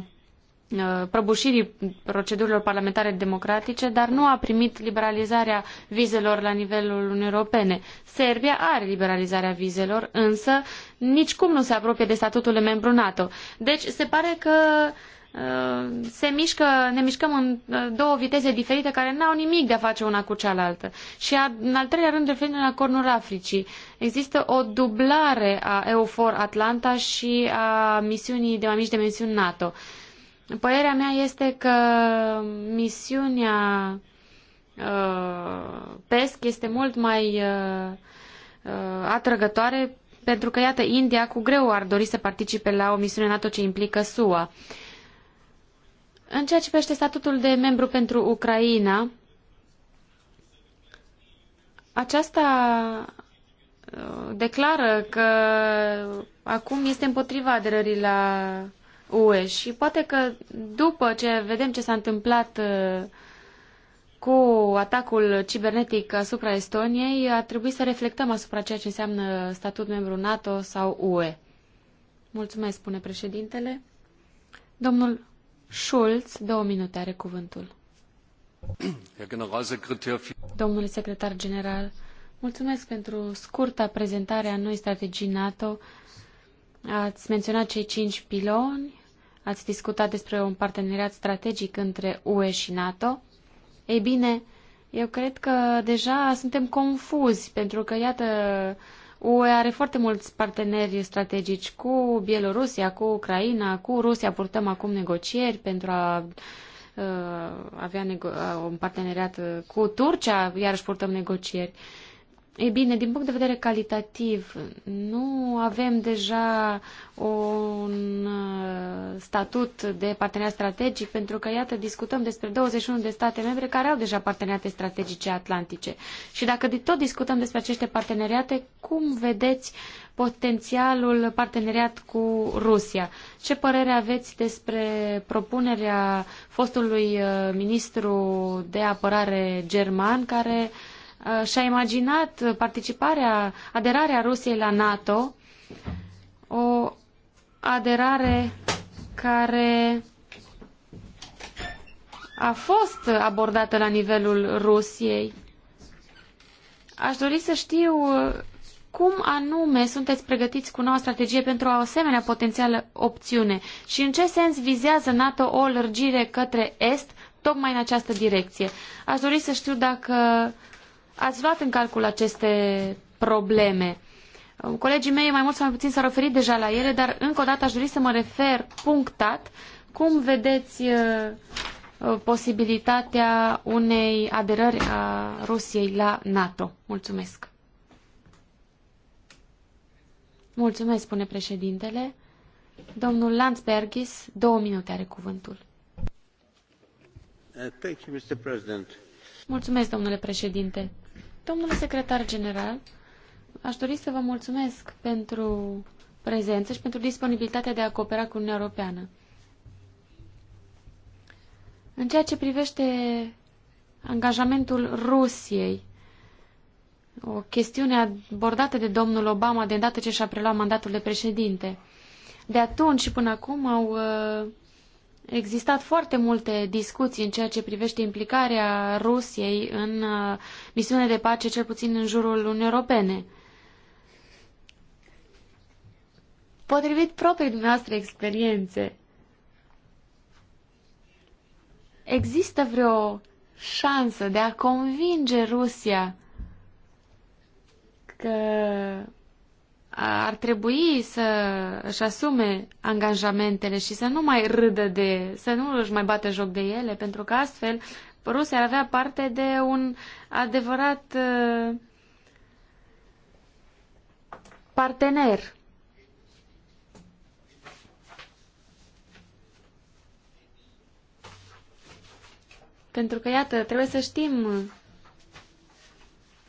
Uh, prăbușirii procedurilor parlamentare democratice, dar nu a primit liberalizarea vizelor la nivelul Uniunii Europene. Serbia are liberalizarea vizelor, însă nicicum nu se apropie de statutul de membru NATO. Deci se pare că uh, se mișcă, ne mișcăm în uh, două viteze diferite care n-au nimic de a face una cu cealaltă. Și a, în al treilea rând, referindu la Cornul Africii, există o dublare a EUFOR Atlanta și a misiunii de mai mici dimensiuni NATO. Părerea mea este că misiunea uh, PESC este mult mai uh, uh, atrăgătoare pentru că, iată, India cu greu ar dori să participe la o misiune NATO ce implică SUA. În ceea ce privește statutul de membru pentru Ucraina, aceasta uh, declară că acum este împotriva aderării la UE și poate că după ce vedem ce s-a întâmplat uh, cu atacul cibernetic asupra Estoniei, ar trebui să reflectăm asupra ceea ce înseamnă statut membru NATO sau UE. Mulțumesc, spune președintele. Domnul Schulz, două minute are cuvântul. Domnule secretar general, mulțumesc pentru scurta prezentare a noi strategii NATO. Ați menționat cei cinci piloni ați discutat despre un parteneriat strategic între UE și NATO. Ei bine, eu cred că deja suntem confuzi, pentru că, iată, UE are foarte mulți parteneri strategici cu Bielorusia, cu Ucraina, cu Rusia. Purtăm acum negocieri pentru a uh, avea nego- uh, un parteneriat uh, cu Turcia, iarăși purtăm negocieri. Uh, ei bine, din punct de vedere calitativ, nu avem deja un uh, statut de parteneriat strategic, pentru că, iată, discutăm despre 21 de state membre care au deja parteneriate strategice atlantice. Și dacă tot discutăm despre aceste parteneriate, cum vedeți potențialul parteneriat cu Rusia? Ce părere aveți despre propunerea fostului uh, ministru de apărare german, care Uh, și-a imaginat participarea, aderarea Rusiei la NATO, o aderare care a fost abordată la nivelul Rusiei. Aș dori să știu uh, cum anume sunteți pregătiți cu noua strategie pentru o asemenea potențială opțiune și în ce sens vizează NATO o lărgire către Est tocmai în această direcție. Aș dori să știu dacă ați luat în calcul aceste probleme. Colegii mei mai mult sau mai puțin s-au referit deja la ele, dar încă o dată aș dori să mă refer punctat cum vedeți uh, uh, posibilitatea unei aderări a Rusiei la NATO. Mulțumesc. Mulțumesc, spune președintele. Domnul Landsbergis, două minute are cuvântul. Uh, Mulțumesc, domnule președinte. Domnule secretar general, aș dori să vă mulțumesc pentru prezență și pentru disponibilitatea de a coopera cu Uniunea Europeană. În ceea ce privește angajamentul Rusiei, o chestiune abordată de domnul Obama de îndată ce și-a preluat mandatul de președinte. De atunci și până acum au uh, existat foarte multe discuții în ceea ce privește implicarea Rusiei în uh, misiune de pace, cel puțin în jurul Uniunii Europene. Potrivit propriei dumneavoastră experiențe, există vreo șansă de a convinge Rusia că ar trebui să își asume angajamentele și să nu mai râdă de, să nu își mai bată joc de ele, pentru că astfel Rusia ar avea parte de un adevărat uh, partener. Pentru că, iată, trebuie să știm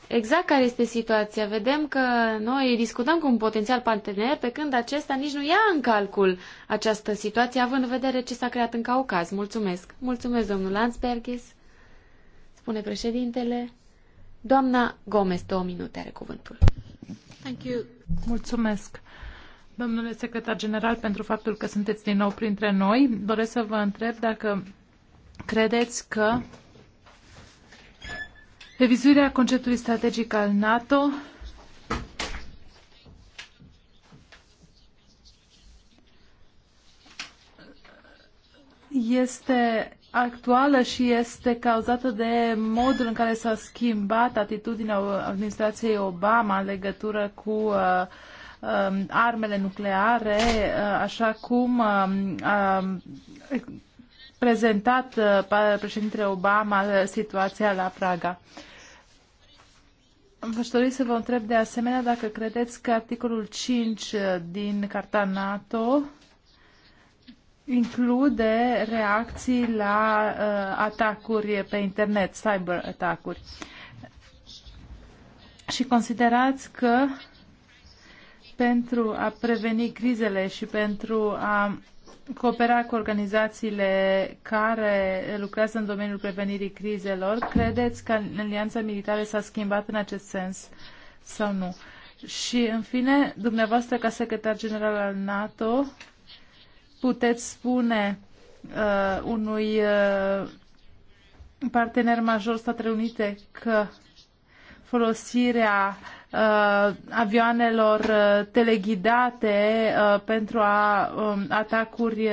exact care este situația. Vedem că noi discutăm cu un potențial partener, pe când acesta nici nu ia în calcul această situație, având în vedere ce s-a creat în Caucaz. Mulțumesc. Mulțumesc, domnul Landsbergis. Spune președintele. Doamna Gomez, două minute, are cuvântul. Thank you. Mulțumesc. Domnule secretar general, pentru faptul că sunteți din nou printre noi, doresc să vă întreb dacă credeți că revizuirea conceptului strategic al NATO, este actuală și este cauzată de modul în care s-a schimbat atitudinea administrației Obama în legătură cu uh, uh, armele nucleare, uh, așa cum uh, uh, prezentat uh, președintele Obama uh, situația la Praga. V-aș dori să vă întreb de asemenea dacă credeți că articolul 5 uh, din Carta NATO include reacții la uh, atacuri pe internet, cyber atacuri. Și considerați că pentru a preveni crizele și pentru a coopera cu organizațiile care lucrează în domeniul prevenirii crizelor. Credeți că alianța militară s-a schimbat în acest sens sau nu? Și, în fine, dumneavoastră, ca secretar general al NATO, puteți spune uh, unui uh, partener major Statele Unite că folosirea uh, avioanelor uh, teleghidate uh, pentru a um, atacuri uh,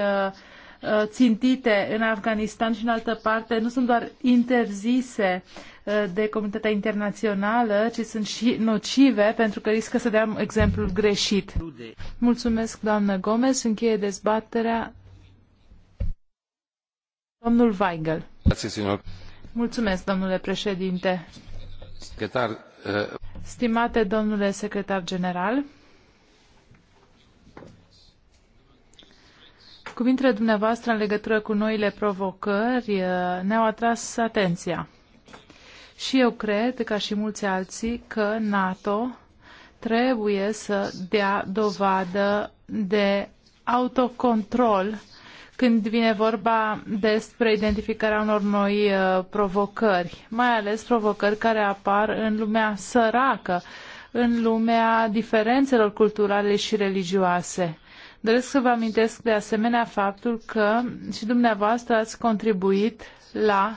uh, țintite în Afganistan și în altă parte nu sunt doar interzise uh, de comunitatea internațională, ci sunt și nocive pentru că riscă să dea exemplul greșit. Mulțumesc, doamnă Gomez. Încheie dezbaterea. Domnul Weigel. Mulțumesc, domnule președinte. Uh, Stimate domnule secretar general, cuvintele dumneavoastră în legătură cu noile provocări uh, ne-au atras atenția. Și eu cred, ca și mulți alții, că NATO trebuie să dea dovadă de autocontrol când vine vorba despre identificarea unor noi uh, provocări, mai ales provocări care apar în lumea săracă, în lumea diferențelor culturale și religioase. Doresc să vă amintesc de asemenea faptul că și dumneavoastră ați contribuit la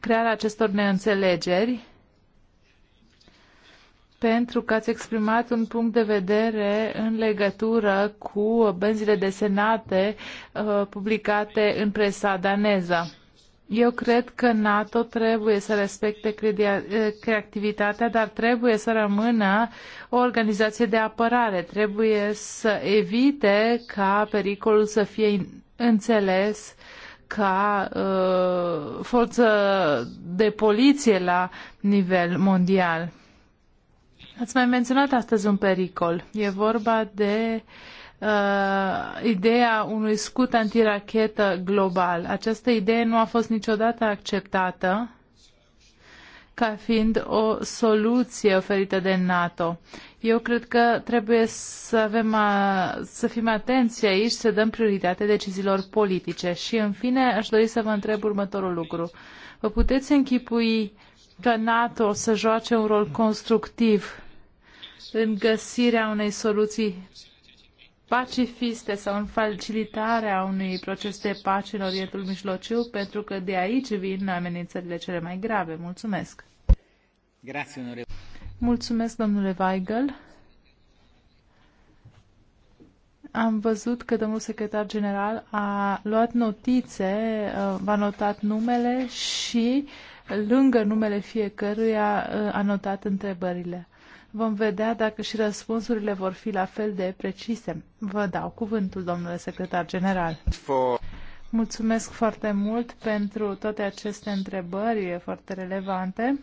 crearea acestor neînțelegeri pentru că ați exprimat un punct de vedere în legătură cu benzile desenate uh, publicate în presa daneză. Eu cred că NATO trebuie să respecte uh, creativitatea, dar trebuie să rămână o organizație de apărare. Trebuie să evite ca pericolul să fie înțeles ca uh, forță de poliție la nivel mondial. Ați mai menționat astăzi un pericol. E vorba de uh, ideea unui scut antirachetă global. Această idee nu a fost niciodată acceptată ca fiind o soluție oferită de NATO. Eu cred că trebuie să, avem a, uh, să fim atenți aici, să dăm prioritate deciziilor politice. Și, în fine, aș dori să vă întreb următorul lucru. Vă puteți închipui că NATO să joace un rol constructiv în găsirea unei soluții pacifiste sau în facilitarea unui proces de pace în Orientul Mijlociu, pentru că de aici vin amenințările cele mai grave. Mulțumesc! Grazie, Mulțumesc, domnule Weigel. Am văzut că domnul secretar general a luat notițe, uh, v-a notat numele și lângă numele fiecăruia uh, a notat întrebările. Vom vedea dacă și răspunsurile vor fi la fel de precise. Vă dau cuvântul, domnule secretar general. Mulțumesc foarte mult pentru toate aceste întrebări foarte relevante.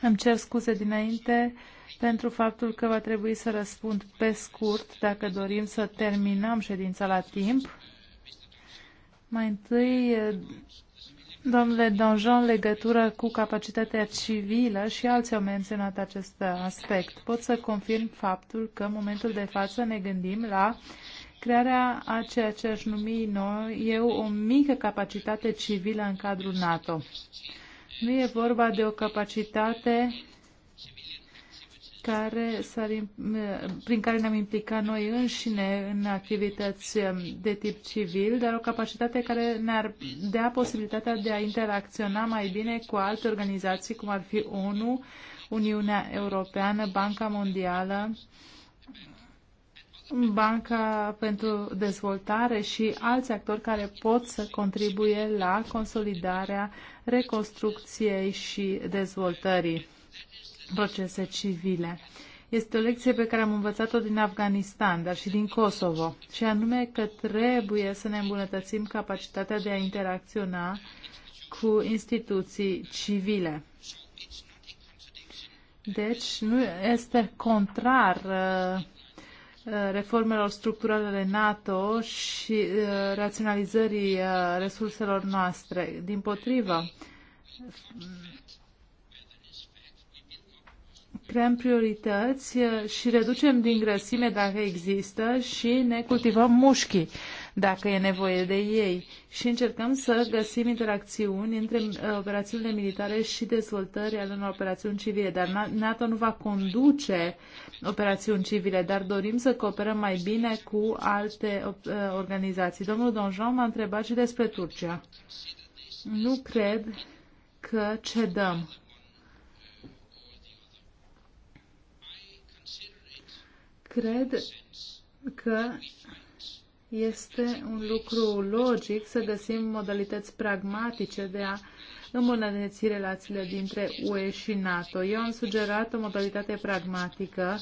Îmi cer scuze dinainte pentru faptul că va trebui să răspund pe scurt dacă dorim să terminăm ședința la timp. Mai întâi, Domnule Donjon, legătură cu capacitatea civilă și alții au menționat acest aspect. Pot să confirm faptul că în momentul de față ne gândim la crearea a ceea ce aș numi noi, eu o mică capacitate civilă în cadrul NATO. Nu e vorba de o capacitate care prin care ne-am implicat noi înșine în activități um, de tip civil, dar o capacitate care ne-ar dea posibilitatea de a interacționa mai bine cu alte organizații, cum ar fi ONU, Uniunea Europeană, Banca Mondială, Banca pentru Dezvoltare și alți actori care pot să contribuie la consolidarea reconstrucției și dezvoltării procese civile. Este o lecție pe care am învățat-o din Afganistan, dar și din Kosovo, și anume că trebuie să ne îmbunătățim capacitatea de a interacționa cu instituții civile. Deci, nu este contrar uh, uh, reformelor structurale ale NATO și uh, raționalizării resurselor noastre. Din potrivă, creăm priorități uh, și reducem din grăsime dacă există și ne cultivăm mușchii dacă e nevoie de ei și încercăm să găsim interacțiuni între uh, operațiunile militare și dezvoltări ale unor operațiuni civile. Dar NATO nu va conduce operațiuni civile, dar dorim să cooperăm mai bine cu alte uh, organizații. Domnul Donjon m-a întrebat și despre Turcia. Nu cred că cedăm Cred că este un lucru logic să găsim modalități pragmatice de a îmbunătăți relațiile dintre UE și NATO. Eu am sugerat o modalitate pragmatică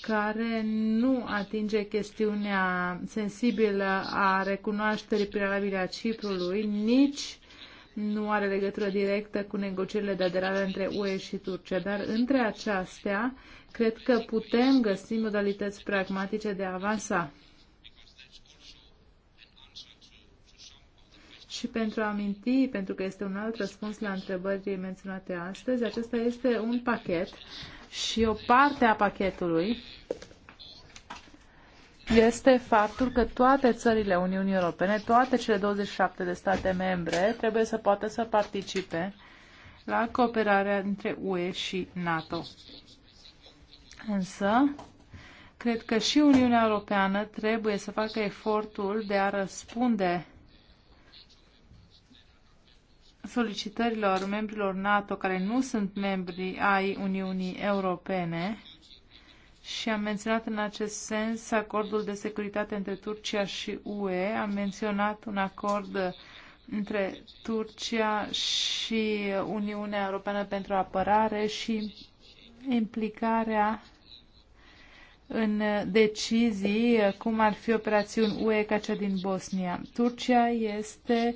care nu atinge chestiunea sensibilă a recunoașterii prealabile a Ciprului, nici nu are legătură directă cu negocierile de aderare între UE și Turcia, dar între acestea Cred că putem găsi modalități pragmatice de a avansa. Și pentru a aminti, pentru că este un alt răspuns la întrebările menționate astăzi, acesta este un pachet și o parte a pachetului este faptul că toate țările Uniunii Europene, toate cele 27 de state membre, trebuie să poată să participe la cooperarea între UE și NATO. Însă, cred că și Uniunea Europeană trebuie să facă efortul de a răspunde solicitărilor membrilor NATO care nu sunt membri ai Uniunii Europene și am menționat în acest sens acordul de securitate între Turcia și UE, am menționat un acord între Turcia și Uniunea Europeană pentru apărare și implicarea în decizii cum ar fi operațiuni UE ca cea din Bosnia. Turcia este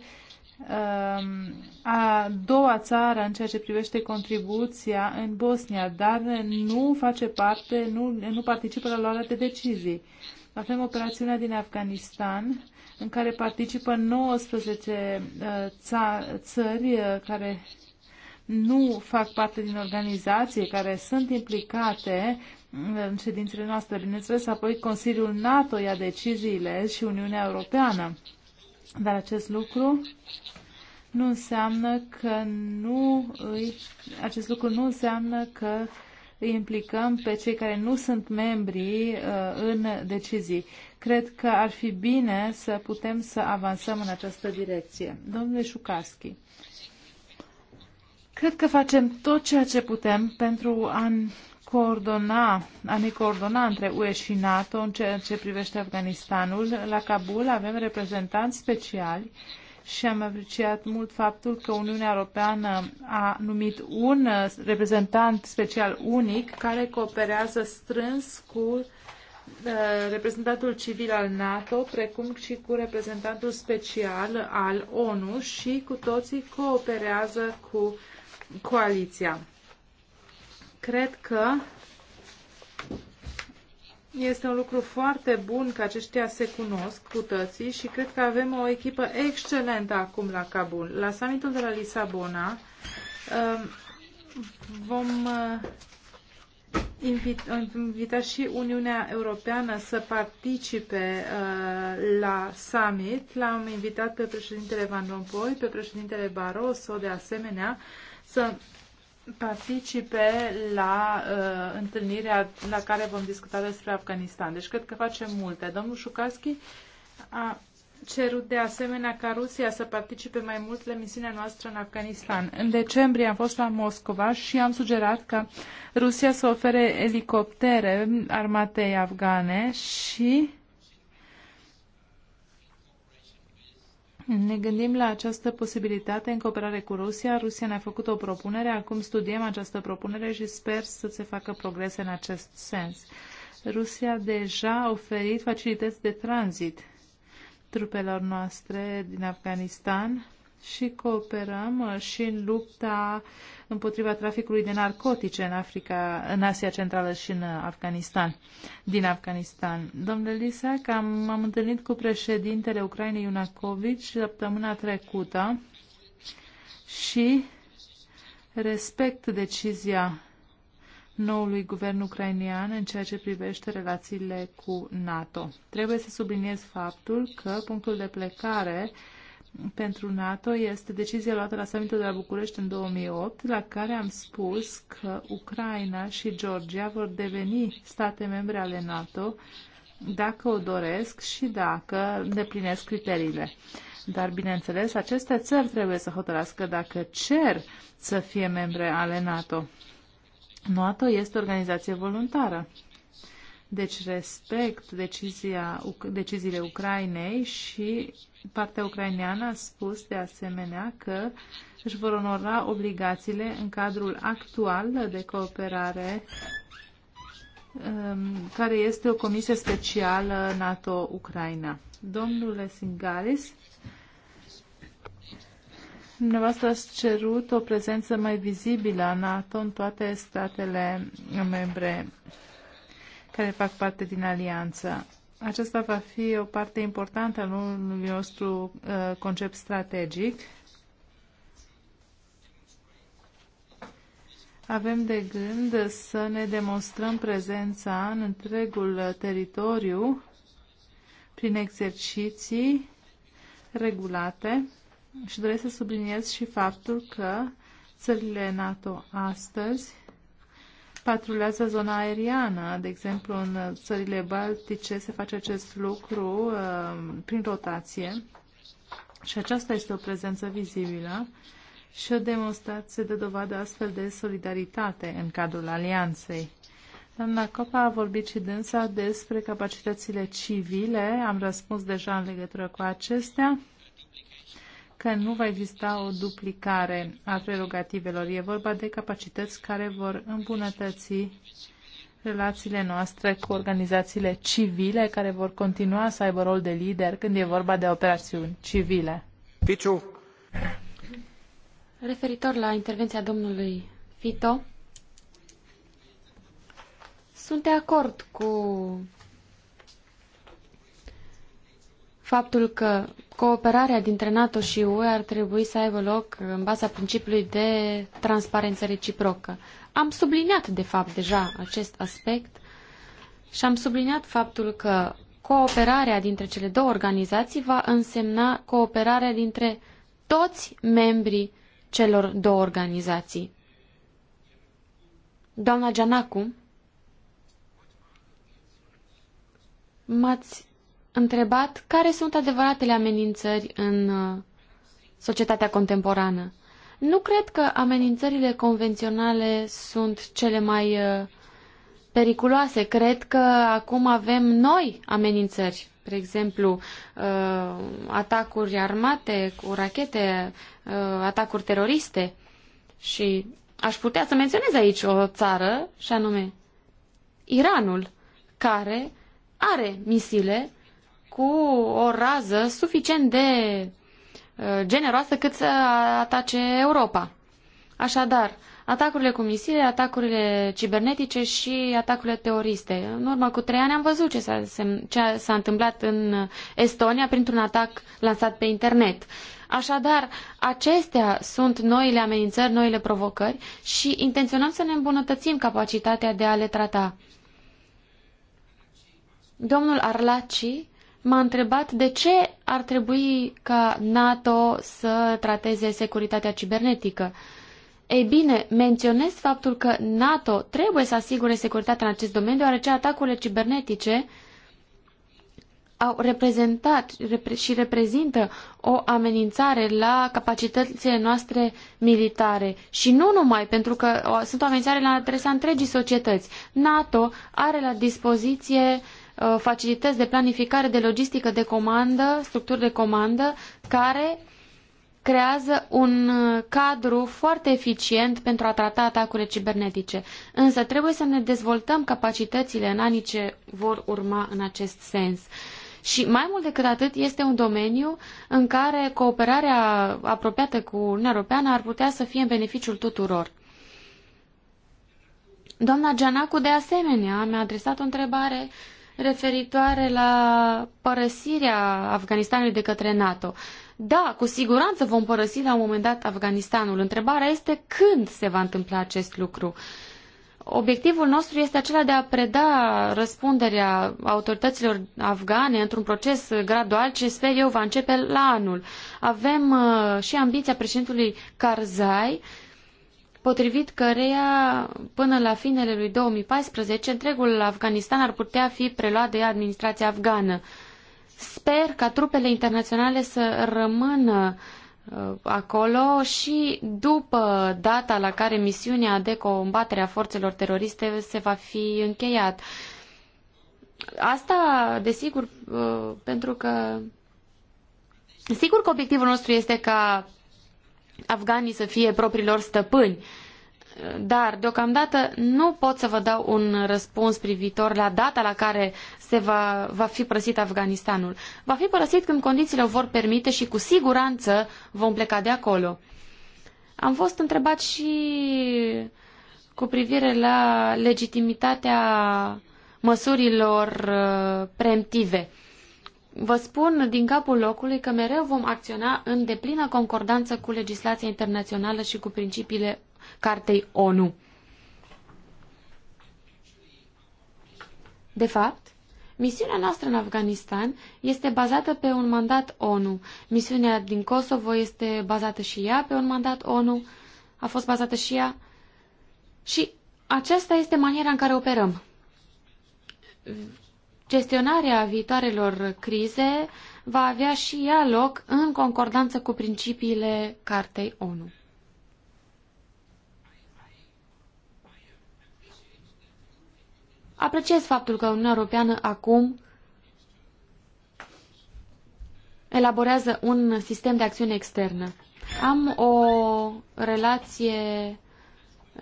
um, a doua țară în ceea ce privește contribuția în Bosnia, dar nu face parte, nu, nu participă la luarea de decizii. Avem operațiunea din Afganistan, în care participă 19 uh, țări uh, care nu fac parte din organizații care sunt implicate în ședințele noastre. Bineînțeles, apoi Consiliul NATO ia deciziile și Uniunea Europeană. Dar acest lucru nu înseamnă că nu îi, acest lucru nu înseamnă că îi implicăm pe cei care nu sunt membri uh, în decizii. Cred că ar fi bine să putem să avansăm în această direcție. Domnule Șucaschi. Cred că facem tot ceea ce putem pentru a coordona, a ne coordona între UE și NATO în ceea ce privește Afganistanul. La Kabul avem reprezentanți speciali și am apreciat mult faptul că Uniunea Europeană a numit un reprezentant special unic care cooperează strâns cu uh, reprezentantul civil al NATO, precum și cu reprezentantul special al ONU și cu toții cooperează cu coaliția. Cred că este un lucru foarte bun că aceștia se cunosc cu toții și cred că avem o echipă excelentă acum la Kabul. La summitul de la Lisabona um, vom uh, invita, invita și Uniunea Europeană să participe uh, la summit. L-am invitat pe președintele Van Rompuy, pe președintele Barroso de asemenea să participe la uh, întâlnirea la care vom discuta despre Afganistan. Deci cred că facem multe. Domnul Șucaschi a cerut de asemenea ca Rusia să participe mai mult la misiunea noastră în Afganistan. În decembrie am fost la Moscova și am sugerat că Rusia să ofere elicoptere armatei afgane și Ne gândim la această posibilitate în cooperare cu Rusia. Rusia ne-a făcut o propunere, acum studiem această propunere și sper să se facă progrese în acest sens. Rusia deja a oferit facilități de tranzit trupelor noastre din Afganistan și cooperăm uh, și în lupta împotriva traficului de narcotice în Africa, în Asia Centrală și în uh, Afganistan, din Afganistan. Domnule Lisac, am, am întâlnit cu președintele Ucrainei Iunacovici săptămâna trecută și respect decizia noului guvern ucrainian în ceea ce privește relațiile cu NATO. Trebuie să subliniez faptul că punctul de plecare uh, pentru NATO este decizia luată la summitul de la București în 2008, la care am spus că Ucraina și Georgia vor deveni state membre ale NATO dacă o doresc și dacă îndeplinesc criteriile. Dar, bineînțeles, aceste țări trebuie să hotărască dacă cer să fie membre ale NATO. NATO este o organizație voluntară. Deci respect decizia, deciziile Ucrainei și Partea ucraineană a spus de asemenea că își vor onora obligațiile în cadrul actual de cooperare um, care este o comisie specială NATO-Ucraina. Domnule Singalis, dumneavoastră ați cerut o prezență mai vizibilă a NATO în toate statele membre care fac parte din alianță. Aceasta va fi o parte importantă în unui nostru uh, concept strategic. Avem de gând să ne demonstrăm prezența în întregul uh, teritoriu prin exerciții regulate și doresc să subliniez și faptul că țările NATO astăzi patrulează zona aeriană. De exemplu, în țările baltice se face acest lucru uh, prin rotație și aceasta este o prezență vizibilă și o demonstrație de dovadă astfel de solidaritate în cadrul alianței. Doamna Copa a vorbit și dânsa despre capacitățile civile. Am răspuns deja în legătură cu acestea că nu va exista o duplicare a prerogativelor. E vorba de capacități care vor îmbunătăți relațiile noastre cu organizațiile civile care vor continua să aibă rol de lider când e vorba de operațiuni civile. Piciu. Referitor la intervenția domnului Fito, sunt de acord cu faptul că cooperarea dintre NATO și UE ar trebui să aibă loc în baza principiului de transparență reciprocă. Am subliniat, de fapt, deja acest aspect și am subliniat faptul că cooperarea dintre cele două organizații va însemna cooperarea dintre toți membrii celor două organizații. Doamna Gianacu, m-ați întrebat care sunt adevăratele amenințări în uh, societatea contemporană. Nu cred că amenințările convenționale sunt cele mai uh, periculoase. Cred că acum avem noi amenințări, de exemplu, uh, atacuri armate cu rachete, atacuri teroriste. Și aș putea să menționez aici o țară, și anume Iranul, care are misile cu o rază suficient de uh, generoasă cât să atace Europa. Așadar, atacurile cu misile, atacurile cibernetice și atacurile teoriste. În urmă cu trei ani am văzut ce s-a, ce s-a întâmplat în Estonia printr-un atac lansat pe internet. Așadar, acestea sunt noile amenințări, noile provocări și intenționăm să ne îmbunătățim capacitatea de a le trata. Domnul Arlaci m-a întrebat de ce ar trebui ca NATO să trateze securitatea cibernetică. Ei bine, menționez faptul că NATO trebuie să asigure securitatea în acest domeniu, deoarece atacurile cibernetice au reprezentat și reprezintă o amenințare la capacitățile noastre militare. Și nu numai, pentru că sunt o amenințare la adresa întregii societăți. NATO are la dispoziție uh, Uh, facilități de planificare, de logistică, de comandă, structuri de comandă, care creează un uh, cadru foarte eficient pentru a trata atacurile cibernetice. Însă trebuie să ne dezvoltăm capacitățile în anii ce vor urma în acest sens. Și mai mult decât atât, este un domeniu în care cooperarea apropiată cu Uniunea Europeană ar putea să fie în beneficiul tuturor. Doamna Gianacu, de asemenea, mi-a adresat o întrebare uh, referitoare la părăsirea Afganistanului de către NATO. Da, cu siguranță vom părăsi la un moment dat Afganistanul. Întrebarea este când se va întâmpla acest lucru. Obiectivul nostru este acela de a preda răspunderea autorităților afgane într-un proces gradual ce sper eu va începe la anul. Avem uh, și ambiția președintelui Karzai uh, potrivit căreia până la finele lui 2014 întregul Afganistan ar putea fi preluat de administrația afgană. Sper ca trupele internaționale să rămână uh, acolo și după data la care misiunea de combatere a forțelor teroriste se va fi încheiat. Asta, desigur, uh, pentru că Sigur că obiectivul nostru este ca afganii să fie propriilor stăpâni. Dar, deocamdată, nu pot să vă dau un răspuns privitor la data la care se va, va fi părăsit Afganistanul. Va fi părăsit când condițiile o vor permite și cu siguranță vom pleca de acolo. Am fost întrebat și cu privire la legitimitatea măsurilor uh, preemptive. Uh, Vă spun din capul locului că mereu vom acționa în deplină concordanță cu legislația internațională și cu principiile Cartei ONU. De fapt, misiunea noastră în Afganistan este bazată pe un mandat ONU. Misiunea din Kosovo este bazată și ea pe un mandat ONU. A fost bazată și ea. Și aceasta este maniera în care operăm gestionarea viitoarelor crize va avea și ea loc în concordanță cu principiile Cartei ONU. Apreciez faptul că Uniunea Europeană acum elaborează un sistem de acțiune externă. Am o relație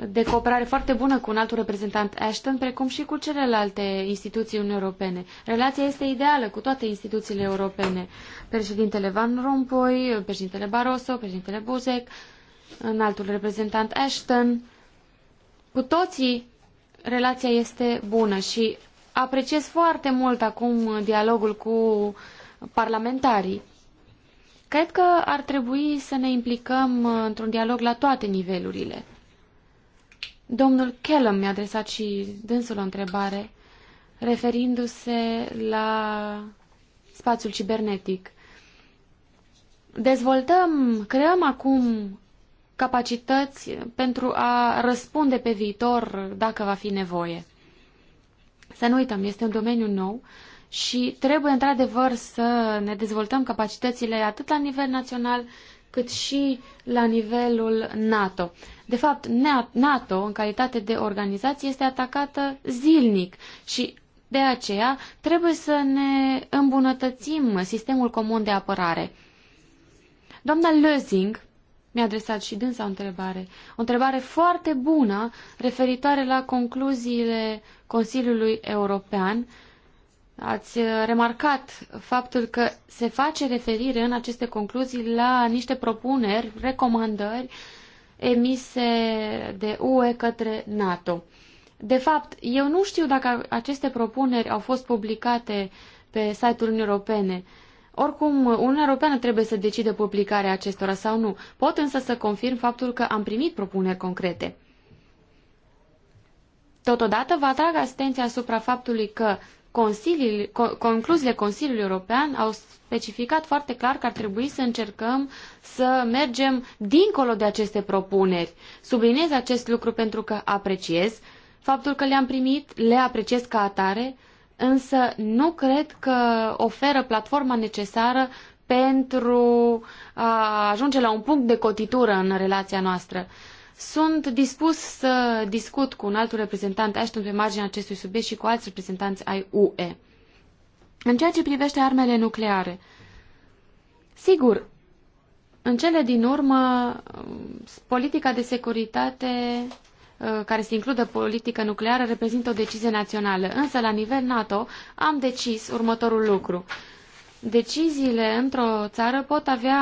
de cooperare foarte bună cu un altul reprezentant Ashton, precum și cu celelalte instituții Uniunii Europene. Relația este ideală cu toate instituțiile europene. Președintele Van Rompuy, președintele Barroso, președintele Buzek, înaltul reprezentant Ashton. Cu toții relația este bună și apreciez foarte mult acum dialogul cu parlamentarii. Cred că ar trebui să ne implicăm într-un dialog la toate nivelurile. Domnul Kellum mi-a adresat și dânsul o întrebare referindu-se la spațiul cibernetic. Dezvoltăm, creăm acum capacități pentru a răspunde pe viitor dacă va fi nevoie. Să nu uităm, este un domeniu nou și trebuie într-adevăr să ne dezvoltăm capacitățile atât la nivel național cât și la nivelul NATO. De fapt, NATO, în calitate de organizație, este atacată zilnic și de aceea trebuie să ne îmbunătățim sistemul comun de apărare. Doamna Lözing mi-a adresat și dânsa o întrebare. O întrebare foarte bună referitoare la concluziile Consiliului European uh, Ați uh, remarcat faptul că se face referire în aceste concluzii la niște propuneri, recomandări emise de UE către NATO. De fapt, eu nu știu dacă aceste propuneri au fost publicate pe site-ul Uniunii Europene. Oricum, Uniunea Europeană trebuie să decide publicarea acestora sau nu. Pot însă să confirm faptul că am primit propuneri concrete. Totodată vă atrag atenția asupra faptului că Consiliul, concluziile Consiliului European au specificat foarte clar că ar trebui să încercăm să mergem dincolo de aceste propuneri. Subliniez acest lucru pentru că apreciez faptul că le-am primit, le apreciez ca atare, însă nu cred că oferă platforma necesară pentru a ajunge la un punct de cotitură în relația noastră. Sunt dispus să discut cu un alt reprezentant Ashton pe marginea acestui subiect și cu alți reprezentanți ai UE. În ceea ce privește armele nucleare, sigur, în cele din urmă, politica de securitate uh, care se includă politică nucleară reprezintă o decizie națională, însă la nivel NATO am decis următorul lucru deciziile într-o țară pot avea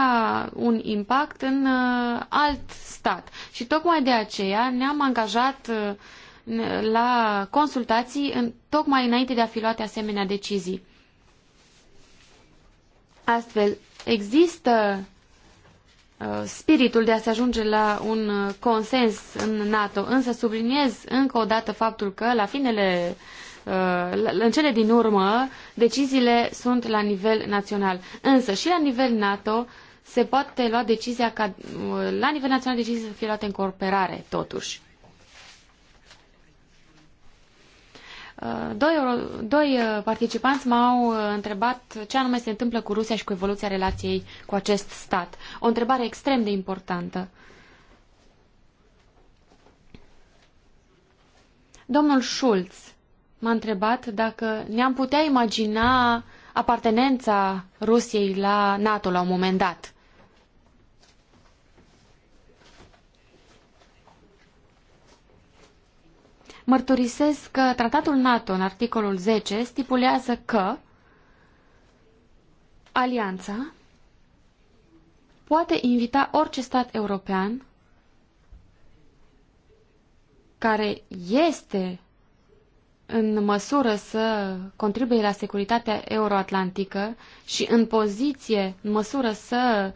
un impact în uh, alt stat. Și tocmai de aceea ne-am angajat uh, la consultații în, tocmai înainte de a fi luate asemenea decizii. Astfel, există uh, spiritul de a se ajunge la un consens în NATO, însă subliniez încă o dată faptul că la finele uh, Uh, în cele din urmă, deciziile sunt la nivel național. Însă și la nivel NATO se poate lua decizia ca uh, la nivel național decizia să fie luate în cooperare, totuși. Uh, doi, doi participanți m-au întrebat ce anume se întâmplă cu Rusia și cu evoluția relației cu acest stat. O întrebare extrem de importantă. Domnul Schulz m-a întrebat dacă ne-am putea imagina apartenența Rusiei la NATO la un moment dat. Mărturisesc că tratatul NATO, în articolul 10, stipulează că alianța poate invita orice stat european care este în măsură să contribuie la securitatea euroatlantică și în poziție, în măsură să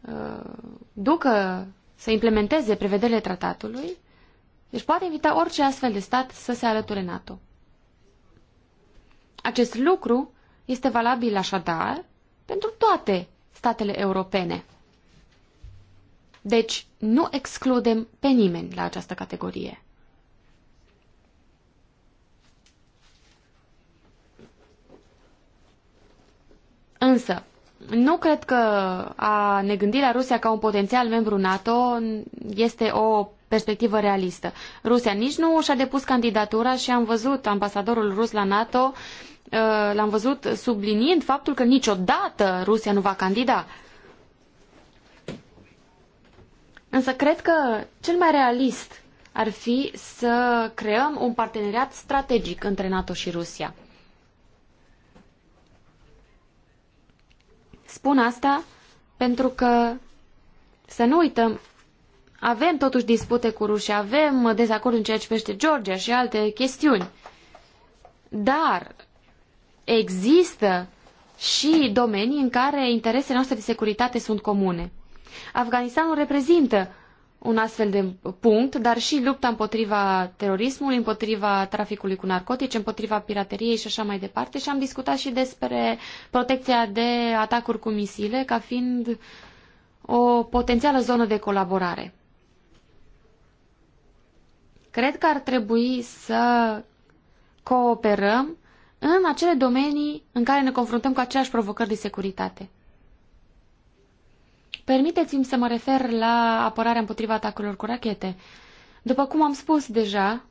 uh, ducă, să implementeze prevederile tratatului, deci poate invita orice astfel de stat să se alăture NATO. Acest lucru este valabil așadar pentru toate statele europene. Deci nu excludem pe nimeni la această categorie. Însă, nu cred că a ne gândi la Rusia ca un potențial membru NATO este o perspectivă realistă. Rusia nici nu și-a depus candidatura și am văzut ambasadorul rus la NATO, uh, l-am văzut subliniind faptul că niciodată Rusia nu va candida. Însă cred că cel mai realist ar fi să creăm un parteneriat strategic între NATO și Rusia. Spun asta pentru că, să nu uităm, avem totuși dispute cu rușii, avem dezacord în ceea ce privește Georgia și alte chestiuni. Dar există și domenii în care interesele noastre de securitate sunt comune. Afganistanul reprezintă un astfel de punct, dar și lupta împotriva terorismului, împotriva traficului cu narcotici, împotriva pirateriei și așa mai departe. Și am discutat și despre protecția de atacuri cu misile ca fiind o potențială zonă de colaborare. Cred că ar trebui să cooperăm în acele domenii în care ne confruntăm cu aceleași provocări de securitate. Permiteți-mi să mă refer la apărarea împotriva atacurilor cu rachete. După cum am spus deja,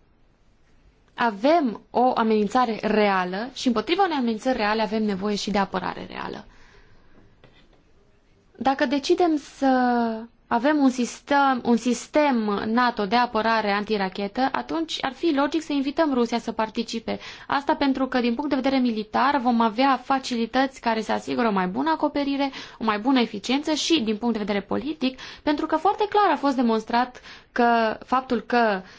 avem o amenințare reală și împotriva unei amenințări reale avem nevoie și de apărare reală. Dacă decidem să avem un sistem, un sistem NATO de apărare antirachetă, atunci ar fi logic să invităm Rusia să participe. Asta pentru că, din punct de vedere militar, vom avea facilități care să asigură o mai bună acoperire, o mai bună eficiență și, din punct de vedere politic, pentru că foarte clar a fost demonstrat că faptul că uh,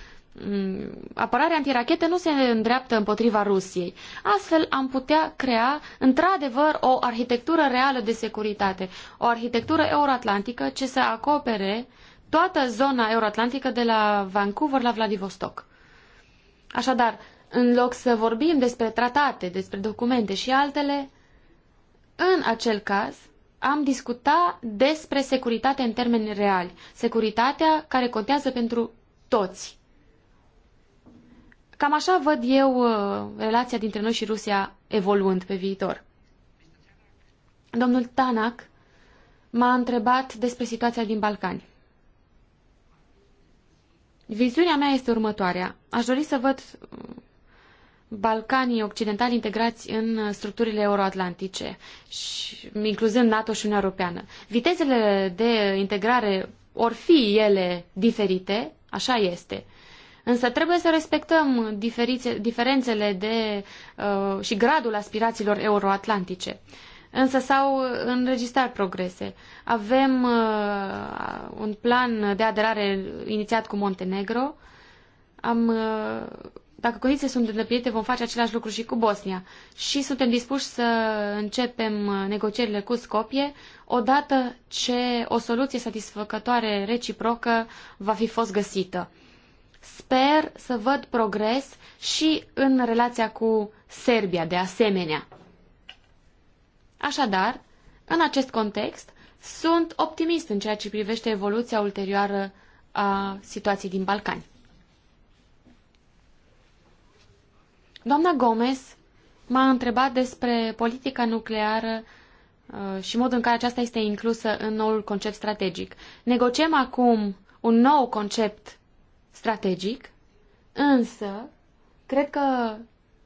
Mm, apărarea antirachetă nu se îndreaptă împotriva Rusiei. Astfel am putea crea, într-adevăr, o arhitectură reală de securitate, o arhitectură euroatlantică ce să acopere toată zona euroatlantică de la Vancouver la Vladivostok. Așadar, în loc să vorbim despre tratate, despre documente și altele, în acel caz am discuta despre securitate în termeni reali, securitatea care contează pentru toți. Cam așa văd eu uh, relația dintre noi și Rusia evoluând pe viitor. Domnul Tanak m-a întrebat despre situația din Balcani. Viziunea mea este următoarea. Aș dori să văd uh, Balcanii occidentali integrați în uh, structurile euroatlantice, și, incluzând NATO și Uniunea Europeană. Vitezele de integrare or fi ele diferite, așa este. Însă trebuie să respectăm diferițe, diferențele de, uh, și gradul aspirațiilor euroatlantice. Însă s-au înregistrat progrese. Avem uh, un plan de aderare inițiat cu Montenegro. Am, uh, dacă condițiile sunt îndeplinite, vom face același lucru și cu Bosnia. Și suntem dispuși să începem negocierile cu Scopie odată ce o soluție satisfăcătoare reciprocă va fi fost găsită. Sper să văd progres și în relația cu Serbia, de asemenea. Așadar, în acest context, sunt optimist în ceea ce privește evoluția ulterioară a situației din Balcani. Doamna Gomez m-a întrebat despre politica nucleară uh, și modul în care aceasta este inclusă în noul concept strategic. Negociem acum un nou concept strategic, însă cred că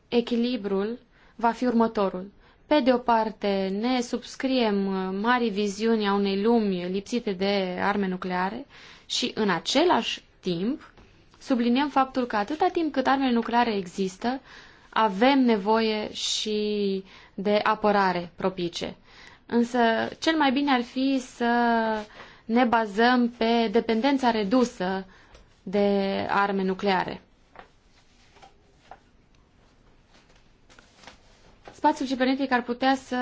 echilibrul va fi următorul. Pe de o parte, ne subscriem uh, mari viziuni a unei lumi lipsite de arme nucleare și în același timp subliniem faptul că atâta timp cât armele nucleare există, avem nevoie și de apărare propice. Însă cel mai bine ar fi să ne bazăm pe dependența redusă de arme nucleare. Spațiul cibernetic ar putea să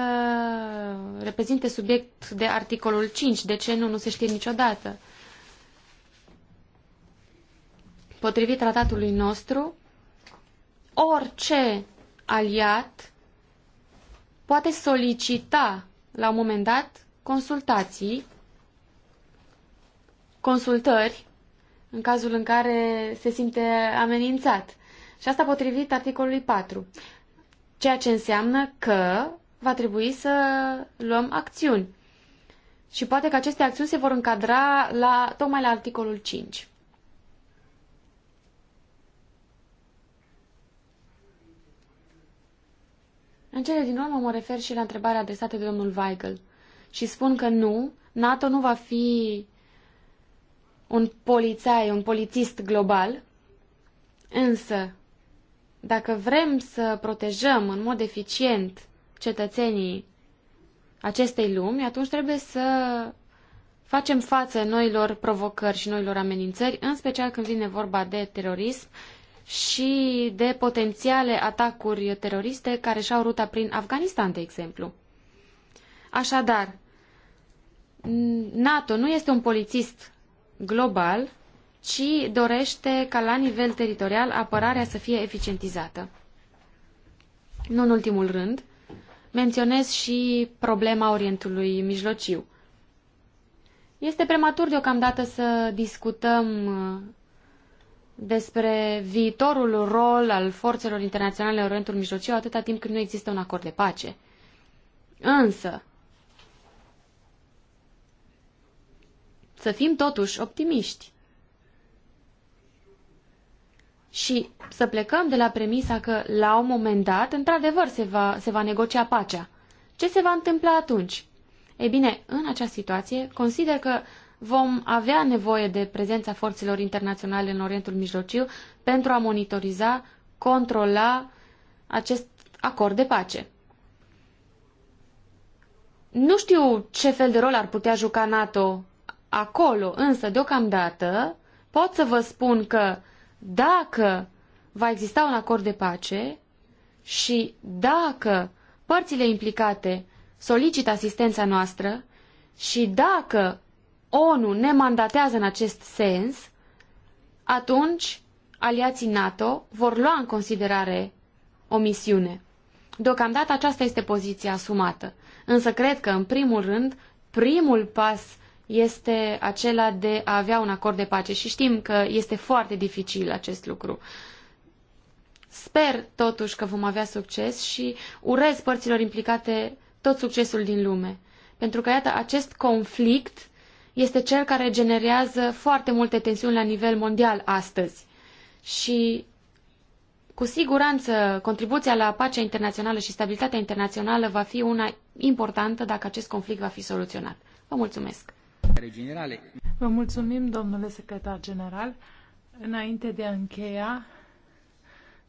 reprezinte subiect de articolul 5. De ce nu? Nu se știe niciodată. Potrivit tratatului nostru, orice aliat poate solicita la un moment dat consultații, consultări în cazul în care se simte amenințat. Și asta potrivit articolului 4. Ceea ce înseamnă că va trebui să luăm acțiuni. Și poate că aceste acțiuni se vor încadra la, tocmai la articolul 5. În cele din urmă mă refer și la întrebarea adresată de domnul Weigel și spun că nu, NATO nu va fi un polițai, un polițist global, însă dacă vrem să protejăm în mod eficient cetățenii acestei lumi, atunci trebuie să facem față noilor provocări și noilor amenințări, în special când vine vorba de terorism și de potențiale atacuri teroriste care și-au ruta prin Afganistan, de exemplu. Așadar, NATO nu este un polițist global, ci dorește ca la nivel teritorial apărarea să fie eficientizată. Nu în ultimul rând, menționez și problema Orientului Mijlociu. Este prematur deocamdată să discutăm uh, despre viitorul rol al forțelor internaționale în Orientul Mijlociu atâta timp cât nu există un acord de pace. Însă, Să fim totuși optimiști. Și să plecăm de la premisa că, la un moment dat, într-adevăr se va, se va negocia pacea. Ce se va întâmpla atunci? Ei bine, în această situație, consider că vom avea nevoie de prezența forțelor internaționale în Orientul Mijlociu pentru a monitoriza, controla acest acord de pace. Nu știu ce fel de rol ar putea juca NATO acolo. Însă, deocamdată, pot să vă spun că dacă va exista un acord de pace și dacă părțile implicate solicită asistența noastră și dacă ONU ne mandatează în acest sens, atunci aliații NATO vor lua în considerare o misiune. Deocamdată aceasta este poziția asumată. Însă cred că, în primul rând, primul pas este acela de a avea un acord de pace și știm că este foarte dificil acest lucru. Sper totuși că vom avea succes și urez părților implicate tot succesul din lume. Pentru că, iată, acest conflict este cel care generează foarte multe tensiuni la nivel mondial astăzi. Și cu siguranță, contribuția la pacea internațională și stabilitatea internațională va fi una importantă dacă acest conflict va fi soluționat. Vă mulțumesc! Vă mulțumim, domnule secretar general. Înainte de a încheia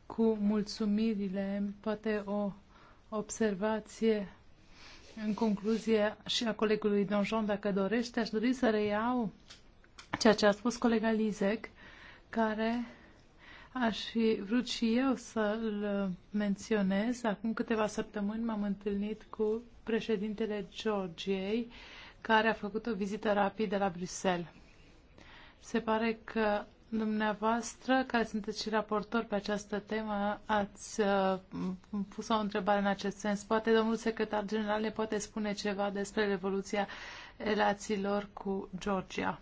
cu mulțumirile, poate o observație în concluzie și a colegului Donjon, dacă dorește, aș dori să reiau ceea ce a spus colega Lizec, care aș fi vrut și eu să-l menționez. Acum câteva săptămâni m-am întâlnit cu președintele Georgiei, uh, care a făcut o vizită rapidă la Bruxelles. Se pare că dumneavoastră, care sunteți și raportor pe această temă, ați uh, pus o întrebare în acest sens. Poate domnul secretar general ne poate spune ceva despre revoluția relațiilor cu Georgia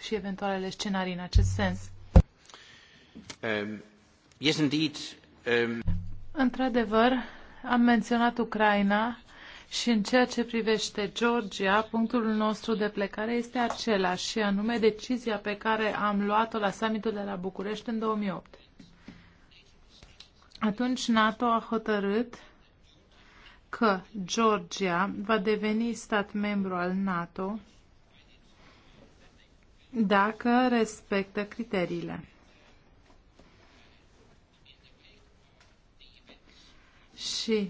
și eventualele scenarii în acest sens. Um, yes, indeed. Um... Într-adevăr, am menționat Ucraina și în ceea ce privește Georgia, punctul nostru de plecare este același, și anume decizia pe care am luat-o la summitul de la București în 2008. Atunci NATO a hotărât că Georgia va deveni stat membru al NATO dacă respectă criteriile. Și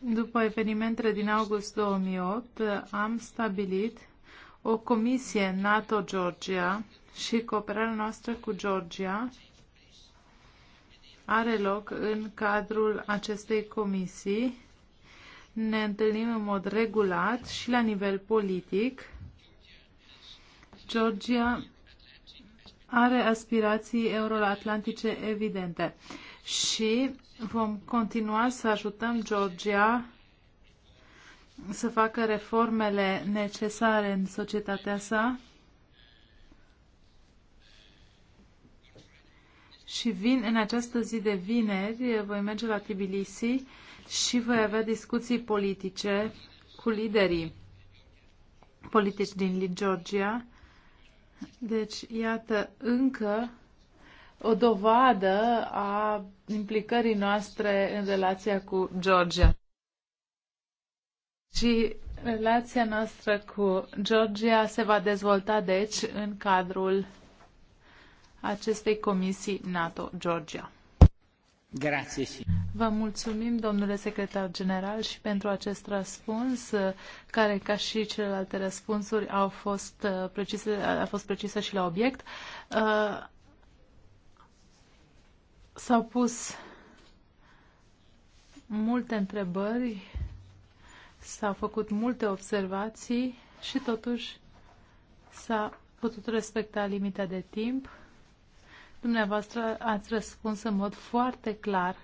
după evenimentele din august 2008, am stabilit o comisie NATO-Georgia și cooperarea noastră cu Georgia are loc în cadrul acestei comisii. Ne întâlnim în mod regulat și la nivel politic. Georgia are aspirații euroatlantice evidente și Vom continua să ajutăm Georgia să facă reformele necesare în societatea sa și vin în această zi de vineri, voi merge la Tbilisi și voi avea discuții politice cu liderii politici din Georgia. Deci, iată, încă o dovadă a implicării noastre în relația cu Georgia. Și relația noastră cu Georgia se va dezvolta, deci, în cadrul acestei comisii NATO-Georgia. Grazie. Vă mulțumim, domnule secretar general, și pentru acest răspuns, care, ca și celelalte răspunsuri, au fost uh, precise, a fost precisă și la obiect. Uh, S-au pus multe întrebări, s-au făcut multe observații și totuși s-a putut respecta limita de timp. Dumneavoastră ați răspuns în mod foarte clar.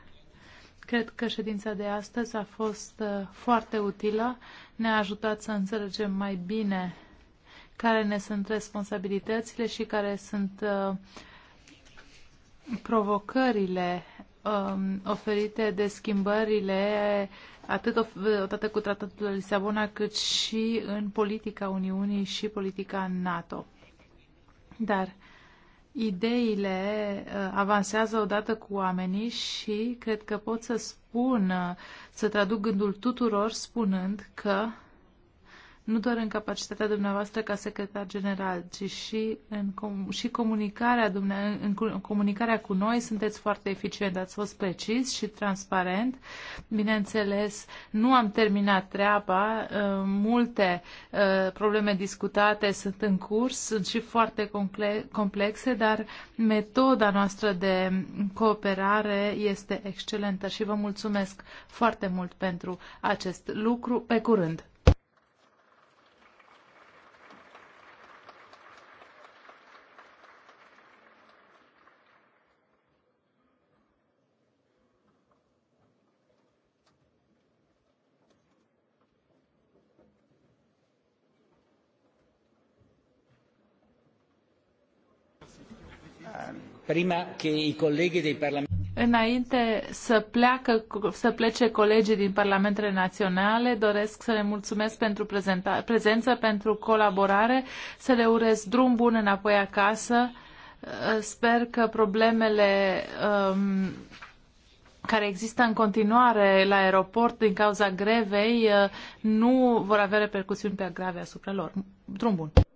Cred că ședința de astăzi a fost uh, foarte utilă. Ne-a ajutat să înțelegem mai bine care ne sunt responsabilitățile și care sunt uh, provocările um, oferite de schimbările atât odată cu tratatul de Lisabona, cât și în politica Uniunii și politica NATO. Dar ideile uh, avansează odată cu oamenii și cred că pot să spun, uh, să traduc gândul tuturor spunând că nu doar în capacitatea dumneavoastră ca secretar general, ci și în com- și comunicarea, dumne- în comunicarea cu noi sunteți foarte eficient, ați fost precis și transparent. Bineînțeles, nu am terminat treaba, ă, multe ă, probleme discutate sunt în curs, sunt și foarte complexe, dar metoda noastră de cooperare este excelentă și vă mulțumesc foarte mult pentru acest lucru. Pe curând! Înainte să, pleacă, să plece colegii din Parlamentele Naționale, doresc să le mulțumesc pentru prezenta, prezență, pentru colaborare, să le urez drum bun înapoi acasă. Uh, sper că problemele um, care există în continuare la aeroport din cauza grevei uh, nu vor avea repercusiuni pe grave asupra lor. Drum bun!